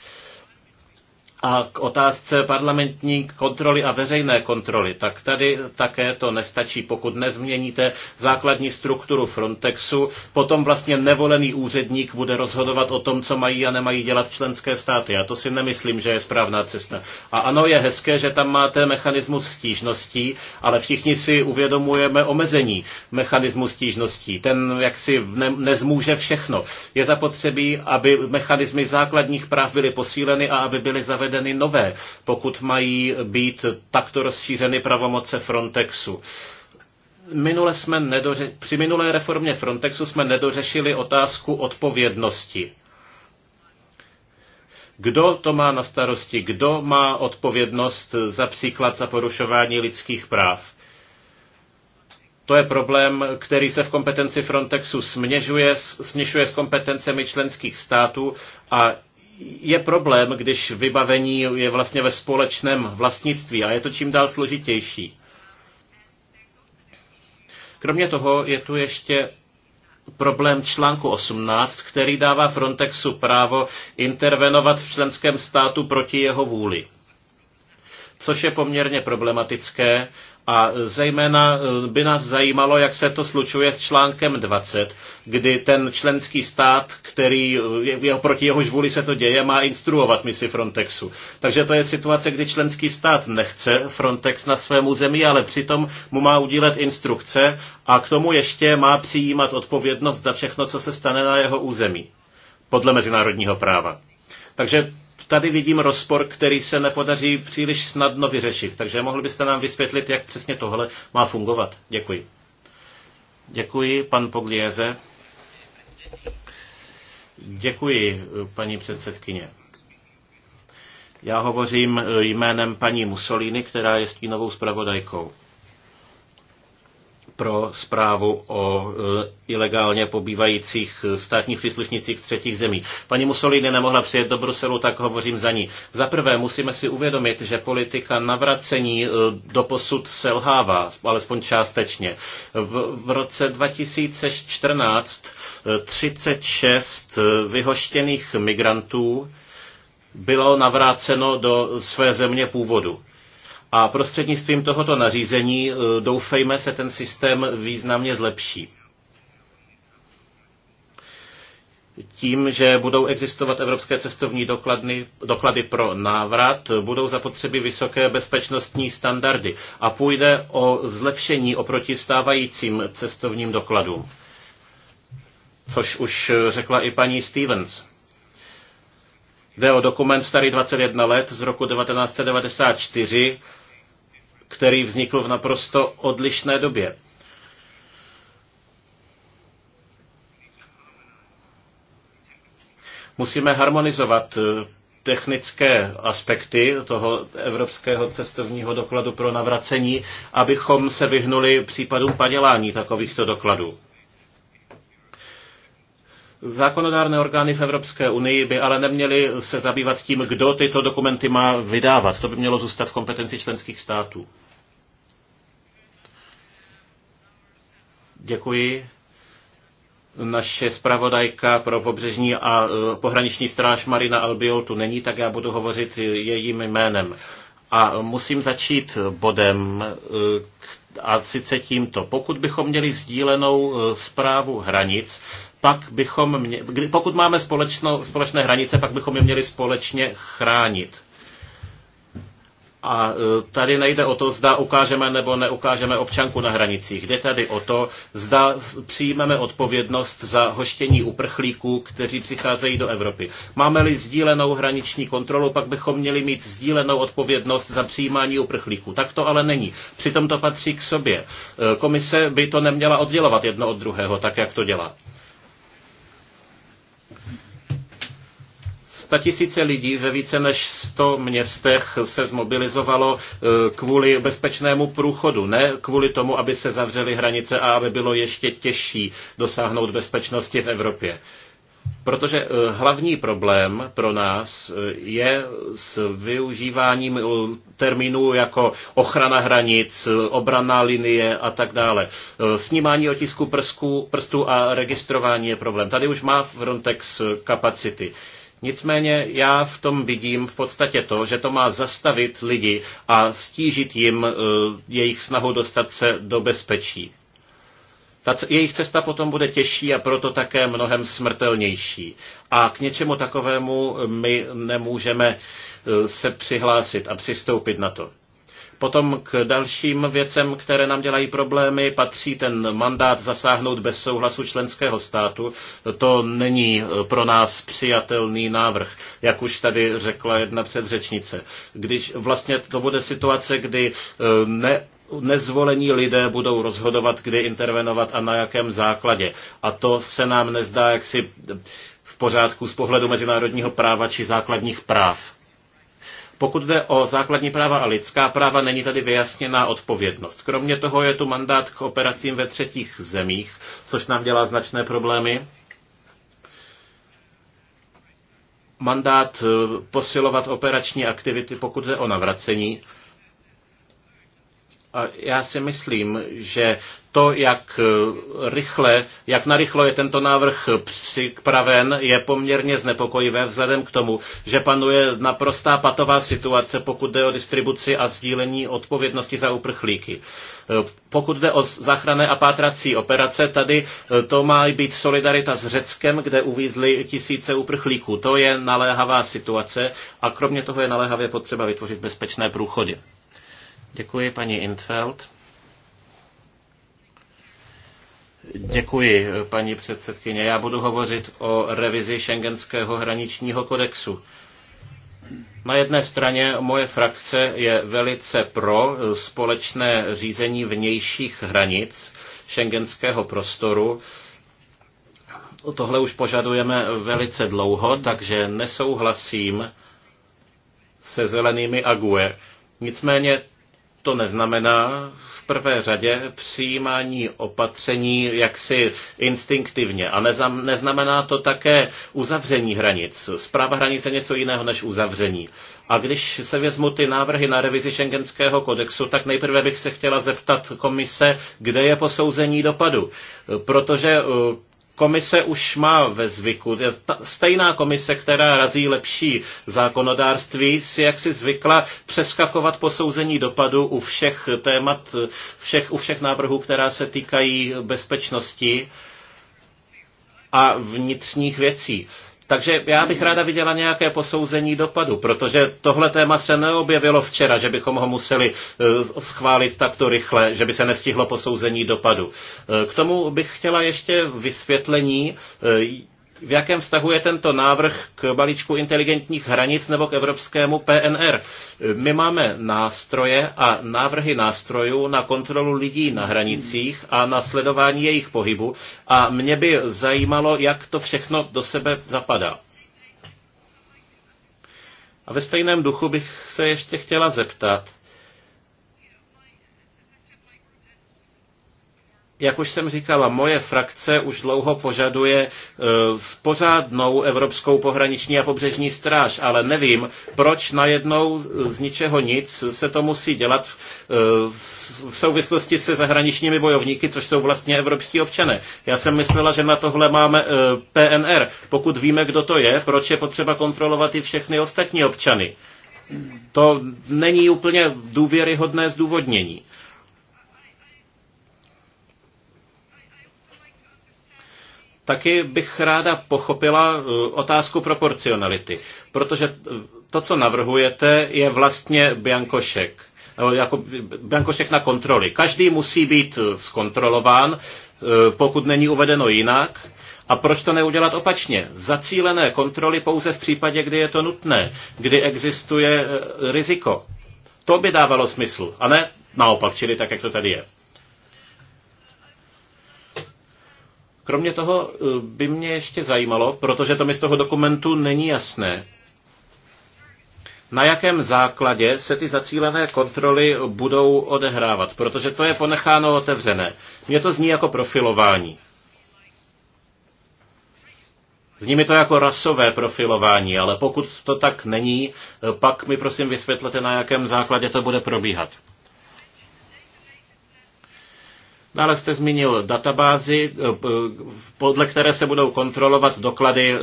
a k otázce parlamentní kontroly a veřejné kontroly, tak tady také to nestačí. Pokud nezměníte základní strukturu Frontexu, potom vlastně nevolený úředník bude rozhodovat o tom, co mají a nemají dělat členské státy. A to si nemyslím, že je správná cesta. A ano, je hezké, že tam máte mechanismus stížností, ale všichni si uvědomujeme omezení mechanismu stížností. Ten jaksi ne, nezmůže všechno. Je zapotřebí, aby mechanismy základních práv byly posíleny a aby byly zavedeny zavedeny nové, pokud mají být takto rozšířeny pravomoce Frontexu. Minule jsme nedoře- při minulé reformě Frontexu jsme nedořešili otázku odpovědnosti kdo to má na starosti, kdo má odpovědnost za příklad za porušování lidských práv. To je problém, který se v kompetenci Frontexu směžuje, směšuje s kompetencemi členských států a je problém, když vybavení je vlastně ve společném vlastnictví a je to čím dál složitější. Kromě toho je tu ještě problém článku 18, který dává Frontexu právo intervenovat v členském státu proti jeho vůli což je poměrně problematické a zejména eh, by nás zajímalo, jak se to slučuje s článkem 20, kdy ten členský stát, který eh, je, proti jehož vůli se to děje, má instruovat misi Frontexu. Takže to je situace, kdy členský stát nechce Frontex na svém území, ale přitom mu má udílet instrukce a k tomu ještě má přijímat odpovědnost za všechno, co se stane na jeho území podle mezinárodního práva. Takže tady vidím rozpor, který se nepodaří příliš snadno vyřešit. Takže mohli byste nám vysvětlit, jak přesně tohle má fungovat. Děkuji. Děkuji, pan Pogliéze. Děkuji, paní předsedkyně. Já hovořím jménem paní Mussolini, která je stínovou zpravodajkou pro zprávu o e, ilegálně pobývajících státních příslušnicích třetích zemí. Paní Mussolini nemohla přijet do Bruselu, tak hovořím za ní. Za prvé musíme si uvědomit, že politika navracení e, do posud selhává, alespoň částečně. V, v roce 2014 36 e, vyhoštěných migrantů bylo navráceno do své země původu. A prostřednictvím tohoto nařízení eh, doufejme se ten systém významně zlepší. tím, že budou existovat evropské cestovní doklady, doklady pro návrat, budou zapotřeby vysoké bezpečnostní standardy a půjde o zlepšení oproti stávajícím cestovním dokladům, což už řekla i paní Stevens. Jde o dokument starý 21 let z roku 1994, který vznikl v naprosto odlišné době. Musíme harmonizovat eh, technické aspekty toho evropského cestovního dokladu pro navracení, abychom se vyhnuli případům padělání takovýchto dokladů. Zákonodárné orgány v Evropské unii by ale neměly se zabývat tím, kdo tyto dokumenty má vydávat. To by mělo zůstat v kompetenci členských států. Děkuji. Naše zpravodajka pro pobřežní a e, pohraniční stráž Marina Albiol tu není, tak já budu hovořit jejím jménem. A musím začít bodem e, a sice tímto. Pokud bychom měli sdílenou zprávu e, hranic, pak bychom mě, pokud máme společno, společné hranice, pak bychom je měli společně chránit. A e, tady nejde o to, zda ukážeme nebo neukážeme občanku na hranicích. Jde tady o to, zda přijmeme odpovědnost za hoštění uprchlíků, kteří přicházejí do Evropy. Máme-li sdílenou hraniční kontrolu, pak bychom měli mít sdílenou odpovědnost za přijímání uprchlíků. Tak to ale není. Přitom to patří k sobě. E, komise by to neměla oddělovat jedno od druhého, tak jak to dělá. Statisíce lidí ve více než 100 městech se zmobilizovalo eh, kvůli bezpečnému průchodu, ne kvůli tomu, aby se zavřely hranice a aby bylo ještě těžší dosáhnout bezpečnosti v Evropě. Protože eh, hlavní problém pro nás eh, je s využíváním termínů jako ochrana hranic, obraná linie a tak dále. Snímání otisku prstů a registrování je problém. Tady už má Frontex kapacity. Nicméně já v tom vidím v podstatě to, že to má zastavit lidi a stížit jim eh, jejich snahu dostat se do bezpečí. Ta jejich cesta potom bude těžší a proto také mnohem smrtelnější. A k něčemu takovému my nemůžeme eh, se přihlásit a přistoupit na to. Potom k dalším věcem, které nám dělají problémy, patří ten mandát zasáhnout bez souhlasu členského státu. To není eh, pro nás přijatelný návrh, jak už tady řekla jedna předřečnice. Když vlastně to bude situace, kdy eh, ne, nezvolení lidé budou rozhodovat, kdy intervenovat a na jakém základě. A to se nám nezdá jaksi v pořádku z pohledu mezinárodního práva či základních práv. Pokud jde o základní práva a lidská práva, není tady vyjasněná odpovědnost. Kromě toho je tu mandát k operacím ve třetích zemích, což nám dělá značné problémy. Mandát eh, posilovat operační aktivity, pokud jde o navracení. Já si myslím, že to, jak eh, rychle, jak narychlo je tento návrh připraven, je poměrně znepokojivé vzhledem k tomu, že panuje naprostá patová situace, pokud jde o distribuci a sdílení odpovědnosti za uprchlíky. Eh, pokud jde o záchranné a pátrací operace, tady eh, to má být solidarita s Řeckem, kde uvízly tisíce uprchlíků. To je naléhavá situace a kromě toho je naléhavě potřeba vytvořit bezpečné průchody. Děkuji paní Intfeld. Děkuji, paní předsedkyně. Já budu hovořit o revizi šengenského hraničního kodexu. Na jedné straně moje frakce je velice pro společné řízení vnějších hranic šengenského prostoru. Tohle už požadujeme velice dlouho, takže nesouhlasím se zelenými ague. Nicméně to neznamená v prvé řadě přijímání opatření jaksi instinktivně. A nezam, neznamená to také uzavření hranic. Zpráva hranice je něco jiného než uzavření. A když se vezmu ty návrhy na revizi šengenského kodexu, tak nejprve bych se chtěla zeptat komise, kde je posouzení dopadu. Protože eh, komise už má ve zvyku, stejná komise, která razí lepší zákonodárství, si jaksi zvykla přeskakovat posouzení dopadu u všech témat, všech, u všech návrhů, která se týkají bezpečnosti a vnitřních věcí. Takže já bych ráda viděla nějaké posouzení dopadu, protože tohle téma se neobjevilo včera, že bychom ho museli eh, schválit takto rychle, že by se nestihlo posouzení dopadu. Eh, k tomu bych chtěla ještě vysvětlení, eh, v jakém vztahu je tento návrh k balíčku inteligentních hranic nebo k evropskému PNR. My máme nástroje a návrhy nástrojů na kontrolu lidí na hranicích a na sledování jejich pohybu a mě by zajímalo, jak to všechno do sebe zapadá. A ve stejném duchu bych se ještě chtěla zeptat, Jak už jsem říkala, moje frakce už dlouho požaduje e, pořádnou Evropskou pohraniční a pobřežní stráž, ale nevím, proč najednou z ničeho nic se to musí dělat e, v souvislosti se zahraničními bojovníky, což jsou vlastně evropští občané. Já jsem myslela, že na tohle máme e, PNR. Pokud víme, kdo to je, proč je potřeba kontrolovat i všechny ostatní občany? To není úplně důvěryhodné zdůvodnění. Taky bych ráda pochopila uh, otázku proporcionality, protože uh, to, co navrhujete, je vlastně biankošek. Jako biankošek na kontroly. Každý musí být uh, zkontrolován, pokud není uvedeno jinak. A proč to neudělat opačně? Zacílené kontroly pouze v případě, kdy je to nutné, kdy existuje riziko. To by dávalo smysl, a ne naopak, čili tak, jak to tady je. Kromě toho eh, by mě ještě zajímalo, protože to mi z toho dokumentu není jasné, na jakém základě se ty zacílené kontroly budou odehrávat, protože to je ponecháno otevřené. Mně to zní jako profilování. Zní mi to jako rasové profilování, ale pokud to tak není, eh, pak mi prosím vysvětlete, na jakém základě to bude probíhat. Dále jste zmínil databázi, eh, podle které se budou kontrolovat doklady eh,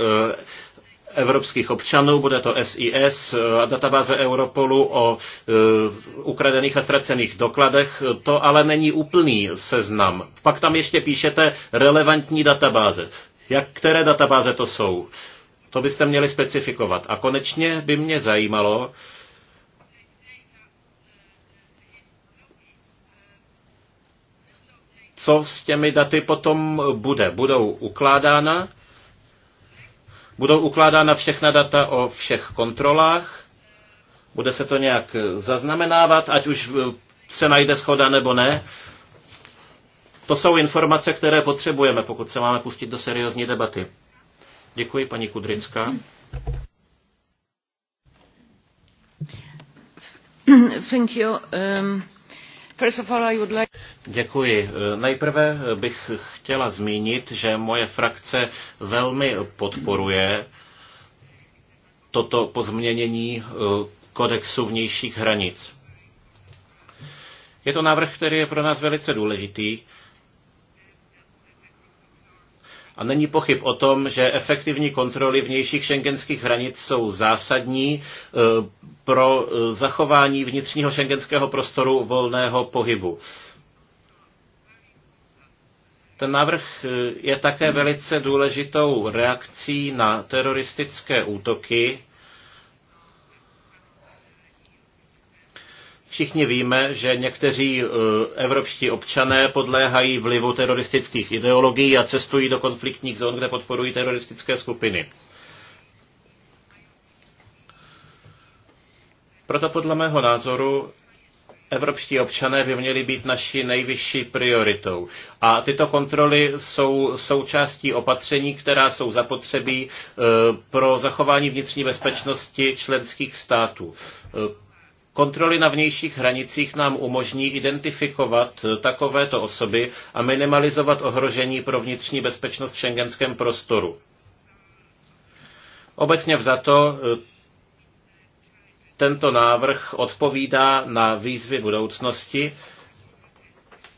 evropských občanů, bude to SIS eh, a databáze Europolu o ukradených a ztracených dokladech. To ale není úplný seznam. Pak tam ještě píšete relevantní databáze. Jak, které databáze to jsou? To byste měli specifikovat. A konečně by mě zajímalo, co s těmi daty potom bude. Budou ukládána, budou ukládána všechna data o všech kontrolách, bude se to nějak zaznamenávat, ať už se najde schoda nebo ne. To jsou informace, které potřebujeme, pokud se máme pustit do seriózní debaty. Děkuji, paní Kudrická. Thank you. Um... Děkuji. Nejprve bych chtěla zmínit, že moje frakce velmi podporuje toto pozměnění eh, kodexu vnějších hranic. Je to návrh, který je pro nás velice důležitý, a není pochyb o tom, že efektivní kontroly vnějších šengenských hranic jsou zásadní eh, pro eh, zachování vnitřního šengenského prostoru volného pohybu. Ten návrh eh, je také velice důležitou reakcí na teroristické útoky, Všichni víme, že někteří eh, evropští občané podléhají vlivu teroristických ideologií a cestují do konfliktních zón, kde podporují teroristické skupiny. Proto podle mého názoru evropští občané by měli být naší nejvyšší prioritou. A tyto kontroly jsou součástí opatření, která jsou zapotřebí eh, pro zachování vnitřní bezpečnosti členských států. Eh, Kontroly na vnějších hranicích nám umožní identifikovat eh, takovéto osoby a minimalizovat ohrožení pro vnitřní bezpečnost v šengenském prostoru. Obecně vzato eh, tento návrh odpovídá na výzvy budoucnosti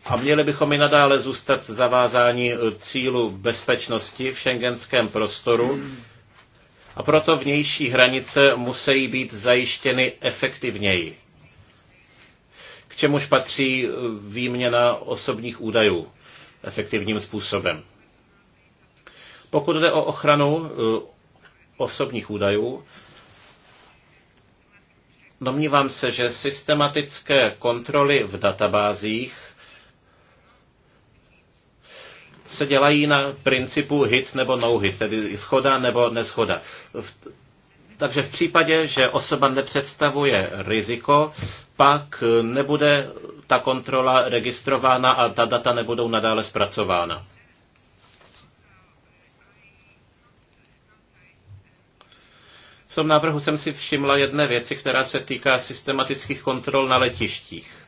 a měli bychom i nadále zůstat zavázáni eh, cílu bezpečnosti v šengenském prostoru a proto vnější hranice musí být zajištěny efektivněji. K čemuž patří e, výměna osobních údajů efektivním způsobem. Pokud jde o ochranu e, osobních údajů, domnívám se, že systematické kontroly v databázích se dělají na principu hit nebo no hit, tedy schoda nebo neschoda. Takže v případě, že osoba nepředstavuje riziko, pak nebude ta kontrola registrována a ta data nebudou nadále zpracována. V tom návrhu jsem si všimla jedné věci, která se týká systematických kontrol na letištích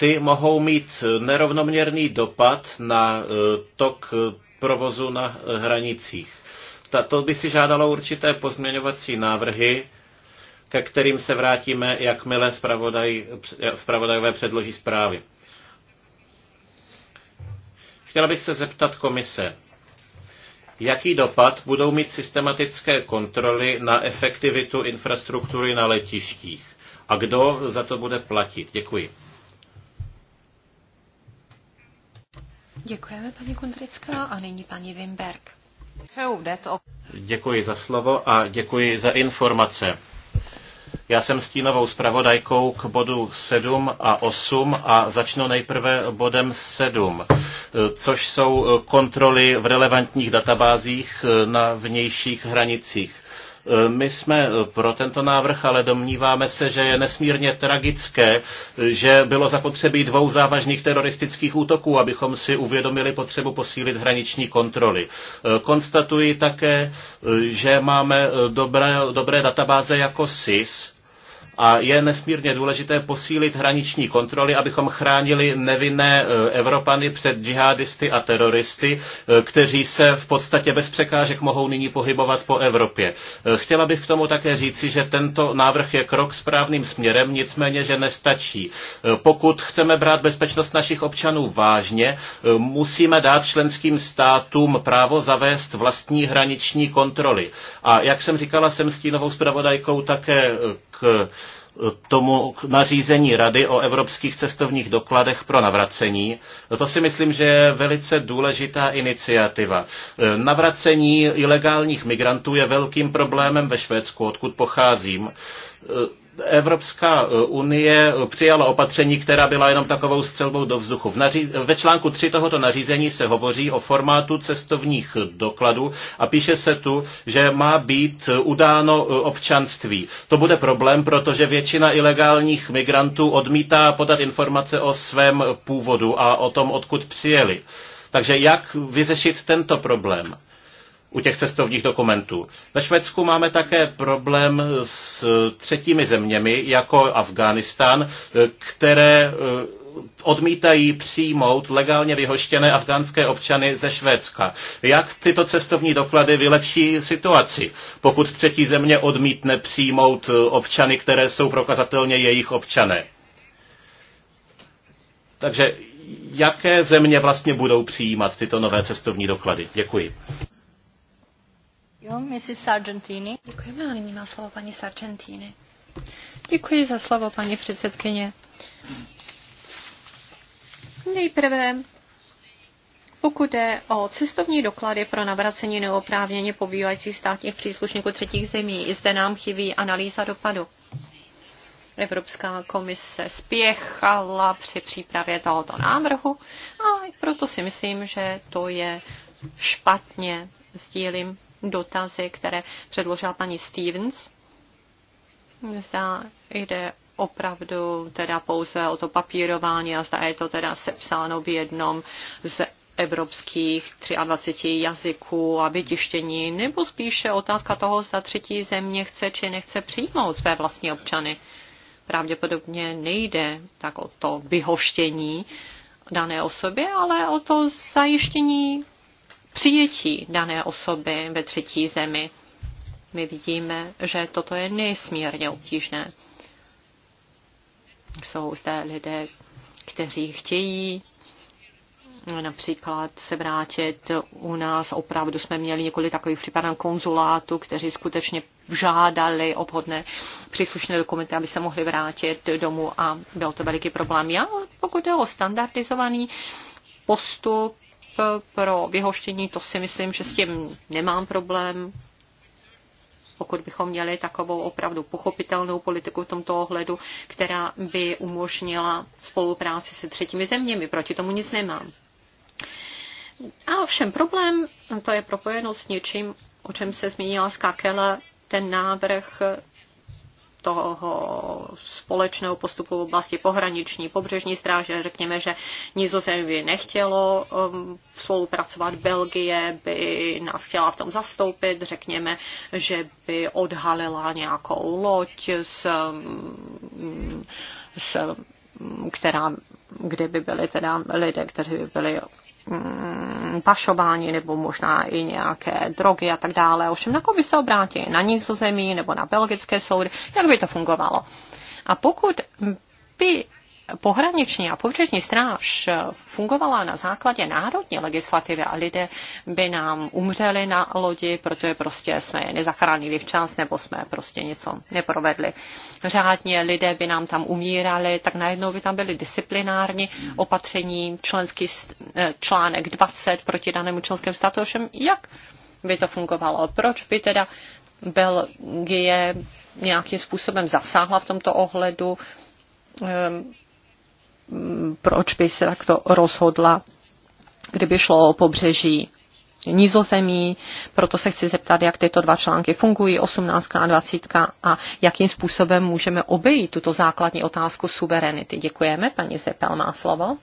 ty mohou mít eh, nerovnoměrný dopad na eh, tok eh, provozu na hranicích. To by si žádalo určité pozměňovací návrhy, ke kterým se vrátíme, jakmile zpravodaj, zpravodajové předloží zprávy. Chtěla bych se zeptat komise, jaký dopad budou mít systematické kontroly na efektivitu infrastruktury na letištích a kdo za to bude platit. Děkuji. Děkujeme, paní Kundrická, a nyní paní Wimberg. Děkuji za slovo a děkuji za informace. Já jsem stínovou zpravodajkou k bodu 7 a 8 a začnu nejprve bodem 7, což jsou kontroly v relevantních databázích na vnějších hranicích. My jsme pro tento návrh, ale domníváme se, že je nesmírně tragické, že bylo zapotřebí dvou závažných teroristických útoků, abychom si uvědomili potřebu posílit hraniční kontroly. Konstatuji také, že máme dobré, dobré databáze jako SIS, a je nesmírně důležité posílit hraniční kontroly, abychom chránili nevinné e, Evropany před džihadisty a teroristy, e, kteří se v podstatě bez překážek mohou nyní pohybovat po Evropě. E, chtěla bych k tomu také říci, že tento návrh je krok správným směrem, nicméně, že nestačí. Pokud chceme brát bezpečnost našich občanů vážně, musíme dát členským státům právo zavést vlastní hraniční kontroly. A jak jsem říkala, jsem stínovou zpravodajkou také k tomu nařízení Rady o evropských cestovních dokladech pro navracení. To si myslím, že je velice důležitá iniciativa. Navracení ilegálních migrantů je velkým problémem ve Švédsku, odkud pocházím Evropská e, unie přijala opatření, která byla jenom takovou střelbou do vzduchu. V naří... Ve článku 3 tohoto nařízení se hovoří o formátu cestovních dokladů a píše se tu, že má být udáno e, občanství. To bude problém, protože většina ilegálních migrantů odmítá podat informace o svém původu a o tom, odkud přijeli. Takže jak vyřešit tento problém? u těch cestovních dokumentů. Ve Švédsku máme také problém s třetími zeměmi, jako Afghánistán, které eh, odmítají přijmout legálně vyhoštěné afgánské občany ze Švédska. Jak tyto cestovní doklady vylepší situaci, pokud třetí země odmítne přijmout eh, občany, které jsou prokazatelně jejich občané? Takže jaké země vlastně budou přijímat tyto nové cestovní doklady? Děkuji. Jo, Mrs. Sargentini. Děkujeme a no, nyní má slovo paní Sargentini. Děkuji za slovo, paní předsedkyně. Nejprve, pokud jde o cestovní doklady pro navracení neoprávněně pobývajících státních příslušníků třetích zemí, i zde nám chybí analýza dopadu. Evropská komise spěchala při přípravě tohoto návrhu a proto si myslím, že to je špatně. Sdílím dotazy, které předložila paní Stevens. Zda jde opravdu teda pouze o to papírování a zda je to teda sepsáno v jednom z evropských 23 jazyků a vytištění, nebo spíše otázka toho, zda třetí země chce či nechce přijmout své vlastní občany. Pravděpodobně nejde tak o to vyhoštění dané osobě, ale o to zajištění přijetí dané osoby ve třetí zemi. My vidíme, že toto je nesmírně obtížné. Jsou zde lidé, kteří chtějí například se vrátit. U nás opravdu jsme měli několik takových případů konzulátu, kteří skutečně žádali obhodné příslušné dokumenty, aby se mohli vrátit domů a byl to veliký problém. Já, pokud je o standardizovaný postup, pro vyhoštění, to si myslím, že s tím nemám problém. Pokud bychom měli takovou opravdu pochopitelnou politiku v tomto ohledu, která by umožnila spolupráci se třetími zeměmi, proti tomu nic nemám. A ovšem problém, to je propojeno s něčím, o čem se zmínila Skakele, ten návrh toho společného postupu v oblasti pohraniční, pobřežní stráže. Řekněme, že Nizozemí by nechtělo um, spolupracovat, Belgie by nás chtěla v tom zastoupit, řekněme, že by odhalila nějakou loď s, s která, kde by byly, teda lidé, kteří by byli Mm, pašování nebo možná i nějaké drogy a tak dále. Ovšem na koho by se obrátili? Na nízozemí nebo na belgické soudy? Jak by to fungovalo? A pokud by pohraniční a pobřežní stráž fungovala na základě národní legislativy a lidé by nám umřeli na lodi, protože prostě jsme je nezachránili včas nebo jsme prostě něco neprovedli řádně, lidé by nám tam umírali, tak najednou by tam byly disciplinární opatření, členský eh, článek 20 proti danému členskému státu, ovšem jak by to fungovalo, proč by teda Belgie nějakým způsobem zasáhla v tomto ohledu, ehm, proč by se takto rozhodla, kdyby šlo o pobřeží nízozemí? proto se chci zeptat, jak tyto dva články fungují, 18 a 20 a jakým způsobem můžeme obejít tuto základní otázku suverenity. Děkujeme, paní Zepel má slovo.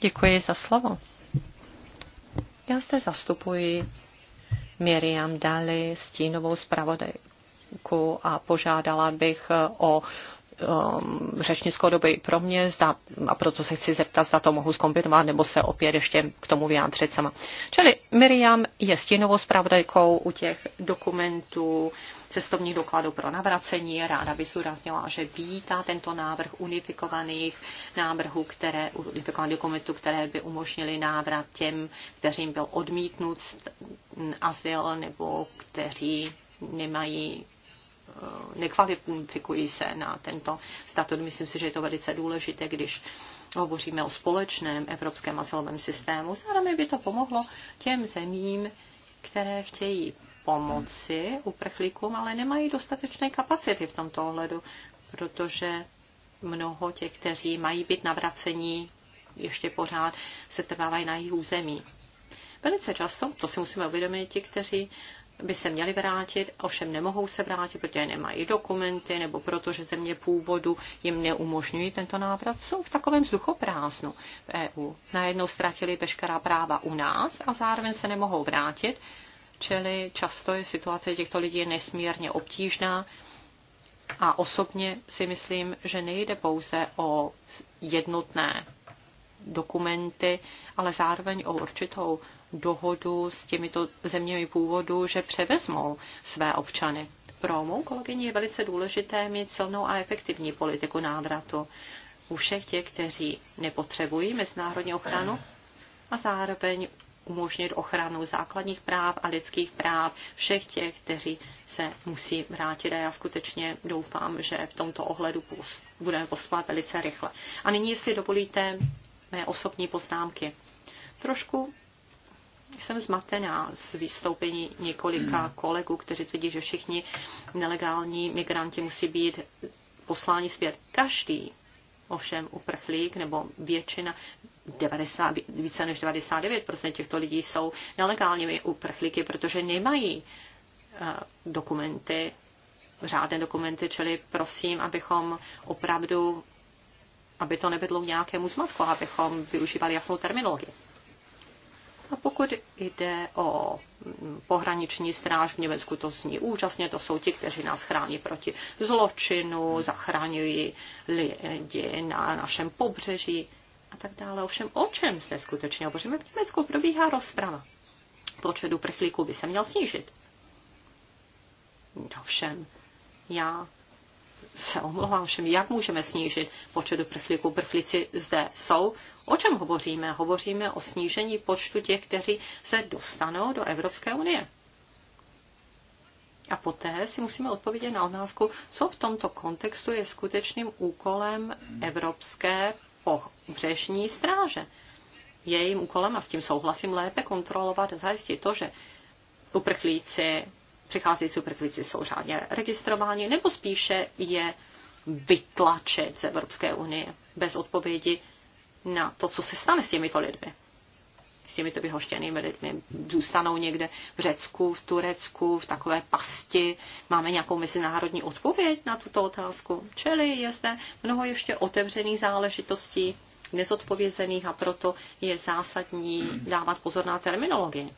Děkuji za slovo. Já zde zastupuji Miriam Dali, stínovou zpravodajku a požádala bych o um, řečnickou doby pro mě zda, a proto se chci zeptat, zda to mohu zkombinovat, nebo se opět ještě k tomu vyjádřit sama. Čili Miriam je stínovou zpravodajkou u těch dokumentů, cestovních dokladů pro navracení. Ráda by zúraznila, že vítá tento návrh unifikovaných návrhů, které, unifikovaných dokumentů, které by umožnili návrat těm, kterým byl odmítnut azyl nebo kteří nemají Eh, nekvalifikují se na tento statut. Myslím si, že je to velice důležité, když hovoříme o společném evropském azylovém systému. Zároveň by to pomohlo těm zemím, které chtějí pomoci uprchlíkům, ale nemají dostatečné kapacity v tomto ohledu, protože mnoho těch, kteří mají být navracení, ještě pořád se trvávají na jejich území. Velice často, to si musíme uvědomit, ti, kteří by se měli vrátit, ovšem nemohou se vrátit, protože nemají dokumenty nebo protože země původu jim neumožňují tento návrat, jsou v takovém vzduchoprázdnu v EU. Najednou ztratili veškerá práva u nás a zároveň se nemohou vrátit, čili často je situace těchto lidí nesmírně obtížná. A osobně si myslím, že nejde pouze o jednotné dokumenty, ale zároveň o určitou dohodu s těmito zeměmi původu, že převezmou své občany. Pro mou kolegyni je velice důležité mít silnou a efektivní politiku návratu u všech těch, kteří nepotřebují mezinárodní ochranu a zároveň umožnit ochranu základních práv a lidských práv všech těch, kteří se musí vrátit. A já skutečně doufám, že v tomto ohledu budeme postupovat velice rychle. A nyní, jestli dovolíte, mé osobní poznámky. Trošku jsem zmatená z vystoupení několika kolegů, kteří tvrdí, že všichni nelegální migranti musí být posláni zpět. Každý ovšem uprchlík nebo většina 90, více než 99% těchto lidí jsou nelegálními uprchlíky, protože nemají eh, dokumenty, řádné dokumenty, čili prosím, abychom opravdu, aby to nevedlo nějakému zmatku, abychom využívali jasnou terminologii. A pokud jde o pohraniční stráž v Německu, to zní úžasně, to jsou ti, kteří nás chrání proti zločinu, zachraňují lidi na našem pobřeží a tak dále. Ovšem, o čem zde skutečně hovoříme? V Německu probíhá rozprava. Počet uprchlíků by se měl snížit. Ovšem, no já se omlouvám všem, jak můžeme snížit počet uprchlíků. Uprchlíci zde jsou. O čem hovoříme? Hovoříme o snížení počtu těch, kteří se dostanou do Evropské unie. A poté si musíme odpovědět na otázku, co v tomto kontextu je skutečným úkolem Evropské pobřežní stráže. Je jejím úkolem, a s tím souhlasím, lépe kontrolovat a zajistit to, že uprchlíci přicházející uprchlíci jsou řádně registrováni, nebo spíše je vytlačit z Evropské unie bez odpovědi na to, co se stane s těmito lidmi. S těmito vyhoštěnými lidmi. Zůstanou někde v Řecku, v Turecku, v takové pasti. Máme nějakou mezinárodní odpověď na tuto otázku. Čili je zde mnoho ještě otevřených záležitostí, nezodpovězených a proto je zásadní dávat pozor na terminologii.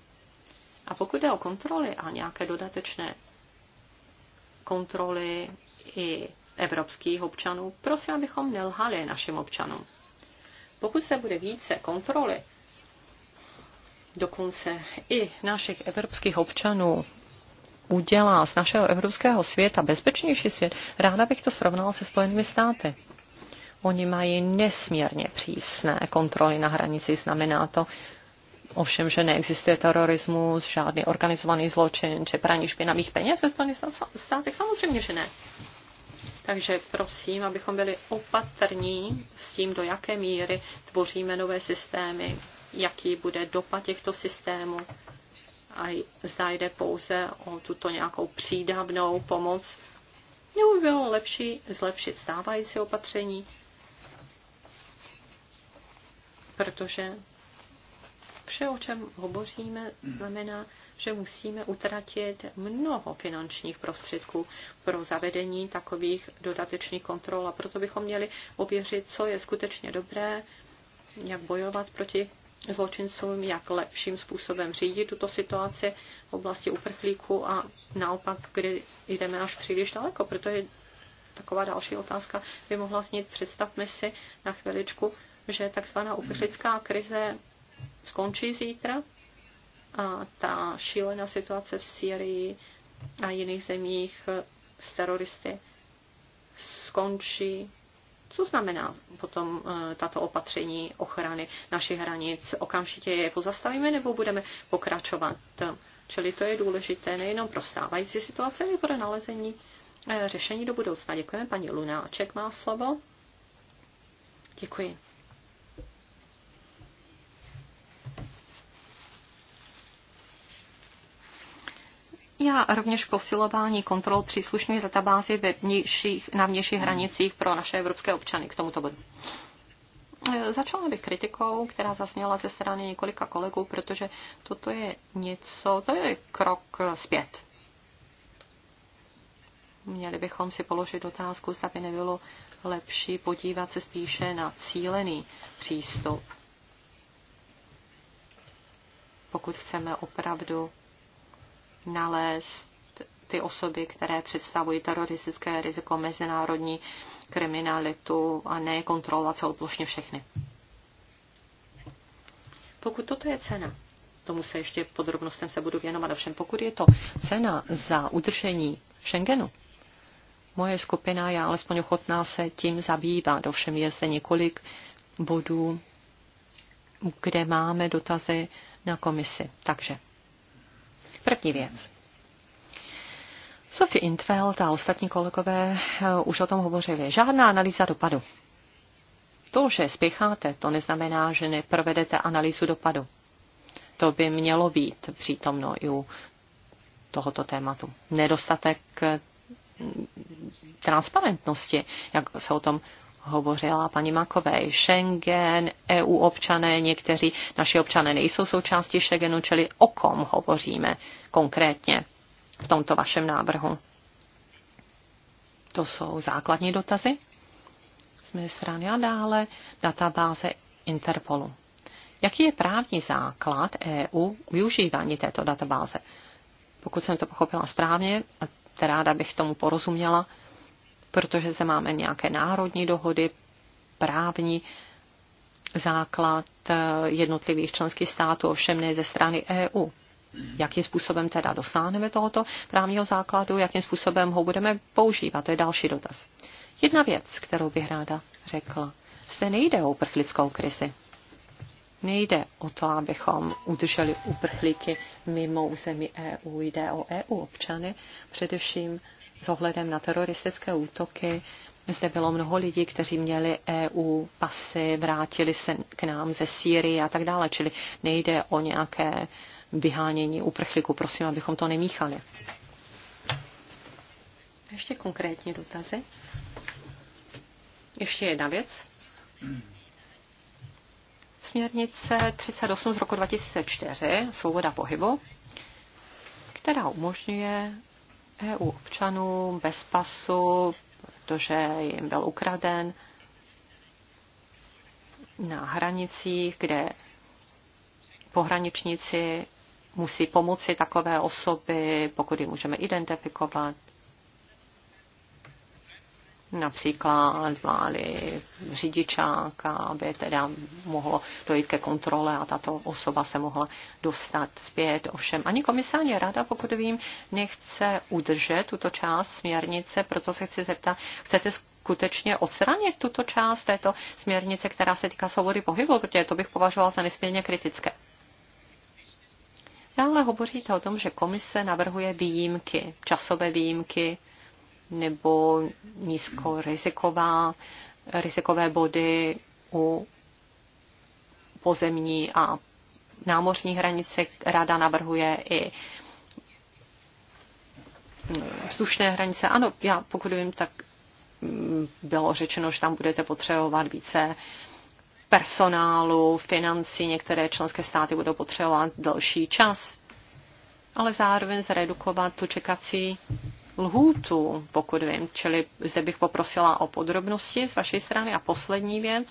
A pokud jde o kontroly a nějaké dodatečné kontroly i evropských občanů, prosím, abychom nelhali našim občanům. Pokud se bude více kontroly, dokonce i našich evropských občanů, udělá z našeho evropského světa bezpečnější svět, ráda bych to srovnala se Spojenými státy. Oni mají nesmírně přísné kontroly na hranici, znamená to, ovšem, že neexistuje terorismus, žádný organizovaný zločin či praní špinavých peněz ve Spojených státech? Samozřejmě, že ne. Takže prosím, abychom byli opatrní s tím, do jaké míry tvoříme nové systémy, jaký bude dopad těchto systémů a zda jde pouze o tuto nějakou přídavnou pomoc. Nebo by bylo lepší zlepšit stávající opatření, protože Vše, o čem hovoříme, znamená, že musíme utratit mnoho finančních prostředků pro zavedení takových dodatečných kontrol a proto bychom měli ověřit, co je skutečně dobré, jak bojovat proti zločincům, jak lepším způsobem řídit tuto situaci v oblasti uprchlíků a naopak, kdy jdeme až příliš daleko, proto je taková další otázka by mohla znít, představme si na chviličku, že takzvaná uprchlická krize skončí zítra a ta šílená situace v Syrii a jiných zemích s teroristy skončí. Co znamená potom eh, tato opatření ochrany našich hranic? Okamžitě je pozastavíme nebo budeme pokračovat? Čili to je důležité nejenom pro stávající situace, ale i pro nalezení eh, řešení do budoucna. Děkujeme. Paní Lunáček má slovo. Děkuji. probíhá rovněž posilování kontrol příslušné databázy ve vnějších, na vnějších hranicích pro naše evropské občany k tomuto bodu. E, začala bych kritikou, která zasněla ze strany několika kolegů, protože toto je něco, to je krok e, zpět. Měli bychom si položit otázku, zda by nebylo lepší podívat se spíše na cílený přístup. Pokud chceme opravdu nalézt ty osoby, které představují teroristické riziko, mezinárodní kriminalitu a ne kontrolovat celoplošně všechny. Pokud toto je cena, tomu se ještě podrobnostem se budu věnovat, ovšem pokud je to cena za udržení Schengenu, moje skupina je alespoň ochotná se tím zabývat. Ovšem je zde několik bodů, kde máme dotazy na komisi. Takže První věc. Sophie Intveld, a ostatní kolegové eh, už o tom hovořili. Žádná analýza dopadu. To, že spěcháte, to neznamená, že neprovedete analýzu dopadu. To by mělo být přítomno i u tohoto tématu. Nedostatek eh, transparentnosti, jak se o tom hovořila paní Makové, Schengen, EU občané, někteří naši občané nejsou součástí Schengenu, čili o kom hovoříme konkrétně v tomto vašem návrhu. To jsou základní dotazy z mé strany a dále databáze Interpolu. Jaký je právní základ EU využívání této databáze? Pokud jsem to pochopila správně, a ráda bych tomu porozuměla, protože zde máme nějaké národní dohody, právní základ eh, jednotlivých členských států, ovšem ne ze strany EU. Jakým způsobem teda dosáhneme tohoto právního základu, jakým způsobem ho budeme používat, to je další dotaz. Jedna věc, kterou bych ráda řekla. Zde nejde o uprchlickou krizi. Nejde o to, abychom udrželi uprchlíky mimo území EU. Jde o EU občany, především s ohledem na teroristické útoky zde bylo mnoho lidí, kteří měli EU pasy, vrátili se k nám ze Sýrie a tak dále, čili nejde o nějaké vyhánění uprchlíků. Prosím, abychom to nemíchali. Ještě konkrétní dotazy. Ještě jedna věc. Směrnice 38 z roku 2004, svoboda pohybu, která umožňuje EU občanů bez pasu, protože jim byl ukraden na hranicích, kde pohraničníci musí pomoci takové osoby, pokud ji můžeme identifikovat, například máli řidičáka, aby teda mohlo dojít ke kontrole a tato osoba se mohla dostat zpět. Ovšem ani komise, rada, pokud vím, nechce udržet tuto část směrnice, proto se chci zeptat, chcete skutečně odstranit tuto část této směrnice, která se týká svobody pohybu, protože to bych považoval za nesmírně kritické. Dále hovoříte o tom, že komise navrhuje výjimky, časové výjimky nebo nízkoriziková, rizikové body u pozemní a námořní hranice. Rada navrhuje i slušné mm, hranice. Ano, já pokud vím, tak mm, bylo řečeno, že tam budete potřebovat více personálu, financí, některé členské státy budou potřebovat delší čas, ale zároveň zredukovat tu čekací lhůtu, pokud vím, čili zde bych poprosila o podrobnosti z vaší strany. A poslední věc.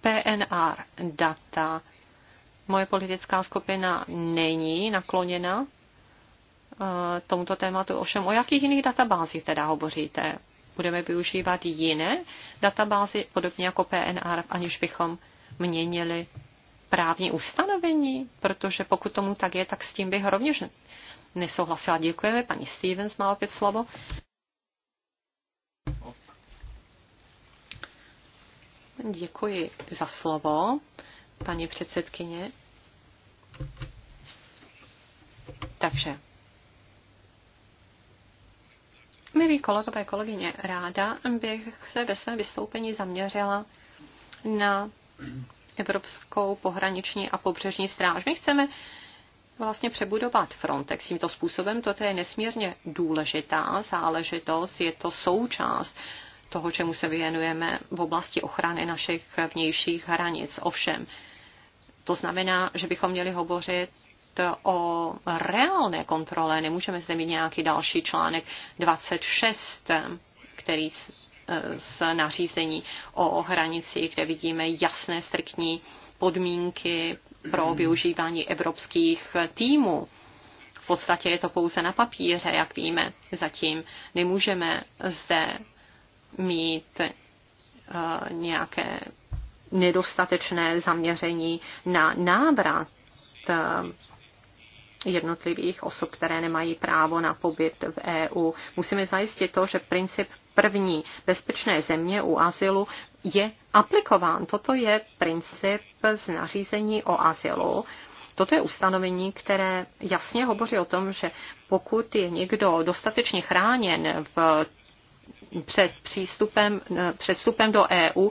PNR data. Moje politická skupina není nakloněna eh, tomuto tématu. Ovšem, o jakých jiných databázích teda hovoříte? Budeme využívat jiné databázy, podobně jako PNR, aniž bychom měnili právní ustanovení, protože pokud tomu tak je, tak s tím bych rovněž nesouhlasila. Děkujeme. Paní Stevens má opět slovo. Děkuji za slovo, paní předsedkyně. Takže, milí kolegové, kolegyně, ráda bych se ve svém vystoupení zaměřila na Evropskou pohraniční a pobřežní stráž. My chceme vlastně přebudovat Frontex tímto způsobem. Toto je nesmírně důležitá záležitost, je to součást toho, čemu se věnujeme v oblasti ochrany našich vnějších hranic. Ovšem, to znamená, že bychom měli hovořit o reálné kontrole. Nemůžeme zde mít nějaký další článek 26, který z nařízení o hranici, kde vidíme jasné, striktní podmínky pro hmm. využívání evropských týmů. V podstatě je to pouze na papíře, jak víme. Zatím nemůžeme zde mít eh, nějaké nedostatečné zaměření na návrat eh, jednotlivých osob, které nemají právo na pobyt v EU. Musíme zajistit to, že princip první bezpečné země u asilu je aplikován. Toto je princip z nařízení o asilu. Toto je ustanovení, které jasně hovoří o tom, že pokud je někdo dostatečně chráněn v, před přístupem, předstupem do EU,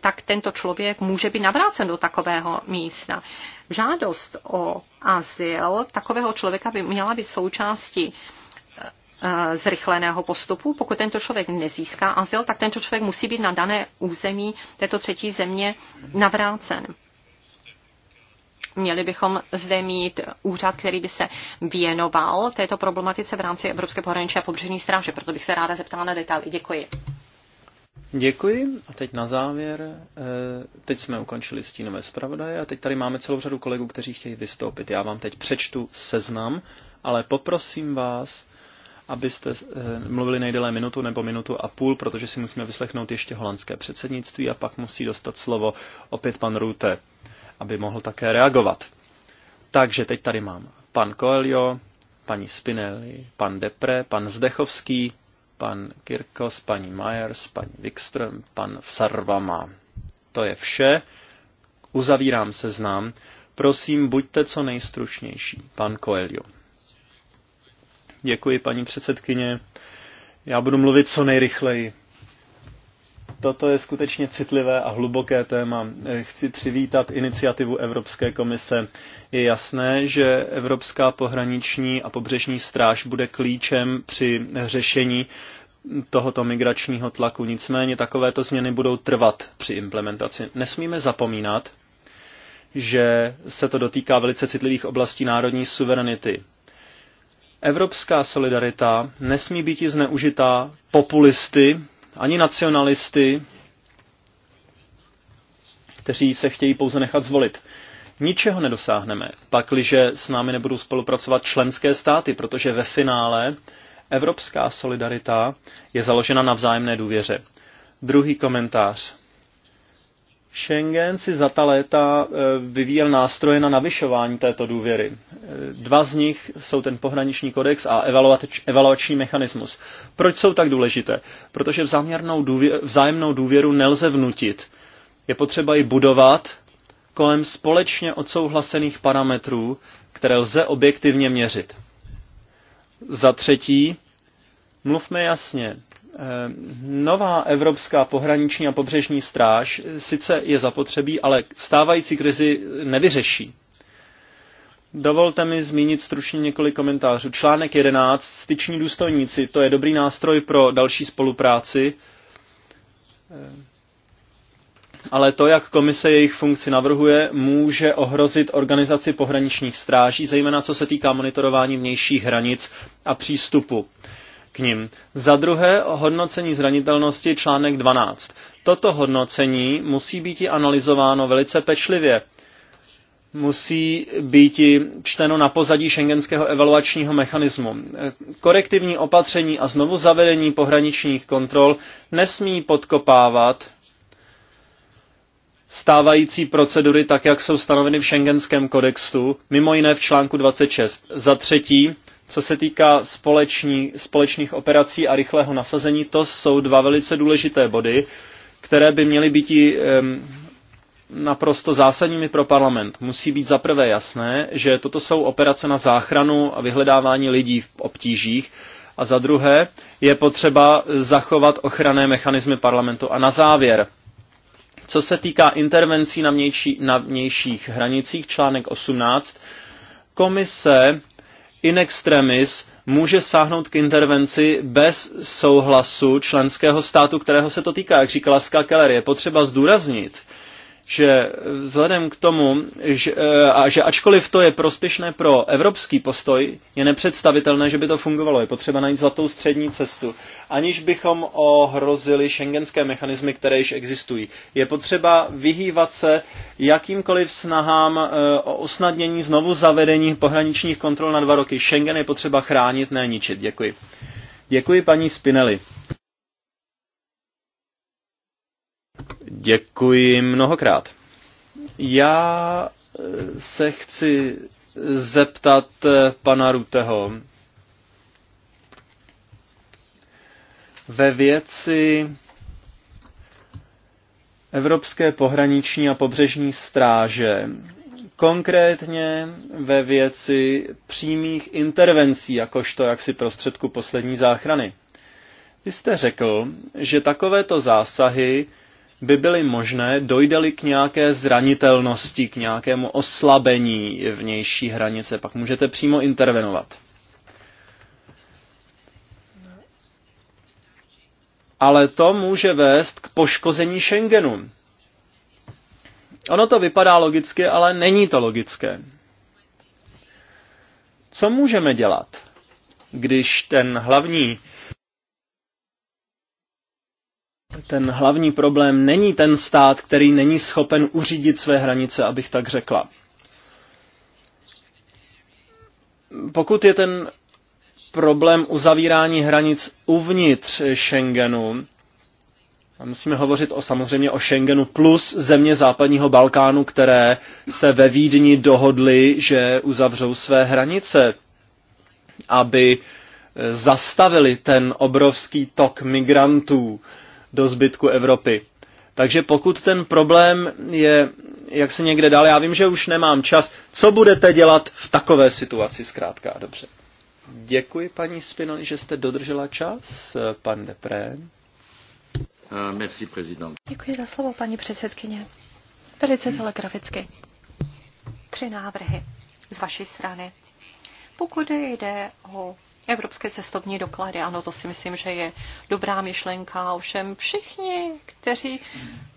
tak tento člověk může být navrácen do takového místa. Žádost o azyl takového člověka by měla být součástí Eh, zrychleného postupu. Pokud tento člověk nezíská azyl, tak tento člověk musí být na dané území této třetí země navrácen. Měli bychom zde mít úřad, který by se věnoval této problematice v rámci Evropské pohraniční a pobřežní stráže, proto bych se ráda zeptala na detaily. Děkuji. Děkuji. A teď na závěr. Eh, teď jsme ukončili stínové zpravodaje a teď tady máme celou řadu kolegů, kteří chtějí vystoupit. Já vám teď přečtu seznam, ale poprosím vás, abyste eh, mluvili nejdéle minutu nebo minutu a půl, protože si musíme vyslechnout ještě holandské předsednictví a pak musí dostat slovo opět pan Rute, aby mohl také reagovat. Takže teď tady mám pan Coelho, paní Spinelli, pan Depre, pan Zdechovský, pan Kirkos, paní Myers, paní Wikström, pan Sarvama. To je vše. Uzavírám seznam. Prosím, buďte co nejstručnější. Pan Coelho. Děkuji, paní předsedkyně. Já budu mluvit co nejrychleji. Toto je skutečně citlivé a hluboké téma. Chci přivítat iniciativu Evropské komise. Je jasné, že Evropská pohraniční a pobřežní stráž bude klíčem při řešení tohoto migračního tlaku. Nicméně takovéto změny budou trvat při implementaci. Nesmíme zapomínat, že se to dotýká velice citlivých oblastí národní suverenity. Evropská solidarita nesmí být zneužitá populisty ani nacionalisty, kteří se chtějí pouze nechat zvolit. Ničeho nedosáhneme, pakliže s námi nebudou spolupracovat členské státy, protože ve finále evropská solidarita je založena na vzájemné důvěře. Druhý komentář. Schengen si za ta léta e, vyvíjel nástroje na navyšování této důvěry. E, dva z nich jsou ten pohraniční kodex a evaluační mechanismus. Proč jsou tak důležité? Protože vzájemnou důvěru, vzájemnou důvěru nelze vnutit. Je potřeba ji budovat kolem společně odsouhlasených parametrů, které lze objektivně měřit. Za třetí, mluvme jasně. Eh, nová evropská pohraniční a pobřežní stráž sice je zapotřebí, ale stávající krizi nevyřeší. Dovolte mi zmínit stručně několik komentářů. Článek 11, styční důstojníci, to je dobrý nástroj pro další spolupráci, eh, ale to, jak komise jejich funkci navrhuje, může ohrozit organizaci pohraničních stráží, zejména co se týká monitorování vnějších hranic a přístupu k nim. Za druhé, hodnocení zranitelnosti článek 12. Toto hodnocení musí být analyzováno velice pečlivě. Musí být čteno na pozadí šengenského evaluačního mechanismu. Korektivní opatření a znovu zavedení pohraničních kontrol nesmí podkopávat stávající procedury tak, jak jsou stanoveny v šengenském kodextu, mimo jiné v článku 26. Za třetí, co se týká společní, společných operací a rychlého nasazení, to jsou dva velice důležité body, které by měly být um, naprosto zásadními pro parlament. Musí být zaprvé jasné, že toto jsou operace na záchranu a vyhledávání lidí v obtížích, a za druhé je potřeba zachovat ochranné mechanismy parlamentu. A na závěr, co se týká intervencí na, vnější, na vnějších hranicích, článek 18, komise in extremis může sáhnout k intervenci bez souhlasu členského státu, kterého se to týká. Jak říkala Ska Keller, je potřeba zdůraznit, že vzhledem k tomu, že, a že ačkoliv to je prospěšné pro evropský postoj, je nepředstavitelné, že by to fungovalo. Je potřeba najít zlatou střední cestu, aniž bychom ohrozili šengenské mechanismy, které již existují. Je potřeba vyhývat se jakýmkoliv snahám eh, o usnadnění znovu zavedení pohraničních kontrol na dva roky. Schengen je potřeba chránit, ne ničit. Děkuji. Děkuji paní Spinelli. Děkuji mnohokrát. Já eh, se chci zeptat eh, pana Ruteho ve věci Evropské pohraniční a pobřežní stráže, konkrétně ve věci přímých intervencí, jakožto jaksi prostředku poslední záchrany. Vy jste řekl, že takovéto zásahy by byly možné, dojde-li k nějaké zranitelnosti, k nějakému oslabení vnější hranice, pak můžete přímo intervenovat. Ale to může vést k poškození Schengenu. Ono to vypadá logicky, ale není to logické. Co můžeme dělat, když ten hlavní ten hlavní problém není ten stát, který není schopen uřídit své hranice, abych tak řekla. Pokud je ten problém uzavírání hranic uvnitř Schengenu, a musíme hovořit o samozřejmě o Schengenu plus země západního Balkánu, které se ve Vídni dohodly, že uzavřou své hranice, aby e, zastavili ten obrovský tok migrantů, do zbytku Evropy. Takže pokud ten problém je jak se někde dál, já vím, že už nemám čas, co budete dělat v takové situaci zkrátka a dobře. Děkuji paní Spinoli, že jste dodržela čas, pan Depré. Eh, merci, prezident. Děkuji za slovo, paní předsedkyně. Velice telegraficky. Tři návrhy z vaší strany. Pokud jde o Evropské cestovní doklady, ano, to si myslím, že je dobrá myšlenka. Ovšem všichni, kteří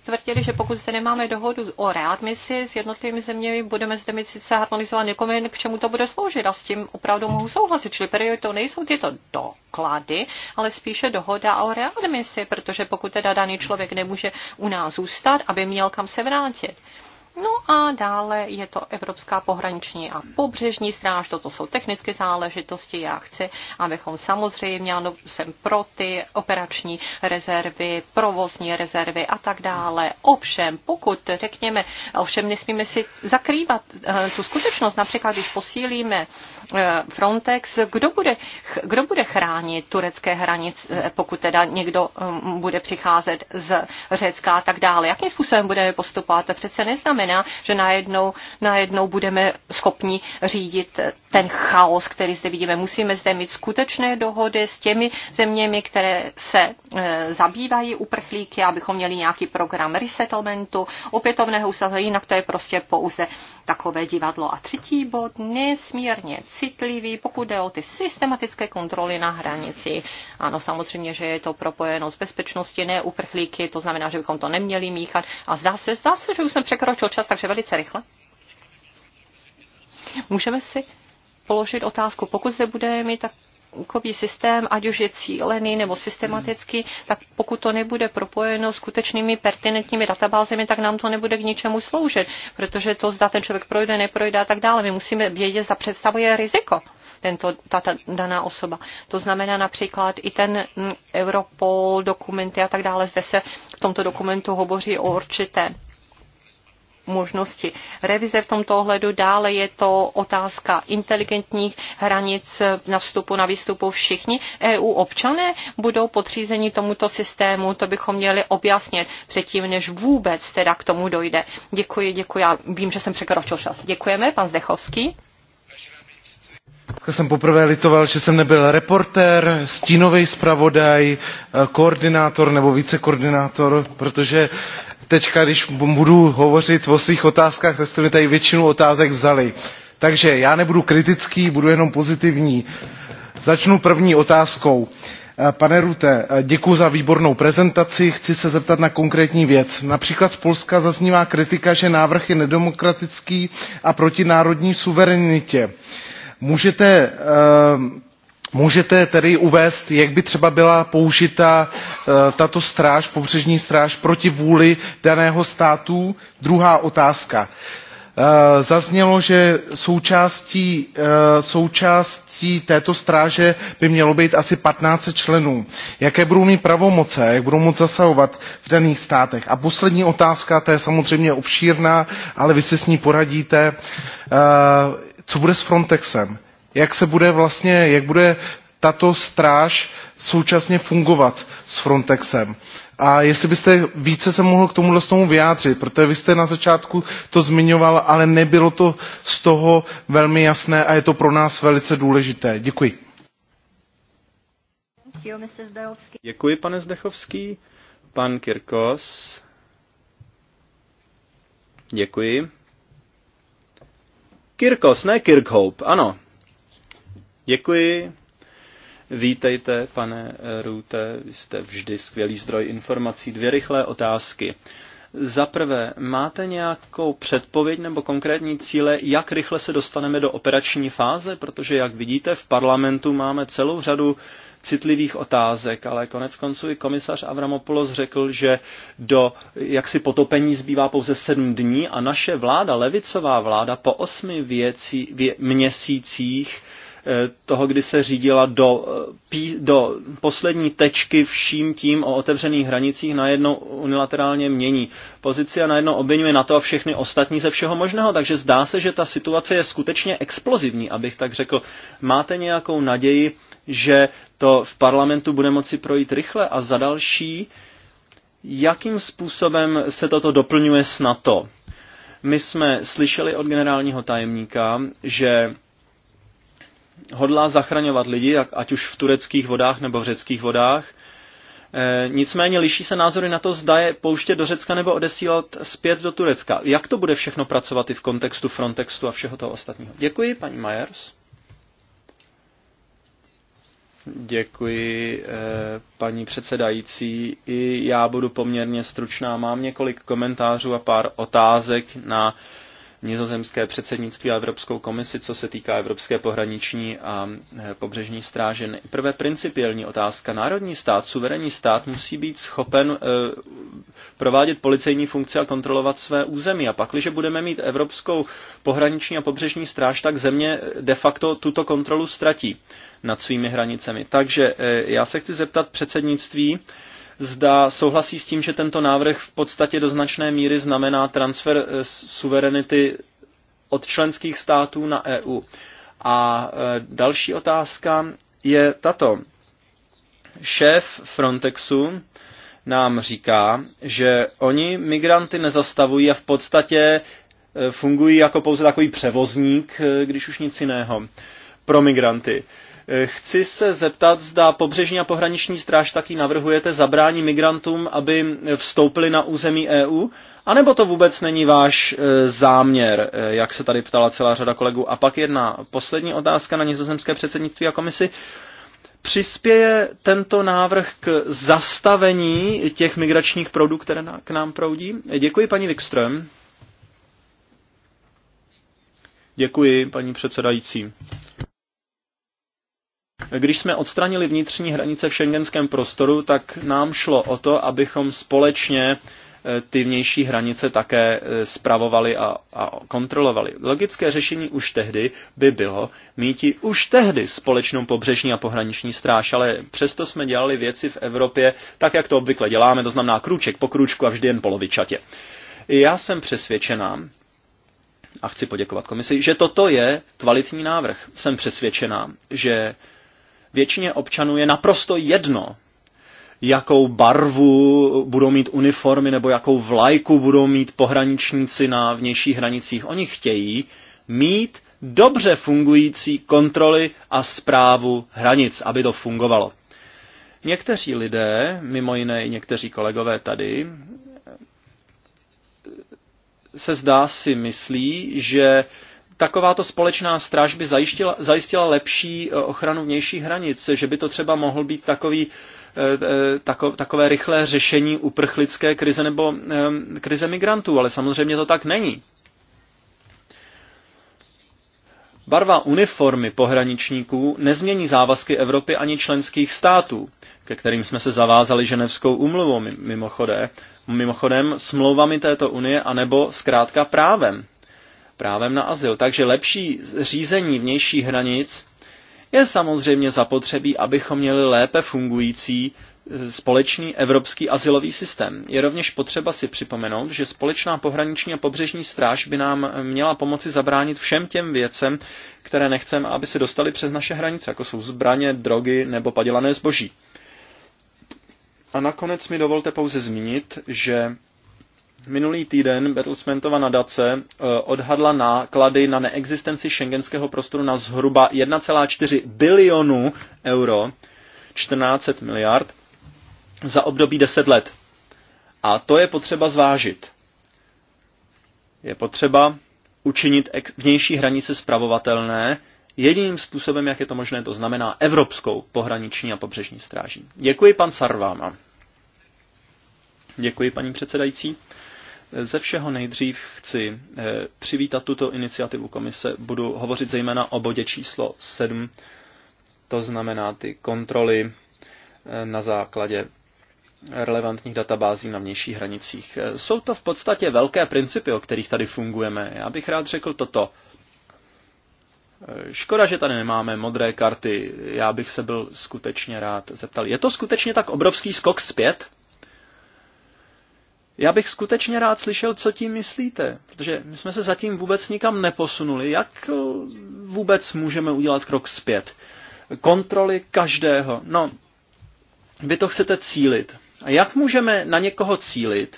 tvrdili, že pokud zde nemáme dohodu o readmisi s jednotlivými zeměmi, budeme zde mít sice harmonizovat někomu, k čemu to bude sloužit. A s tím opravdu mohu souhlasit. Čili prioritou nejsou tyto doklady, ale spíše dohoda o readmisi, protože pokud teda daný člověk nemůže u nás zůstat, aby měl kam se vrátit. No a dále je to Evropská pohraniční a pobřežní stráž, toto jsou technické záležitosti. Já chci, abychom samozřejmě, ano, jsem pro ty operační rezervy, provozní rezervy a tak dále. Ovšem, pokud řekněme, ovšem nesmíme si zakrývat eh, tu skutečnost, například když posílíme eh, Frontex, kdo bude, kdo bude chránit turecké hranice, eh, pokud teda někdo bude přicházet z Řecka a tak dále. Jakým způsobem budeme postupovat? To přece neznáme neznamená, že najednou, najednou budeme schopni řídit ten chaos, který zde vidíme. Musíme zde mít skutečné dohody s těmi zeměmi, které se e, zabývají uprchlíky, abychom měli nějaký program resettlementu, opětovného usazení, jinak to je prostě pouze takové divadlo. A třetí bod, nesmírně citlivý, pokud jde o ty systematické kontroly na hranici. Ano, samozřejmě, že je to propojeno s bezpečností, ne uprchlíky, to znamená, že bychom to neměli míchat. A zdá se, zdá se, že už jsem překročil čas, takže velice rychle. Můžeme si položit otázku, pokud zde budeme mít tak takový systém, ať už je cílený nebo systematický, tak pokud to nebude propojeno skutečnými pertinentními databázemi, tak nám to nebude k ničemu sloužit, protože to zda ten člověk projde, neprojde a tak dále. My musíme vědět, zda představuje riziko tento, ta, ta daná osoba. To znamená například i ten mm, Europol, dokumenty a tak dále. Zde se v tomto dokumentu hovoří o určité možnosti revize v tomto ohledu. Dále je to otázka inteligentních hranic na vstupu, na výstupu. Všichni EU občané budou podřízeni tomuto systému. To bychom měli objasnit předtím, než vůbec teda k tomu dojde. Děkuji, děkuji. Já vím, že jsem překročil čas. Děkujeme, pan Zdechovský. Dneska jsem poprvé litoval, že jsem nebyl reportér, stínový zpravodaj, koordinátor nebo vicekoordinátor, protože teďka, když budu hovořit o svých otázkách, tak jste mi tady většinu otázek vzali. Takže já nebudu kritický, budu jenom pozitivní. Začnu první otázkou. Eh, pane Rute, eh, děkuji za výbornou prezentaci. Chci se zeptat na konkrétní věc. Například z Polska zaznívá kritika, že návrh je nedemokratický a proti národní suverenitě. Můžete eh, Můžete tedy uvést, jak by třeba byla použita eh, tato stráž, pobřežní stráž, proti vůli daného státu? Druhá otázka. Eh, zaznělo, že součástí, eh, součástí této stráže by mělo být asi 15 členů. Jaké budou mít pravomoce, jak budou moct zasahovat v daných státech? A poslední otázka, ta je samozřejmě obšírná, ale vy si s ní poradíte. Co bude s Frontexem? jak se bude vlastně, jak bude tato stráž současně fungovat s Frontexem. A jestli byste více se mohl k tomuhle tomu vyjádřit, protože vy jste na začátku to zmiňoval, ale nebylo to z toho velmi jasné a je to pro nás velice důležité. Děkuji. Děkuji, pane Zdechovský. Pan Kirkos. Děkuji. Kirkos, ne Kirkhope, ano. Děkuji. Vítejte, pane eh, Rute, vy jste vždy skvělý zdroj informací. Dvě rychlé otázky. Za prvé, máte nějakou předpověď nebo konkrétní cíle, jak rychle se dostaneme do operační fáze? Protože, jak vidíte, v parlamentu máme celou řadu citlivých otázek, ale konec konců i komisař Avramopoulos řekl, že do jaksi potopení zbývá pouze sedm dní a naše vláda, levicová vláda, po osmi věcí, vě, měsících Eh, toho, kdy se řídila do, eh, do poslední tečky vším tím o otevřených hranicích, najednou unilaterálně mění pozici a najednou obvinuje na to a všechny ostatní ze všeho možného. Takže zdá se, že ta situace je skutečně explozivní, abych tak řekl. Máte nějakou naději, že to v parlamentu bude moci projít rychle a za další, jakým způsobem se toto doplňuje s NATO? My jsme slyšeli od generálního tajemníka, že hodlá zachraňovat lidi, ať už v tureckých vodách nebo v řeckých vodách. E, nicméně liší se názory na to, zda je pouštět do Řecka nebo odesílat zpět do Turecka. Jak to bude všechno pracovat i v kontextu Frontextu a všeho toho ostatního? Děkuji, paní Majers. Děkuji, eh, paní předsedající. I já budu poměrně stručná. Mám několik komentářů a pár otázek na nizozemské předsednictví a Evropskou komisi, co se týká Evropské pohraniční a eh, pobřežní stráže. Prvé principiální otázka. Národní stát, suverénní stát musí být schopen eh, provádět policejní funkci a kontrolovat své území. A pak, když budeme mít Evropskou pohraniční a pobřežní stráž, tak země eh, de facto tuto kontrolu ztratí nad svými hranicemi. Takže já se chci zeptat předsednictví, zda souhlasí s tím, že tento návrh v podstatě do značné míry znamená transfer eh, suverenity od členských států na EU. A eh, další otázka je tato. Šéf Frontexu nám říká, že oni migranty nezastavují a v podstatě eh, fungují jako pouze takový převozník, když už nic jiného, pro migranty. Chci se zeptat, zda pobřežní a pohraniční stráž taky navrhujete zabrání migrantům, aby vstoupili na území EU, a nebo to vůbec není váš e, záměr, e, jak se tady ptala celá řada kolegů. A pak jedna poslední otázka na nizozemské předsednictví a komisi. Přispěje tento návrh k zastavení těch migračních proudů, které k nám proudí? Děkuji, paní Wikström. Děkuji, paní předsedající. Když jsme odstranili vnitřní hranice v šengenském prostoru, tak nám šlo o to, abychom společně e, ty vnější hranice také e, spravovali a, a kontrolovali. Logické řešení už tehdy by bylo i už tehdy společnou pobřežní a pohraniční stráž, ale přesto jsme dělali věci v Evropě tak, jak to obvykle děláme, to znamená krůček po krůčku a vždy jen polovičatě. Já jsem přesvědčená, a chci poděkovat komisi, že toto je kvalitní návrh. Jsem přesvědčená, že většině občanů je naprosto jedno, jakou barvu budou mít uniformy nebo jakou vlajku budou mít pohraničníci na vnějších hranicích. Oni chtějí mít dobře fungující kontroly a zprávu hranic, aby to fungovalo. Někteří lidé, mimo jiné i někteří kolegové tady, se zdá si myslí, že takováto společná stráž by zajištila, zajistila lepší eh, ochranu vnějších hranic, že by to třeba mohl být takový, eh, eh, tako, takové rychlé řešení uprchlické krize nebo krize migrantů, ale samozřejmě to tak není. Barva uniformy pohraničníků nezmění závazky Evropy ani členských států, ke kterým jsme se zavázali ženevskou umluvou mimochodem, mimochodem smlouvami této unie anebo zkrátka právem právem na azyl. Takže lepší řízení vnějších hranic je samozřejmě zapotřebí, abychom měli lépe fungující eh, společný evropský asilový systém. Je rovněž potřeba si připomenout, že společná pohraniční a pobřežní stráž by nám eh, měla pomoci zabránit všem těm věcem, které nechceme, aby se dostali přes naše hranice, jako jsou zbraně, drogy nebo padělané zboží. A nakonec mi dovolte pouze zmínit, že Minulý týden Bertelsmantova nadace eh, odhadla náklady na neexistenci šengenského prostoru na zhruba 1,4 bilionu euro, 14 miliard, za období 10 let. A to je potřeba zvážit. Je potřeba učinit vnější hranice spravovatelné jediným způsobem, jak je to možné, to znamená evropskou pohraniční a pobřežní stráží. Děkuji pan Sarváma. Děkuji paní předsedající. Ze všeho nejdřív chci eh, přivítat tuto iniciativu komise. Budu hovořit zejména o bodě číslo 7, to znamená ty kontroly eh, na základě relevantních databází na vnějších hranicích. Eh, jsou to v podstatě velké principy, o kterých tady fungujeme. Já bych rád řekl toto. Škoda, že tady nemáme modré karty. Já bych se byl skutečně rád zeptal. Je to skutečně tak obrovský skok zpět? Já bych skutečně rád slyšel, co tím myslíte, protože my jsme se zatím vůbec nikam neposunuli. Jak eh, vůbec můžeme udělat krok zpět? Kontroly každého. No, vy to chcete cílit. A jak můžeme na někoho cílit,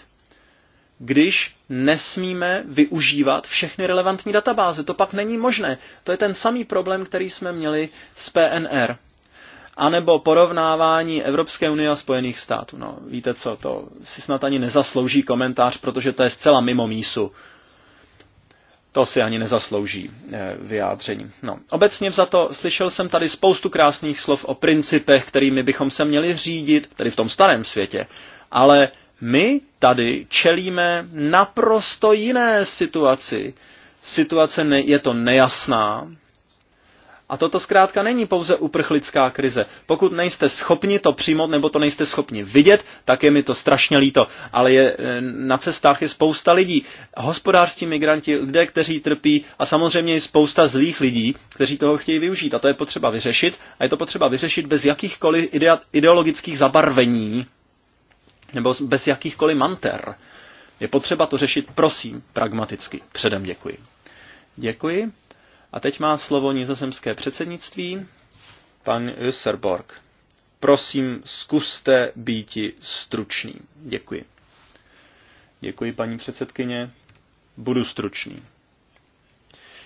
když nesmíme využívat všechny relevantní databáze? To pak není možné. To je ten samý problém, který jsme měli s PNR anebo porovnávání Evropské unie a Spojených států. No, víte co, to si snad ani nezaslouží komentář, protože to je zcela mimo mísu. To si ani nezaslouží eh, vyjádření. No, obecně za to slyšel jsem tady spoustu krásných slov o principech, kterými bychom se měli řídit, tedy v tom starém světě, ale my tady čelíme naprosto jiné situaci. Situace ne, je to nejasná, a toto zkrátka není pouze uprchlická krize. Pokud nejste schopni to přijmout nebo to nejste schopni vidět, tak je mi to strašně líto. Ale je, eh, na cestách je spousta lidí. Hospodářští migranti, lidé, kteří trpí a samozřejmě je spousta zlých lidí, kteří toho chtějí využít. A to je potřeba vyřešit. A je to potřeba vyřešit bez jakýchkoliv ideologických zabarvení nebo bez jakýchkoliv manter. Je potřeba to řešit, prosím, pragmaticky. Předem děkuji. Děkuji. A teď má slovo nizozemské předsednictví, pan Össerborg. Prosím, zkuste býti stručný. Děkuji. Děkuji, paní předsedkyně. Budu stručný.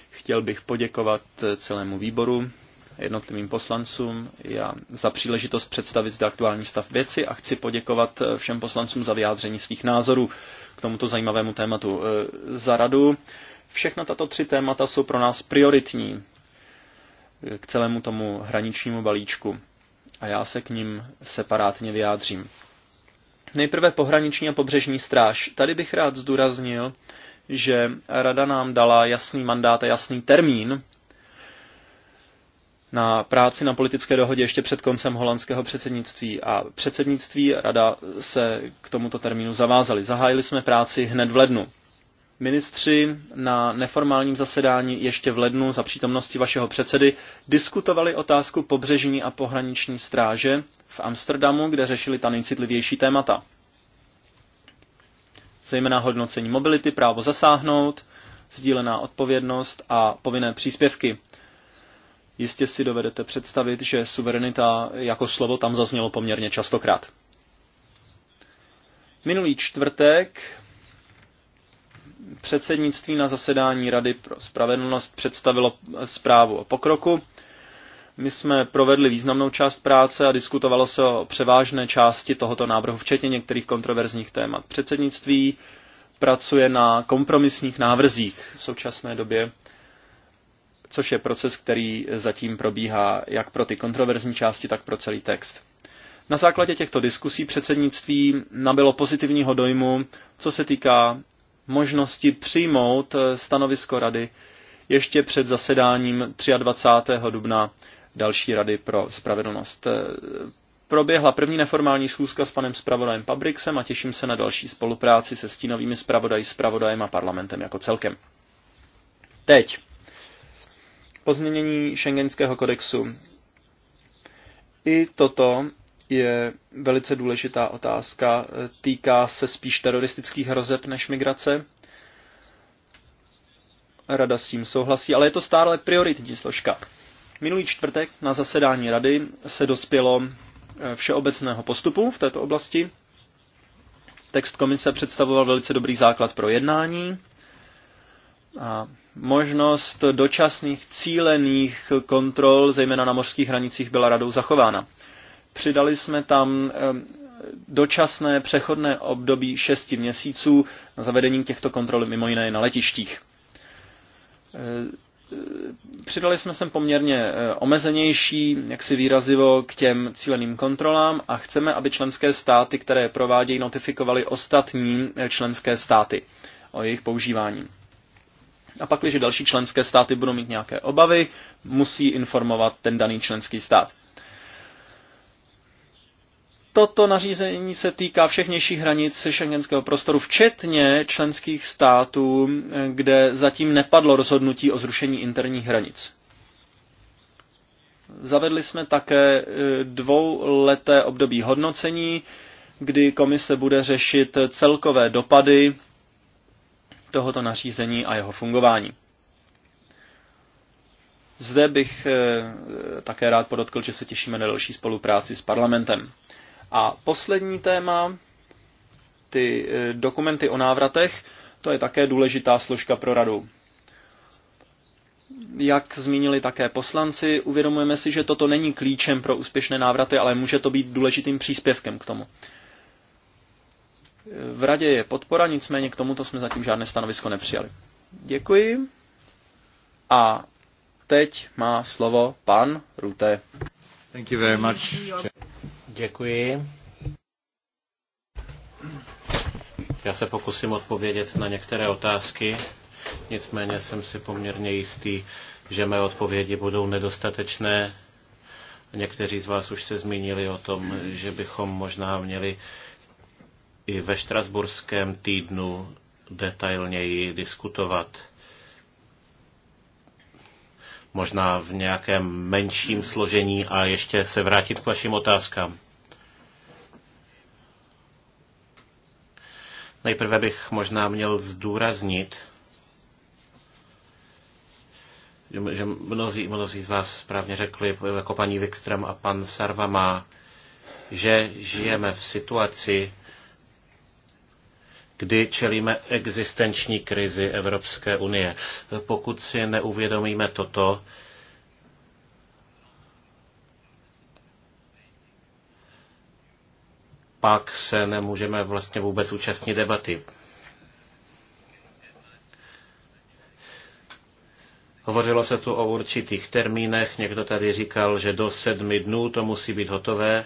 Chtěl bych poděkovat celému výboru, jednotlivým poslancům já za příležitost představit zde aktuální stav věci a chci poděkovat všem poslancům za vyjádření svých názorů k tomuto zajímavému tématu. Za radu Všechna tato tři témata jsou pro nás prioritní k celému tomu hraničnímu balíčku a já se k ním separátně vyjádřím. Nejprve pohraniční a pobřežní stráž. Tady bych rád zdůraznil, že Rada nám dala jasný mandát a jasný termín na práci na politické dohodě ještě před koncem holandského předsednictví a předsednictví Rada se k tomuto termínu zavázali. Zahájili jsme práci hned v lednu. Ministři na neformálním zasedání ještě v lednu za přítomnosti vašeho předsedy diskutovali otázku pobřežní a pohraniční stráže v Amsterdamu, kde řešili ta nejcitlivější témata. Zejména hodnocení mobility, právo zasáhnout, sdílená odpovědnost a povinné příspěvky. Jistě si dovedete představit, že suverenita jako slovo tam zaznělo poměrně častokrát. Minulý čtvrtek Předsednictví na zasedání Rady pro spravedlnost představilo zprávu o pokroku. My jsme provedli významnou část práce a diskutovalo se o převážné části tohoto návrhu, včetně některých kontroverzních témat. Předsednictví pracuje na kompromisních návrzích v současné době, což je proces, který zatím probíhá jak pro ty kontroverzní části, tak pro celý text. Na základě těchto diskusí předsednictví nabylo pozitivního dojmu, co se týká možnosti přijmout eh, stanovisko rady ještě před zasedáním 23. dubna další rady pro spravedlnost. Eh, proběhla první neformální schůzka s panem zpravodajem Pabriksem a těším se na další spolupráci se stínovými zpravodaji, zpravodajem a parlamentem jako celkem. Teď. Pozměnění šengenského kodexu. I toto je velice důležitá otázka. Týká se spíš teroristických hrozeb než migrace. Rada s tím souhlasí, ale je to stále prioritní složka. Minulý čtvrtek na zasedání rady se dospělo eh, všeobecného postupu v této oblasti. Text komise představoval velice dobrý základ pro jednání a možnost dočasných cílených kontrol, zejména na mořských hranicích, byla radou zachována. Přidali jsme tam dočasné přechodné období 6 měsíců na zavedení těchto kontrol mimo jiné na letištích. E, přidali jsme sem poměrně e, omezenější, jak si výrazivo, k těm cíleným kontrolám a chceme, aby členské státy, které provádějí, notifikovaly ostatní e, členské státy o jejich používání. A pak, když další členské státy budou mít nějaké obavy, musí informovat ten daný členský stát. Toto nařízení se týká všech nějších hranic šengenského prostoru, včetně členských států, kde zatím nepadlo rozhodnutí o zrušení interních hranic. Zavedli jsme také eh, dvouleté období hodnocení, kdy komise bude řešit celkové dopady tohoto nařízení a jeho fungování. Zde bych eh, také rád podotkl, že se těšíme na další spolupráci s parlamentem. A poslední téma, ty eh, dokumenty o návratech, to je také důležitá složka pro radu. Jak zmínili také poslanci, uvědomujeme si, že toto není klíčem pro úspěšné návraty, ale může to být důležitým příspěvkem k tomu. V radě je podpora, nicméně k tomuto jsme zatím žádné stanovisko nepřijali. Děkuji. A teď má slovo pan Rute. Thank you very much. Děkuji. Já se pokusím odpovědět na některé otázky, nicméně jsem si poměrně jistý, že mé odpovědi budou nedostatečné. Někteří z vás už se zmínili o tom, že bychom možná měli i ve Štrasburském týdnu detailněji diskutovat. Možná v nějakém menším složení a ještě se vrátit k vašim otázkám. Nejprve bych možná měl zdůraznit, že mnozí, mnozí z vás správně řekli, jako paní Wikström a pan Sarvama, že žijeme v situaci, kdy čelíme existenční krizi Evropské unie. Pokud si neuvědomíme toto, pak se nemůžeme vlastně vůbec účastnit debaty. Hovořilo se tu o určitých termínech, někdo tady říkal, že do sedmi dnů to musí být hotové.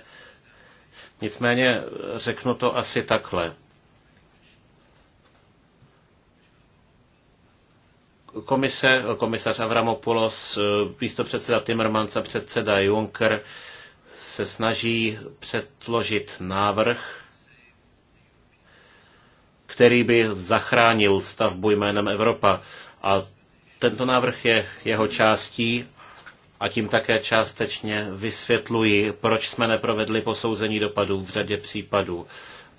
Nicméně řeknu to asi takhle. Komise, komisař Avramopoulos, místo předseda Timmermans a předseda Juncker se snaží předložit návrh, který by zachránil stavbu jménem Evropa. A tento návrh je jeho částí a tím také částečně vysvětluji, proč jsme neprovedli posouzení dopadů v řadě případů.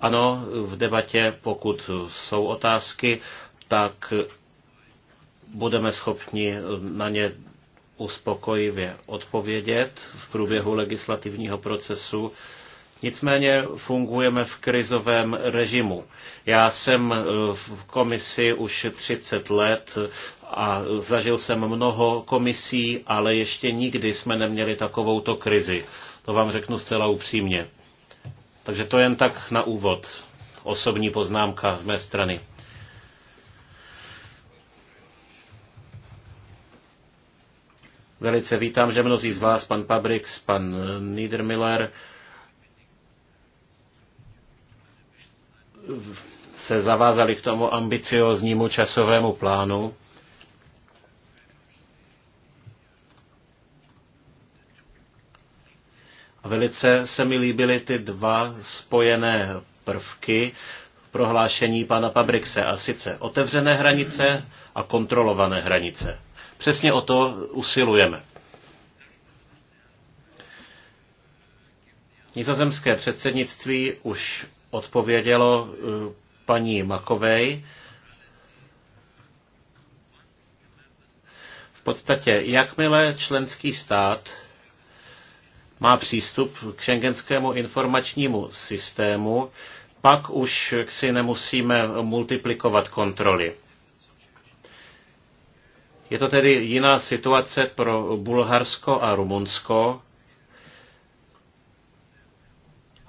Ano, v debatě, pokud jsou otázky, tak budeme schopni na ně uspokojivě odpovědět v průběhu legislativního procesu. Nicméně fungujeme v krizovém režimu. Já jsem eh, v komisi už 30 let a zažil jsem mnoho komisí, ale ještě nikdy jsme neměli takovouto krizi. To vám řeknu zcela upřímně. Takže to jen tak na úvod. Osobní poznámka z mé strany. Velice vítám, že mnozí z vás, pan Pabrix, pan Niedermiller, se zavázali k tomu ambicioznímu časovému plánu. A velice se mi líbily ty dva spojené prvky v prohlášení pana Pabrikse, a sice otevřené hranice a kontrolované hranice. Přesně o to usilujeme. Nizozemské předsednictví už odpovědělo eh, paní Makovej. V podstatě, jakmile členský stát má přístup k šengenskému informačnímu systému, pak už si nemusíme multiplikovat kontroly. Je to tedy jiná situace pro Bulharsko a Rumunsko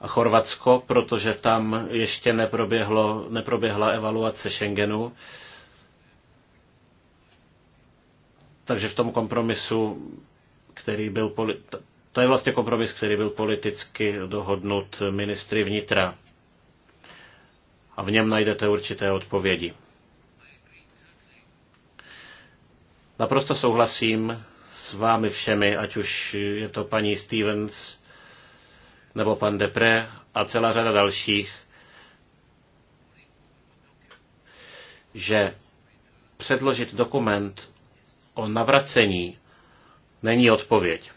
a Chorvatsko, protože tam ještě neproběhlo, neproběhla evaluace Schengenu. Takže v tom kompromisu, který byl, to je vlastně kompromis, který byl politicky dohodnut ministry vnitra. A v něm najdete určité odpovědi. Naprosto souhlasím s vámi všemi, ať už je to paní Stevens nebo pan Depre a celá řada dalších, že předložit dokument o navracení není odpověď.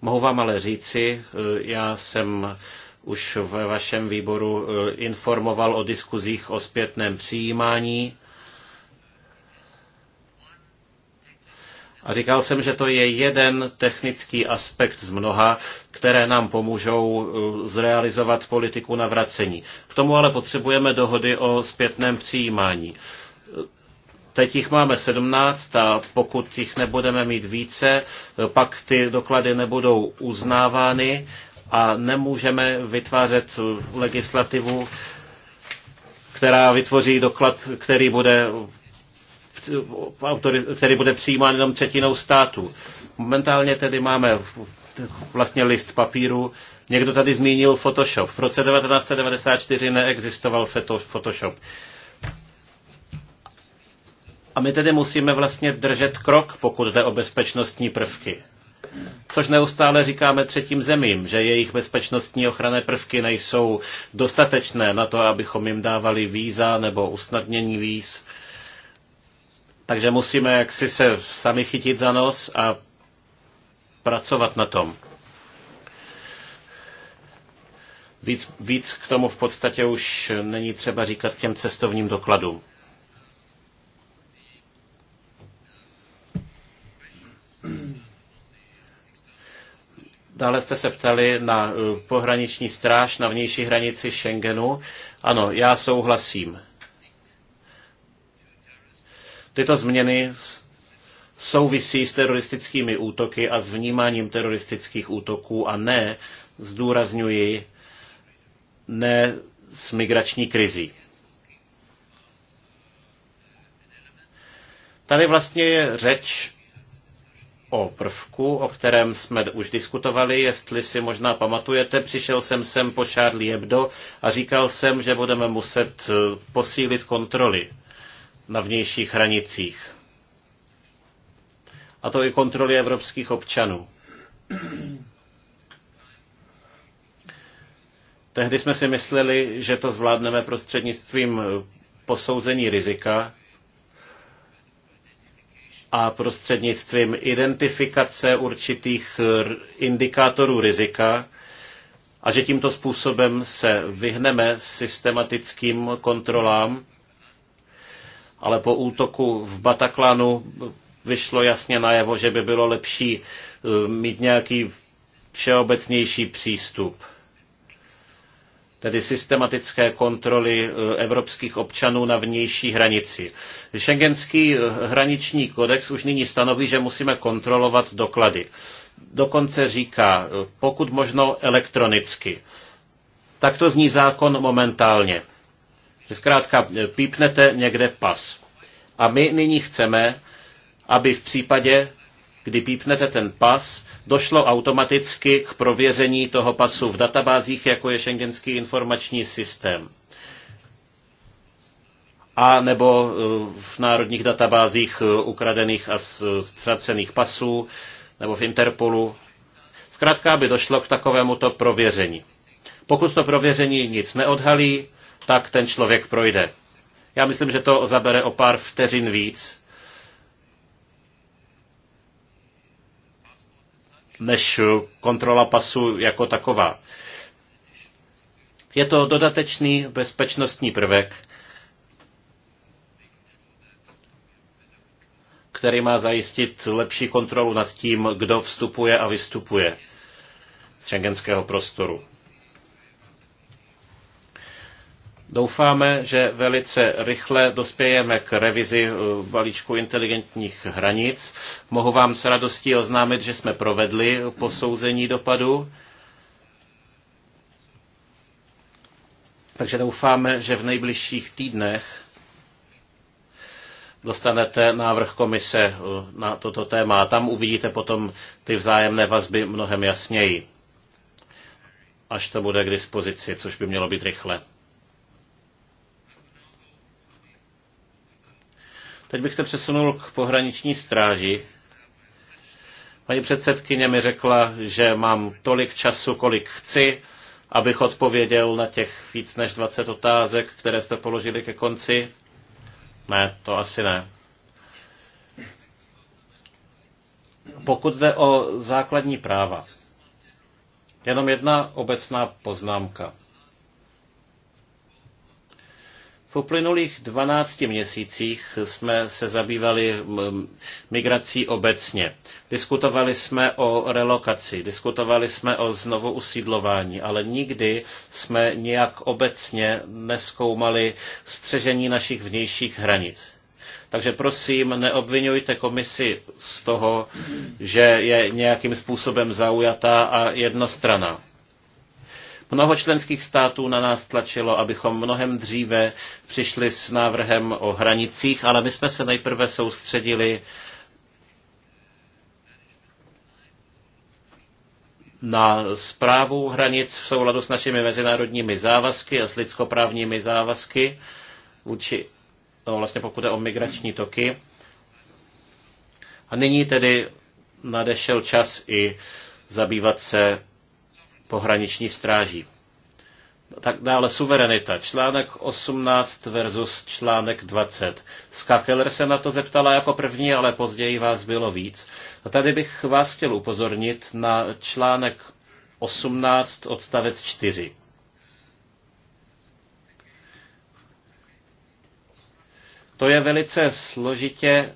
Mohu vám ale říci, eh, já jsem už ve vašem výboru eh, informoval o diskuzích o zpětném přijímání A říkal jsem, že to je jeden technický aspekt z mnoha, které nám pomůžou uh, zrealizovat politiku navracení. K tomu ale potřebujeme dohody o zpětném přijímání. Teď jich máme 17 a pokud jich nebudeme mít více, pak ty doklady nebudou uznávány a nemůžeme vytvářet legislativu, která vytvoří doklad, který bude který bude přijímán jenom třetinou států. Momentálně tedy máme vlastně list papíru. Někdo tady zmínil Photoshop. V roce 1994 neexistoval Photoshop. A my tedy musíme vlastně držet krok, pokud jde o bezpečnostní prvky. Což neustále říkáme třetím zemím, že jejich bezpečnostní ochranné prvky nejsou dostatečné na to, abychom jim dávali víza nebo usnadnění víz. Uh, takže musíme jaksi se sami chytit za nos a pracovat na tom. Víc, víc k tomu v podstatě už není třeba říkat k těm cestovním dokladům. Dále jste se ptali na eh, pohraniční stráž na vnější hranici Schengenu. Ano, já souhlasím. Tyto změny souvisí s teroristickými útoky a s vnímáním teroristických útoků a ne, zdůrazňuji, ne s migrační krizí. Tady vlastně je řeč o prvku, o kterém jsme už diskutovali, jestli si možná pamatujete, přišel jsem sem po Charlie Hebdo a říkal jsem, že budeme muset eh, posílit kontroly na vnějších hranicích. A to i kontroly evropských občanů. Tehdy jsme si mysleli, že to zvládneme prostřednictvím posouzení rizika a prostřednictvím identifikace určitých indikátorů rizika a že tímto způsobem se vyhneme systematickým kontrolám ale po útoku v Bataklanu vyšlo jasně najevo, že by bylo lepší eh, mít nějaký všeobecnější přístup tedy systematické kontroly eh, evropských občanů na vnější hranici. Schengenský eh, hraniční kodex už nyní stanoví, že musíme kontrolovat doklady. Dokonce říká, pokud možno elektronicky. Tak to zní zákon momentálně. Že zkrátka e, pípnete někde pas. A my nyní chceme, aby v případě, kdy pípnete ten pas, došlo automaticky k prověření toho pasu v databázích, jako je šengenský informační systém a nebo e, v národních databázích e, ukradených a ztracených pasů, nebo v Interpolu. Zkrátka by došlo k takovémuto prověření. Pokud to prověření nic neodhalí, tak ten člověk projde. Já myslím, že to zabere o pár vteřin víc, než kontrola pasu jako taková. Je to dodatečný bezpečnostní prvek, který má zajistit lepší kontrolu nad tím, kdo vstupuje a vystupuje z šengenského prostoru. Doufáme, že velice rychle dospějeme k revizi eh, balíčku inteligentních hranic. Mohu vám s radostí oznámit, že jsme provedli posouzení dopadu. Takže doufáme, že v nejbližších týdnech dostanete návrh komise eh, na toto téma a tam uvidíte potom ty vzájemné vazby mnohem jasněji, až to bude k dispozici, což by mělo být rychle. Teď bych se přesunul k pohraniční stráži. Paní předsedkyně mi řekla, že mám tolik času, kolik chci, abych odpověděl na těch víc než 20 otázek, které jste položili ke konci. Ne, to asi ne. Pokud jde o základní práva, jenom jedna obecná poznámka. V uplynulých 12 měsících jsme se zabývali migrací obecně. Diskutovali jsme o relokaci, diskutovali jsme o znovu usídlování, ale nikdy jsme nějak obecně neskoumali střežení našich vnějších hranic. Takže prosím, neobvinujte komisi z toho, že je nějakým způsobem zaujatá a jednostraná. Mnoho členských států na nás tlačilo, abychom mnohem dříve přišli s návrhem o hranicích, ale my jsme se nejprve soustředili na zprávu hranic v souladu s našimi mezinárodními závazky a s lidskoprávními závazky, vůči, no vlastně pokud je o migrační toky. A nyní tedy nadešel čas i zabývat se pohraniční stráží. Tak dále suverenita. Článek 18 versus článek 20. Skakeler se na to zeptala jako první, ale později vás bylo víc. A tady bych vás chtěl upozornit na článek 18 odstavec 4. To je velice složitě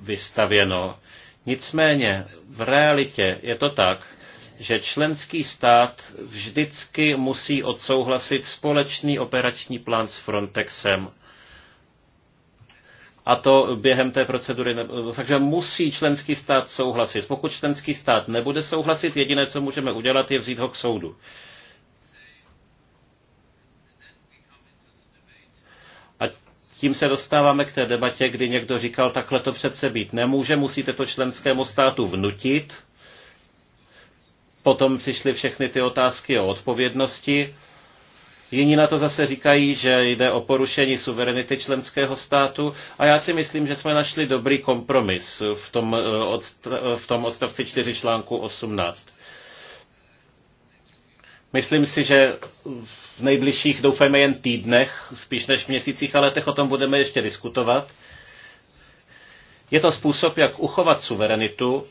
vystavěno. Nicméně v realitě je to tak, že členský stát vždycky musí odsouhlasit společný operační plán s Frontexem. A to během té procedury. Takže musí členský stát souhlasit. Pokud členský stát nebude souhlasit, jediné, co můžeme udělat, je vzít ho k soudu. tím se dostáváme k té debatě, kdy někdo říkal, takhle to přece být nemůže, musíte to členskému státu vnutit. Potom přišly všechny ty otázky o odpovědnosti. Jiní na to zase říkají, že jde o porušení suverenity členského státu a já si myslím, že jsme našli dobrý kompromis v tom, eh, eh, v tom odstavci 4 článku 18. Myslím si, že v nejbližších, doufejme jen týdnech, spíš než v měsících a letech o tom budeme ještě diskutovat. Je to způsob, jak uchovat suverenitu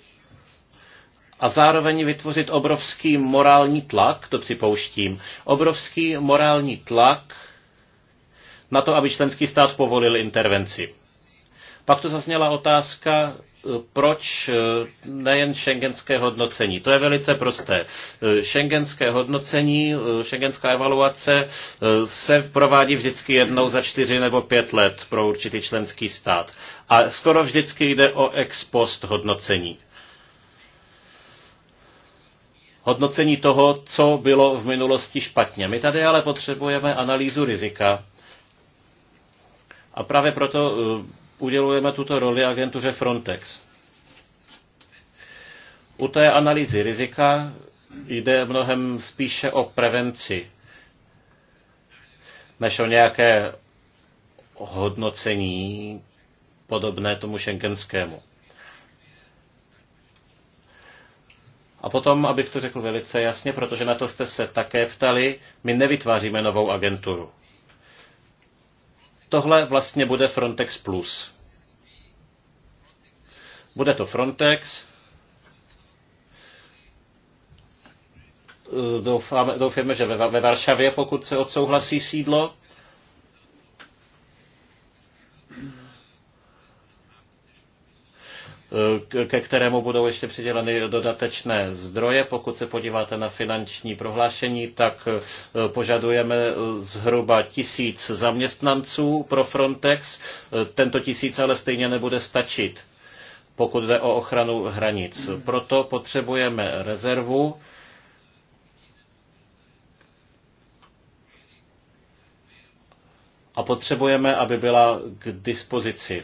a zároveň vytvořit obrovský morální tlak, to připouštím, obrovský morální tlak na to, aby členský stát povolil intervenci. Pak tu zazněla otázka, proč eh, nejen šengenské hodnocení. To je velice prosté. Eh, šengenské hodnocení, eh, šengenská evaluace se provádí vždycky jednou za čtyři nebo pět let pro určitý členský stát. A skoro vždycky jde o ex post hodnocení hodnocení toho, co bylo v minulosti špatně. My tady ale potřebujeme analýzu rizika. A právě proto uh, udělujeme tuto roli agentuře Frontex. U té analýzy rizika jde mnohem spíše o prevenci, než o nějaké hodnocení podobné tomu šengenskému. A potom, abych to řekl velice jasně, protože na to jste se také ptali, my nevytváříme novou agenturu. Tohle vlastně bude Frontex Plus. Bude to Frontex, doufáme, doufáme že ve, ve Varšavě, pokud se odsouhlasí sídlo. Eh, ke kterému budou ještě přiděleny dodatečné zdroje. Pokud se podíváte na finanční prohlášení, tak eh, požadujeme eh, zhruba tisíc zaměstnanců pro Frontex. Tento tisíc ale stejně nebude stačit, pokud jde o ochranu hranic. Proto potřebujeme rezervu, a potřebujeme, aby byla k dispozici.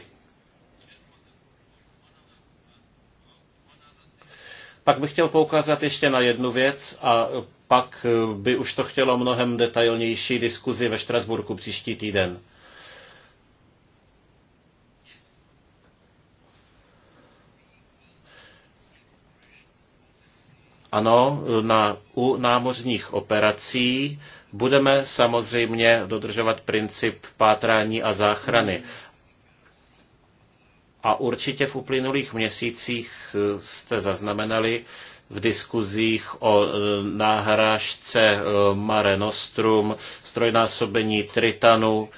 Pak bych chtěl poukázat ještě na jednu věc a pak by už to chtělo mnohem detailnější diskuzi ve Štrasburku příští týden. Ano, na, u námořních operací budeme samozřejmě dodržovat princip pátrání a záchrany. A určitě v uplynulých měsících eh, jste zaznamenali v diskuzích o eh, náhražce eh, Mare Nostrum, strojnásobení Tritanu,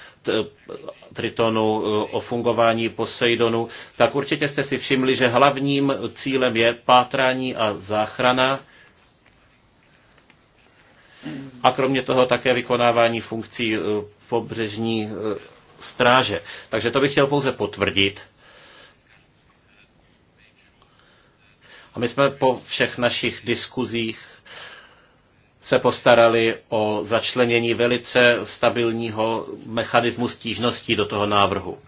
Tritonu, o fungování Poseidonu, tak určitě jste si všimli, že hlavním cílem je pátrání a záchrana a kromě toho také vykonávání funkcí pobřežní stráže. Takže to bych chtěl pouze potvrdit. A my jsme po všech našich diskuzích se postarali o začlenění velice stabilního mechanismu stížností do toho návrhu.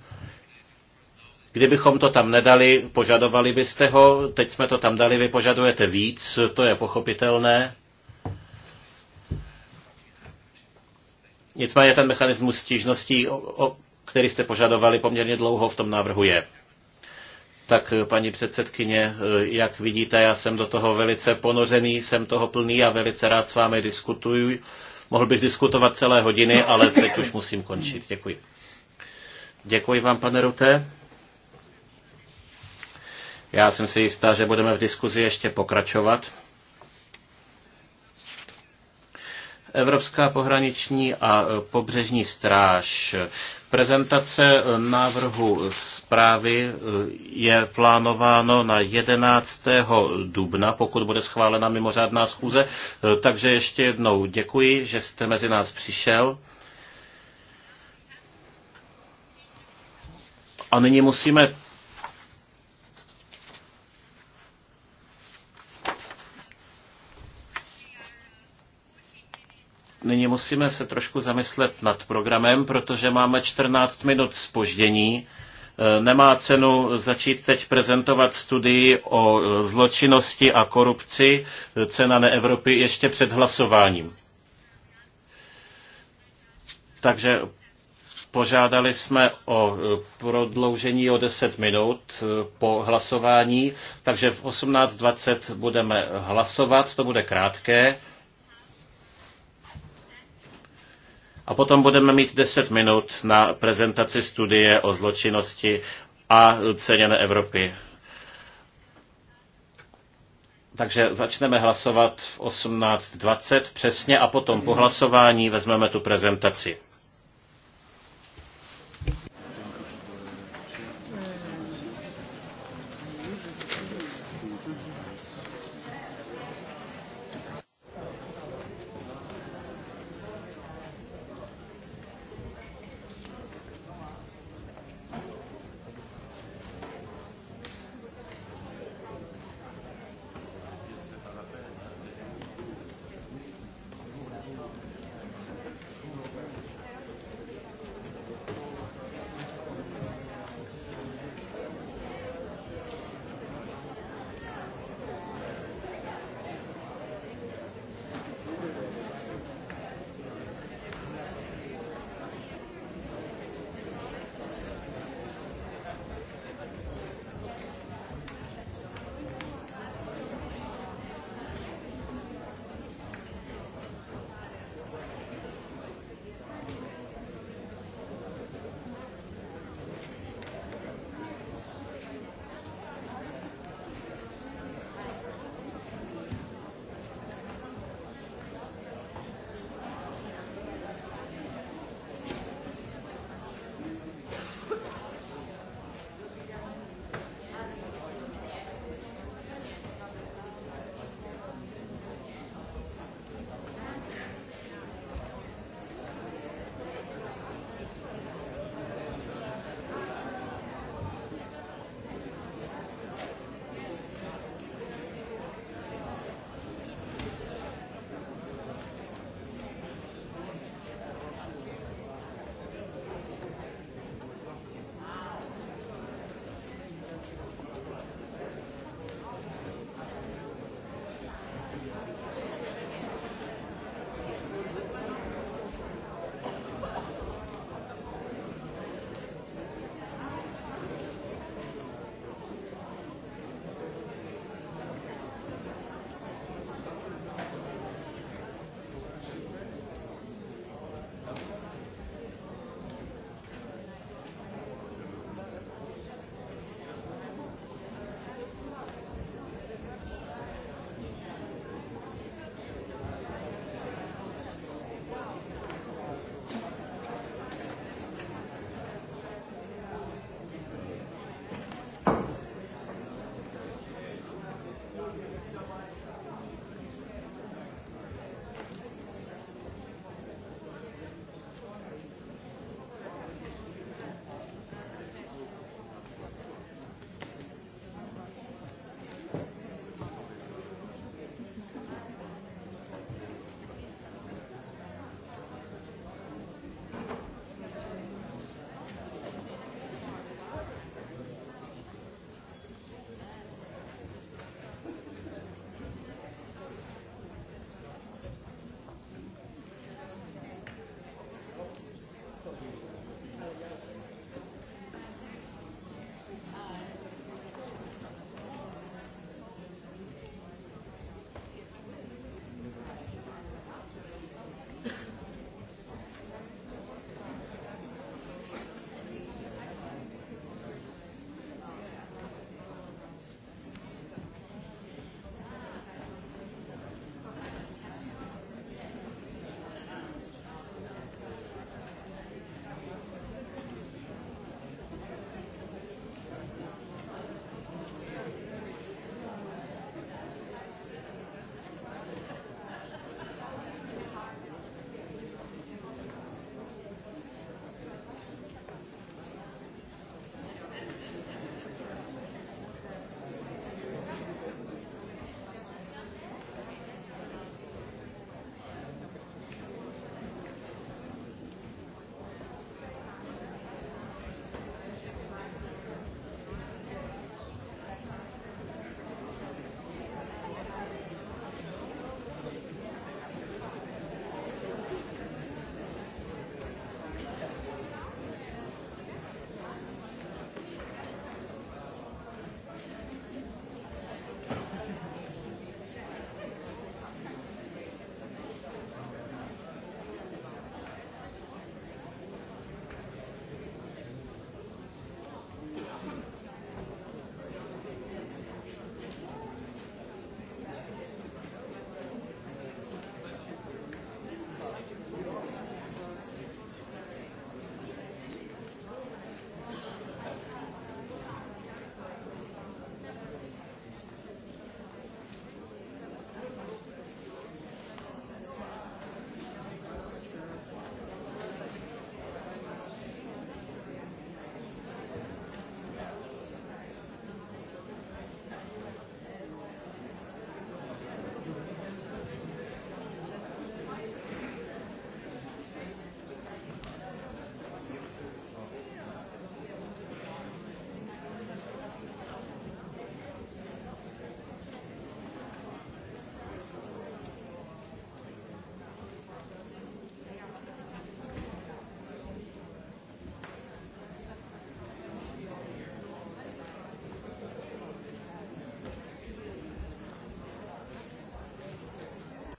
Kdybychom to tam nedali, požadovali byste ho, teď jsme to tam dali, vy požadujete víc, to je pochopitelné. Nicméně ten mechanismus stížností, o, o, který jste požadovali poměrně dlouho v tom návrhu je. Tak eh, paní předsedkyně, eh, jak vidíte, já jsem do toho velice ponořený, jsem toho plný a velice rád s vámi diskutuju. Mohl bych diskutovat celé hodiny, ale teď už musím končit. Děkuji. Děkuji vám, pane Ruté. Já jsem si jistá, že budeme v diskuzi ještě pokračovat. Evropská pohraniční a e, pobřežní stráž. Prezentace e, návrhu zprávy e, je plánováno na 11. dubna, pokud bude schválena mimořádná schůze. Takže ještě jednou děkuji, že jste mezi nás přišel. A nyní musíme Nyní musíme se trošku zamyslet nad programem, protože máme 14 minut spoždění. E, nemá cenu začít teď prezentovat studii o e, zločinnosti a korupci e, cena ne Evropy ještě před hlasováním. Takže požádali jsme o prodloužení o 10 minut po hlasování, takže v 18.20 budeme hlasovat, to bude krátké. A potom budeme mít 10 minut na prezentaci studie o zločinnosti a ceněné Evropy. Takže začneme hlasovat v 18.20 přesně a potom po hlasování vezmeme tu prezentaci.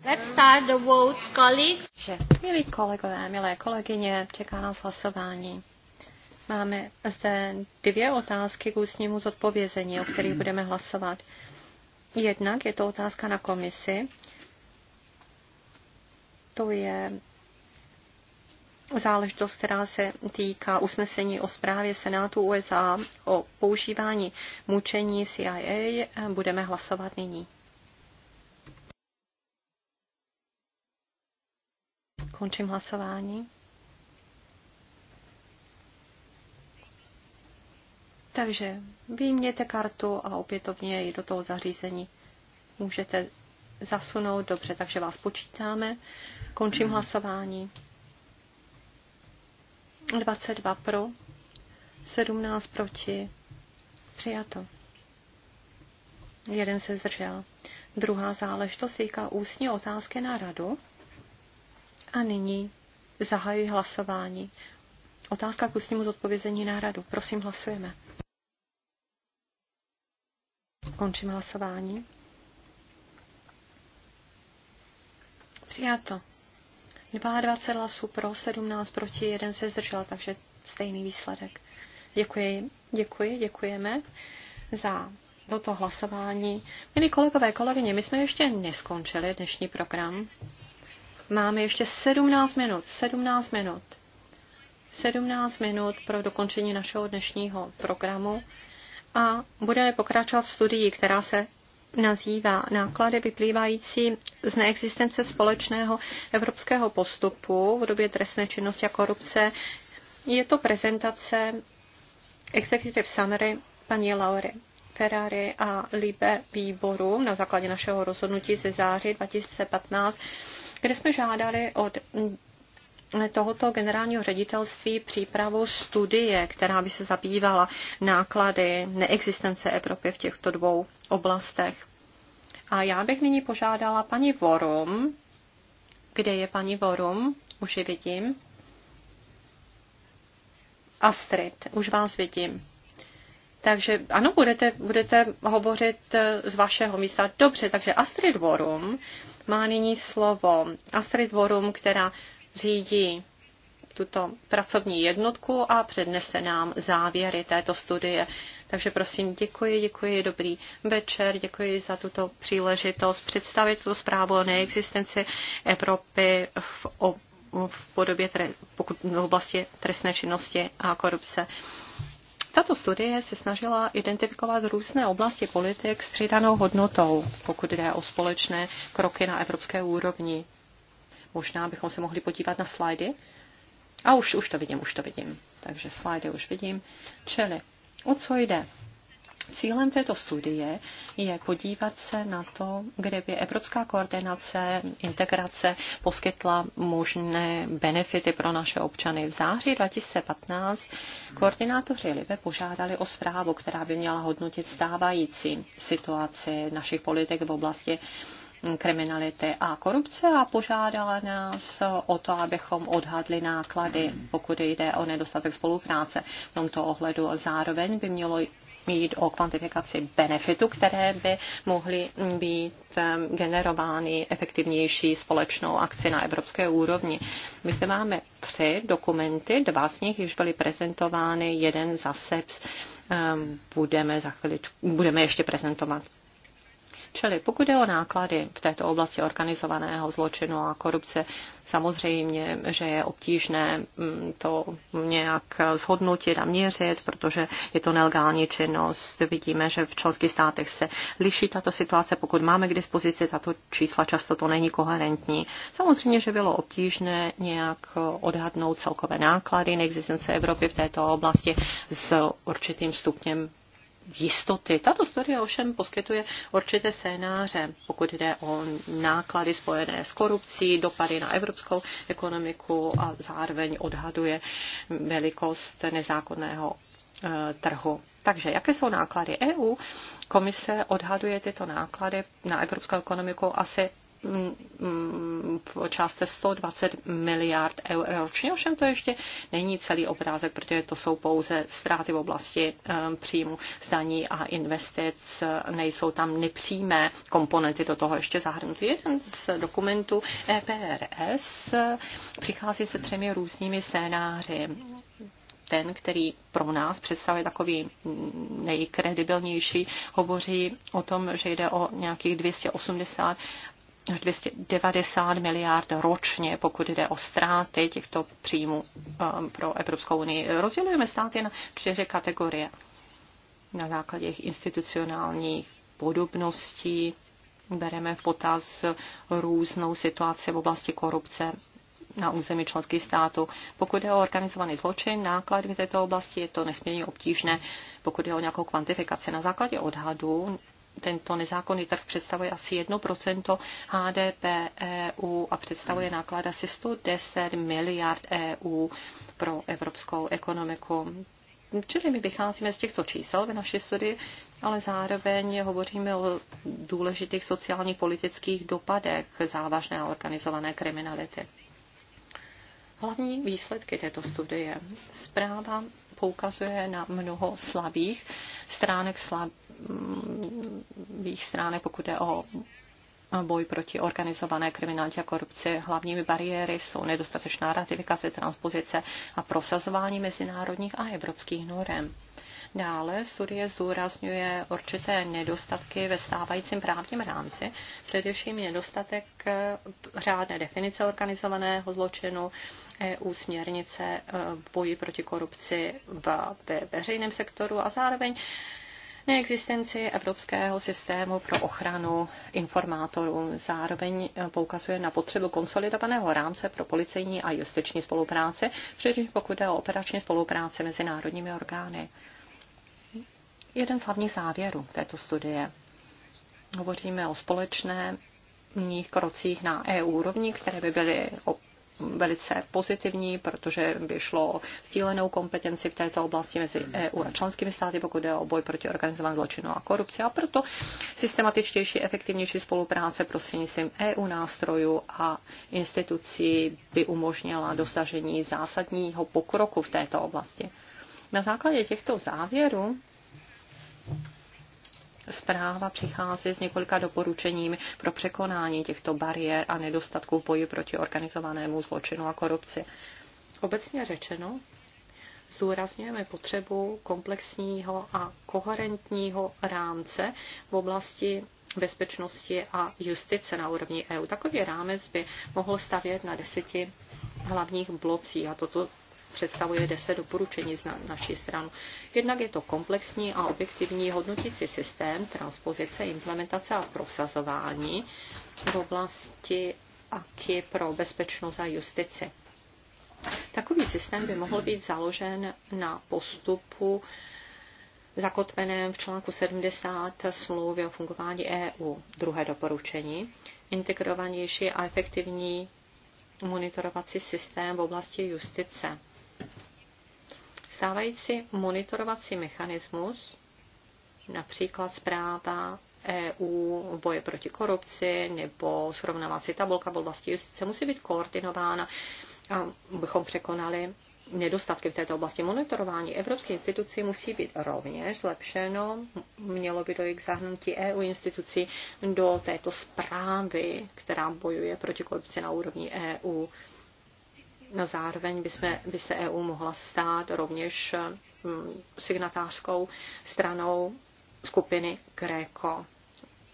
Let's start the vote, colleagues. Že, milí kolegové, milé kolegyně, čeká nás hlasování. Máme zde dvě otázky k ústnímu zodpovězení, o kterých budeme hlasovat. Jednak je to otázka na komisi. To je záležitost, která se týká usnesení o zprávě Senátu USA o používání mučení CIA. Budeme hlasovat nyní. Končím hlasování. Takže vyjměte kartu a opětovně ji do toho zařízení můžete zasunout. Dobře, takže vás počítáme. Končím hlasování. 22 pro, 17 proti. Přijato. Jeden se zdržel. Druhá záležitost týká ústní otázky na radu. A nyní zahajuji hlasování. Otázka k ústnímu zodpovězení náhradu. Prosím, hlasujeme. Končím hlasování. Přijato. 22 hlasů pro, 17 proti, jeden se zdržel, takže stejný výsledek. Děkuji, děkuji, děkujeme za toto hlasování. Milí kolegové, kolegyně, my jsme ještě neskončili dnešní program. Máme ještě 17 minut, 17 minut. 17 minut pro dokončení našeho dnešního programu a budeme pokračovat v studii, která se nazývá náklady vyplývající z neexistence společného evropského postupu v době trestné činnosti a korupce. Je to prezentace Executive Summary paní Laury Ferrari a Libe výboru na základě našeho rozhodnutí ze září 2015 kde jsme žádali od tohoto generálního ředitelství přípravu studie, která by se zabývala náklady neexistence Evropy v těchto dvou oblastech. A já bych nyní požádala paní Vorum, kde je paní Vorum, už ji vidím. Astrid, už vás vidím. Takže ano, budete, budete hovořit eh, z vašeho místa. Dobře, takže Astrid Vorum má nyní slovo. Astrid Vorum, která řídí tuto pracovní jednotku a přednese nám závěry této studie. Takže prosím, děkuji, děkuji, dobrý večer, děkuji za tuto příležitost představit tu zprávu o neexistenci Evropy v, v podobě, tre, pokud, v oblasti trestné činnosti a korupce. Tato studie se snažila identifikovat různé oblasti politik s přidanou hodnotou, pokud jde o společné kroky na evropské úrovni. Možná bychom se mohli podívat na slajdy. A už, už to vidím, už to vidím. Takže slajdy už vidím. Čili, o co jde? Cílem této studie je podívat se na to, kde by evropská koordinace, integrace poskytla možné benefity pro naše občany. V září 2015 koordinátoři Libe požádali o zprávu, která by měla hodnotit stávající situaci našich politik v oblasti kriminality a korupce a požádala nás o to, abychom odhadli náklady, pokud jde o nedostatek spolupráce v tomto ohledu. Zároveň by mělo mít o kvantifikaci benefitu, které by mohly být generovány efektivnější společnou akci na evropské úrovni. My zde máme tři dokumenty, dva z nich již byly prezentovány, jeden za SEPS budeme, za chvíli, budeme ještě prezentovat Čili pokud je o náklady v této oblasti organizovaného zločinu a korupce, samozřejmě, že je obtížné mm, to nějak zhodnotit a měřit, protože je to nelegální činnost. Vidíme, že v členských státech se liší tato situace. Pokud máme k dispozici tato čísla, často to není koherentní. Samozřejmě, že bylo obtížné nějak odhadnout celkové náklady na existence Evropy v této oblasti s určitým stupněm jistoty. Tato studie ovšem poskytuje určité scénáře, pokud jde o náklady spojené s korupcí, dopady na evropskou ekonomiku a zároveň odhaduje velikost nezákonného eh, trhu. Takže jaké jsou náklady EU? Komise odhaduje tyto náklady na evropskou ekonomiku asi v částce 120 miliard eur ročně, ovšem to ještě není celý obrázek, protože to jsou pouze ztráty v oblasti eh, příjmu zdaní a investic, nejsou tam nepřímé komponenty do toho ještě zahrnuty. Jeden z dokumentů EPRS přichází se třemi různými scénáři ten, který pro nás představuje takový nejkredibilnější, hovoří o tom, že jde o nějakých 280 290 miliard ročně, pokud jde o ztráty těchto příjmů um, pro Evropskou unii. Rozdělujeme státy na čtyři kategorie na základě jejich institucionálních podobností. Bereme v potaz různou situaci v oblasti korupce na území členských států. Pokud je o organizovaný zločin, náklad v této oblasti je to nesmírně obtížné, pokud je o nějakou kvantifikaci. Na základě odhadu tento nezákonný trh představuje asi 1% HDP EU a představuje náklad asi 110 miliard EU pro evropskou ekonomiku. Čili my vycházíme z těchto čísel ve naší studii, ale zároveň hovoříme o důležitých sociálních politických dopadech závažné a organizované kriminality. Hlavní výsledky této studie. Zpráva poukazuje na mnoho slabých stránek, slabých stránek, pokud jde o boj proti organizované kriminalitě a korupci. Hlavními bariéry jsou nedostatečná ratifikace, transpozice a prosazování mezinárodních a evropských norem. Dále studie zdůrazňuje určité nedostatky ve stávajícím právním rámci, především nedostatek eh, řádné definice organizovaného zločinu, EU směrnice eh, boji proti korupci ve veřejném sektoru a zároveň neexistenci evropského systému pro ochranu informátorů. Zároveň eh, poukazuje na potřebu konsolidovaného rámce pro policejní a justiční spolupráci, především pokud jde o operační spolupráci mezi národními orgány. Jeden z hlavních závěrů této studie. Hovoříme o společných krocích na EU úrovni, které by byly velice pozitivní, protože by šlo o stílenou kompetenci v této oblasti mezi EU a členskými státy, pokud jde o boj proti organizovanému zločinu a korupci. A proto systematičtější, efektivnější spolupráce prostřednictvím EU nástrojů a institucí by umožnila dosažení zásadního pokroku v této oblasti. Na základě těchto závěrů Zpráva přichází s několika doporučeními pro překonání těchto bariér a nedostatků v boji proti organizovanému zločinu a korupci. Obecně řečeno, zdůrazňujeme potřebu komplexního a koherentního rámce v oblasti bezpečnosti a justice na úrovni EU. Takový rámec by mohl stavět na deseti hlavních blocích a toto představuje deset doporučení z naší stranu. Jednak je to komplexní a objektivní hodnotící systém transpozice, implementace a prosazování v oblasti AKI pro bezpečnost a justici. Takový systém by mohl být založen na postupu zakotveném v článku 70 smlouvy o fungování EU. Druhé doporučení. Integrovanější a efektivní monitorovací systém v oblasti justice. Stávající monitorovací mechanismus, například zpráva EU v boje proti korupci nebo srovnávací tabulka v oblasti justice, musí být koordinována, abychom překonali nedostatky v této oblasti monitorování Evropské institucí musí být rovněž zlepšeno. Mělo by dojít k zahrnutí EU institucí do této zprávy, která bojuje proti korupci na úrovni EU. No zároveň by, jsme, by se EU mohla stát rovněž mm, signatářskou stranou skupiny GRECO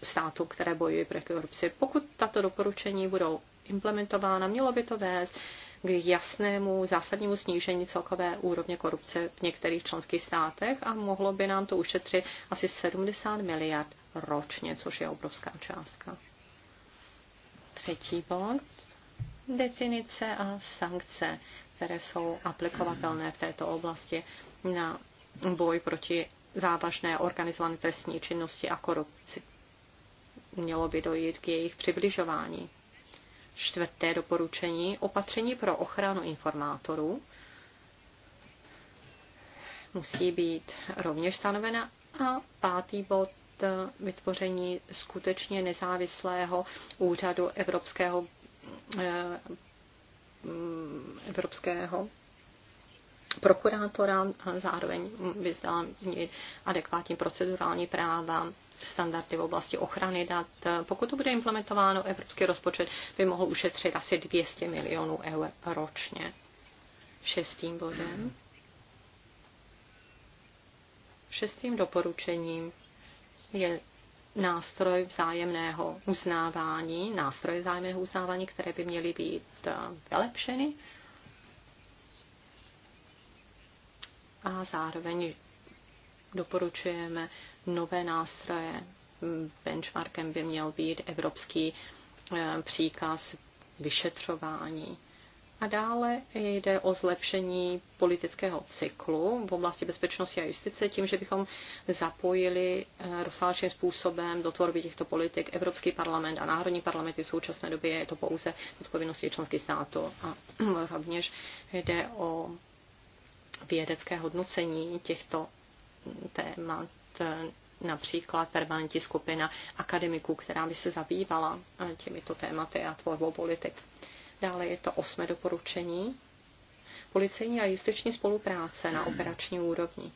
států, které bojují proti korupci. Pokud tato doporučení budou implementována, mělo by to vést k jasnému zásadnímu snížení celkové úrovně korupce v některých členských státech a mohlo by nám to ušetřit asi 70 miliard ročně, což je obrovská částka. Třetí bod definice a sankce, které jsou aplikovatelné v této oblasti na boj proti závažné organizované trestní činnosti a korupci. Mělo by dojít k jejich přibližování. Čtvrté doporučení opatření pro ochranu informátorů musí být rovněž stanovena a pátý bod eh, vytvoření skutečně nezávislého úřadu Evropského Eh, evropského prokurátora a zároveň vyzdala adekvátní procedurální práva, standardy v oblasti ochrany dat. Pokud to bude implementováno, evropský rozpočet by mohl ušetřit asi 200 milionů eur ročně. Šestým bodem. Šestým doporučením je nástroj vzájemného uznávání, nástroje vzájemného uznávání, které by měly být eh, vylepšeny. A zároveň doporučujeme nové nástroje. Benchmarkem by měl být evropský eh, příkaz vyšetřování a dále jde o zlepšení politického cyklu v oblasti bezpečnosti a justice tím, že bychom zapojili eh, rozsáhlým způsobem do tvorby těchto politik Evropský parlament a Národní parlamenty. V současné době je to pouze odpovědnosti členských států. A rovněž jde o vědecké hodnocení těchto témat eh, například permanentní skupina akademiků, která by se zabývala eh, těmito tématy a tvorbou politik. Dále je to osmé doporučení. Policejní a justiční spolupráce na operační úrovni.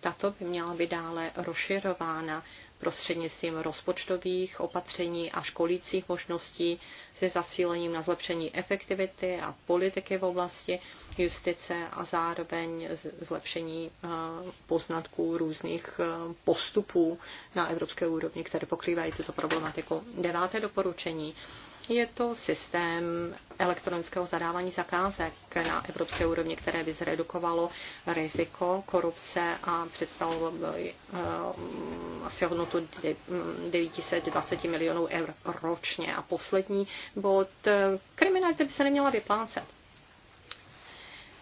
Tato by měla být dále rozširována prostřednictvím rozpočtových opatření a školících možností se zasílením na zlepšení efektivity a politiky v oblasti justice a zároveň zlepšení eh, poznatků různých eh, postupů na evropské úrovni, které pokrývají tuto problematiku. Deváté doporučení je to systém elektronického zadávání zakázek na evropské úrovni, které by zredukovalo riziko korupce a představovalo by eh, mm, asi hodnotu 920 mm, milionů eur ročně. A poslední bod, eh, kriminalita by se neměla vyplácet.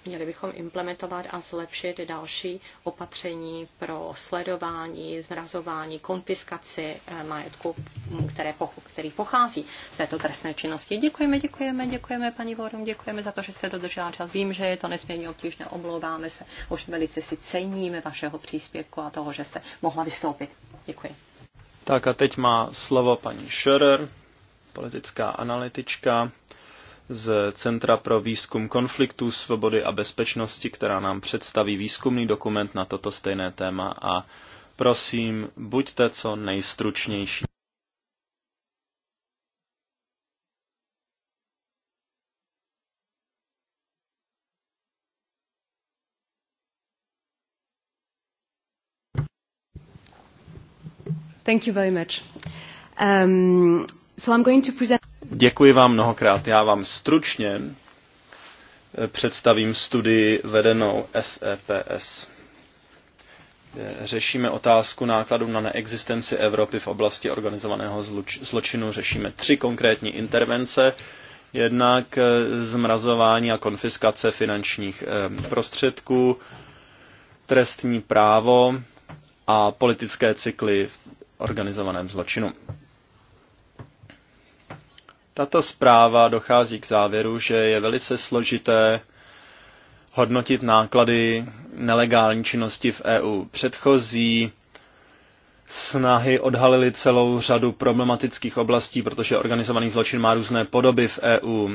Měli bychom implementovat a zlepšit další opatření pro sledování, zmrazování, konfiskaci eh, majetku, mm, které, který pochází z této trestné činnosti. Děkujeme, děkujeme, děkujeme, paní Vorum, děkujeme za to, že jste dodržela čas. Vím, že je to nesmírně obtížné, omlouváme se, už velice si ceníme vašeho příspěvku a toho, že jste mohla vystoupit. Děkuji. Tak a teď má slovo paní Scherer, politická analytička z Centra pro výzkum konfliktů, svobody a bezpečnosti, která nám představí výzkumný dokument na toto stejné téma a prosím, buďte co nejstručnější. Thank you very much. Um, Děkuji vám mnohokrát. Já vám stručně eh, představím studii vedenou SEPS. E eh, řešíme otázku nákladů na neexistenci Evropy v oblasti organizovaného zločinu. Řešíme tři konkrétní intervence. Jednak eh, zmrazování a konfiskace finančních prostředků, trestní právo a politické cykly v organizovaném zločinu. Tato zpráva dochází k závěru, že je velice složité hodnotit náklady nelegální činnosti v EU. Předchozí snahy odhalily celou řadu problematických oblastí, protože organizovaný zločin má různé podoby v EU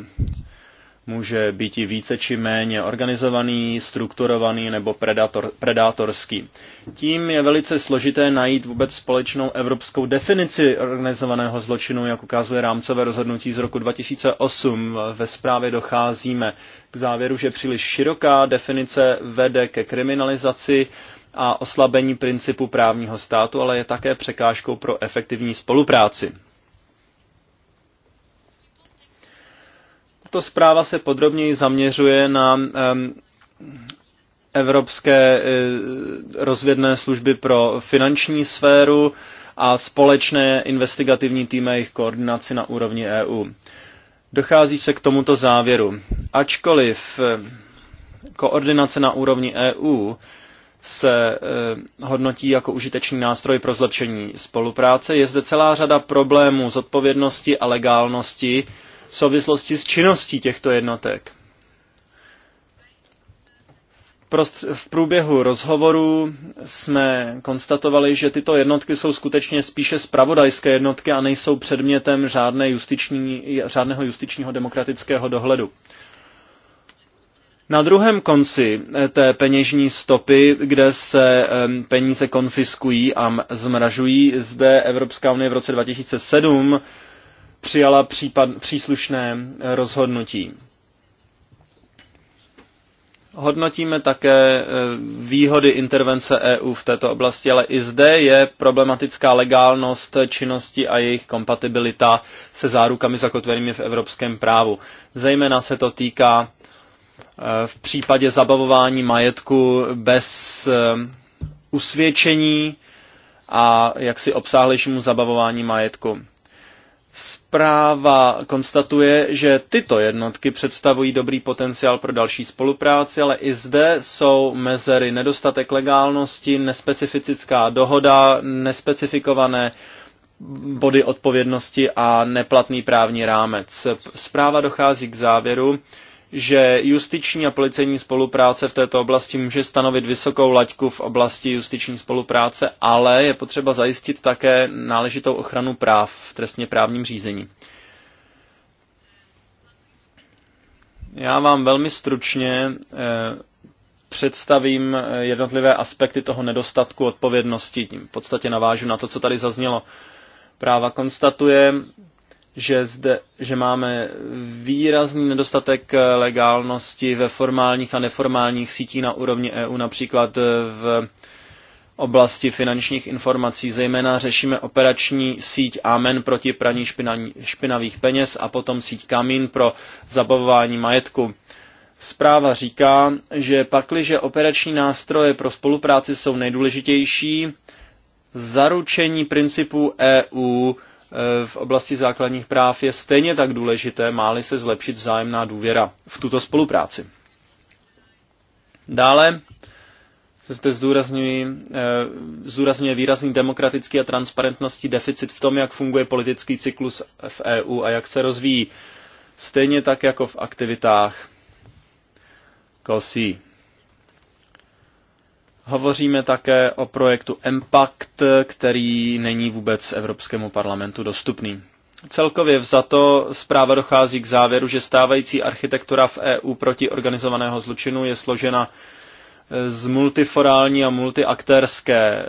může být i více či méně organizovaný, strukturovaný nebo predator, predátorský. Tím je velice složité najít vůbec společnou evropskou definici organizovaného zločinu, jak ukazuje rámcové rozhodnutí z roku 2008. Ve zprávě docházíme k závěru, že příliš široká definice vede ke kriminalizaci a oslabení principu právního státu, ale je také překážkou pro efektivní spolupráci. Tato zpráva se podrobněji zaměřuje na evropské e, rozvědné služby pro finanční sféru a společné investigativní týmy jejich koordinaci na úrovni EU. Dochází se k tomuto závěru. Ačkoliv e, koordinace na úrovni EU se e, hodnotí jako užitečný nástroj pro zlepšení spolupráce, je zde celá řada problémů odpovědnosti a legálnosti, v souvislosti s činností těchto jednotek. V průběhu rozhovoru jsme konstatovali, že tyto jednotky jsou skutečně spíše spravodajské jednotky a nejsou předmětem žádné justiční, žádného justičního demokratického dohledu. Na druhém konci eh, té peněžní stopy, kde se peníze konfiskují a zmražují, zde Evropská unie v roce 2007 přijala případ, příslušné eh, rozhodnutí. Hodnotíme také eh, výhody intervence EU v této oblasti, ale i zde je problematická legálnost činnosti a jejich kompatibilita se zárukami zakotvenými v evropském právu. Zejména se to týká eh, v případě zabavování majetku bez usvědčení a jaksi obsáhlejšímu zabavování majetku. Zpráva konstatuje, že tyto jednotky představují dobrý potenciál pro další spolupráci, ale i zde jsou mezery nedostatek legálnosti, nespecifická dohoda, nespecifikované body odpovědnosti a neplatný právní rámec. Zpráva dochází k závěru, že justiční a policejní spolupráce v této oblasti může stanovit vysokou laťku v oblasti justiční spolupráce, ale je potřeba zajistit také náležitou ochranu práv v trestně právním řízení. Já vám velmi stručně eh, představím eh, jednotlivé aspekty toho nedostatku odpovědnosti. Tím v podstatě navážu na to, co tady zaznělo. Práva konstatuje, že, zde, že máme výrazný nedostatek eh, legálnosti ve formálních a neformálních sítích na úrovni EU, například eh, v oblasti finančních informací. Zejména řešíme operační síť Amen proti praní špinavých peněz a potom síť Kamin pro zabavování majetku. Zpráva říká, že pakliže operační nástroje pro spolupráci jsou nejdůležitější, zaručení principů EU Eh, v oblasti základních práv je stejně tak důležité, máli se zlepšit vzájemná důvěra v tuto spolupráci. Dále se zde eh, zdůrazňuje výrazný demokratický a transparentností deficit v tom, jak funguje politický cyklus v EU a jak se rozvíjí. Stejně tak jako v aktivitách COSI. Hovoříme také o projektu Impact, který není vůbec Evropskému parlamentu dostupný. Celkově vzato zpráva dochází k závěru, že stávající architektura v EU proti organizovaného zločinu je složena eh, z multiforální a multiaktérské eh,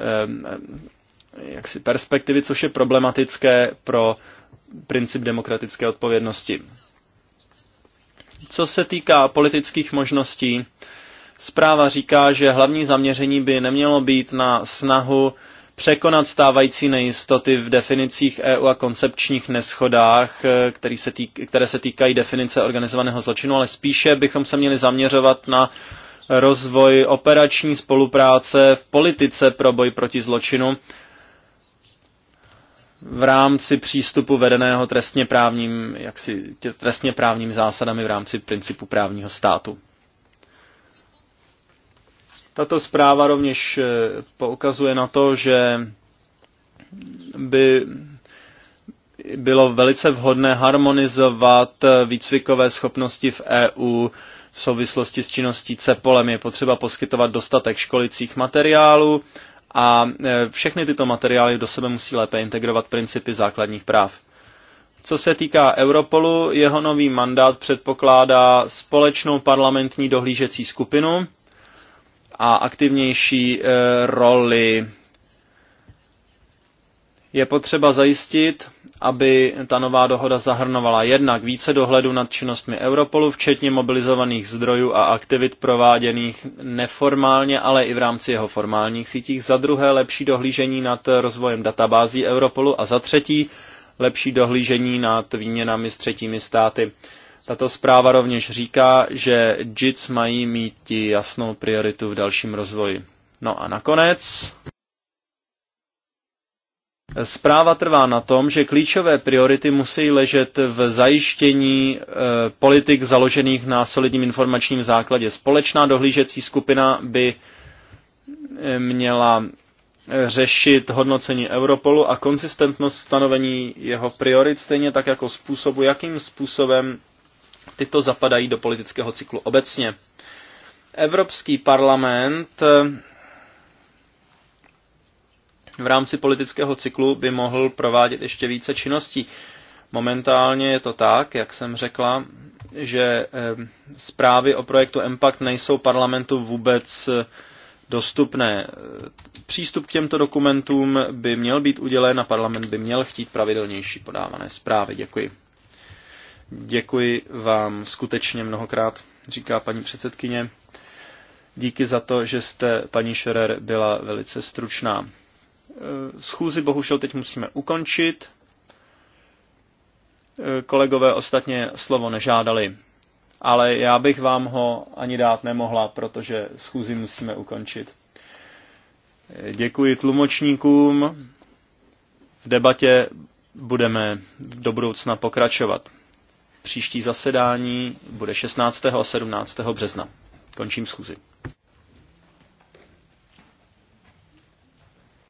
jaksi perspektivy, což je problematické pro princip demokratické odpovědnosti. Co se týká politických možností, Zpráva říká, že hlavní zaměření by nemělo být na snahu překonat stávající nejistoty v definicích EU a koncepčních neschodách, eh, který se týk, které se týkají definice organizovaného zločinu, ale spíše bychom se měli zaměřovat na rozvoj operační spolupráce v politice pro boj proti zločinu v rámci přístupu vedeného trestně právním, jaksi, trestně právním zásadami v rámci principu právního státu. Tato zpráva rovněž eh, poukazuje na to, že by bylo velice vhodné harmonizovat eh, výcvikové schopnosti v EU v souvislosti s činností CEPOLem. Je potřeba poskytovat dostatek školicích materiálů a eh, všechny tyto materiály do sebe musí lépe integrovat principy základních práv. Co se týká Europolu, jeho nový mandát předpokládá společnou parlamentní dohlížecí skupinu, a aktivnější eh, roli. Je potřeba zajistit, aby ta nová dohoda zahrnovala jednak více dohledu nad činnostmi Europolu, včetně mobilizovaných zdrojů a aktivit prováděných neformálně, ale i v rámci jeho formálních sítích, za druhé lepší dohlížení nad rozvojem databází Europolu a za třetí lepší dohlížení nad výměnami s třetími státy. Tato zpráva rovněž říká, že JITs mají mít jasnou prioritu v dalším rozvoji. No a nakonec. Zpráva trvá na tom, že klíčové priority musí ležet v zajištění e, politik založených na solidním informačním základě. Společná dohlížecí skupina by eh, měla eh, řešit hodnocení Europolu a konsistentnost stanovení jeho priorit, stejně tak jako způsobu, jakým způsobem Tyto zapadají do politického cyklu obecně. Evropský parlament eh, v rámci politického cyklu by mohl provádět ještě více činností. Momentálně je to tak, jak jsem řekla, že eh, zprávy o projektu Impact nejsou parlamentu vůbec eh, dostupné. Přístup k těmto dokumentům by měl být udělen a parlament by měl chtít pravidelnější podávané zprávy. Děkuji. Děkuji vám skutečně mnohokrát, říká paní předsedkyně. Díky za to, že jste, paní Šerer, byla velice stručná. E, schůzi bohužel teď musíme ukončit. E, kolegové ostatně slovo nežádali, ale já bych vám ho ani dát nemohla, protože schůzi musíme ukončit. E, děkuji tlumočníkům. V debatě budeme do budoucna pokračovat. Příští zasedání bude 16. a 17. března. Končím schůzi.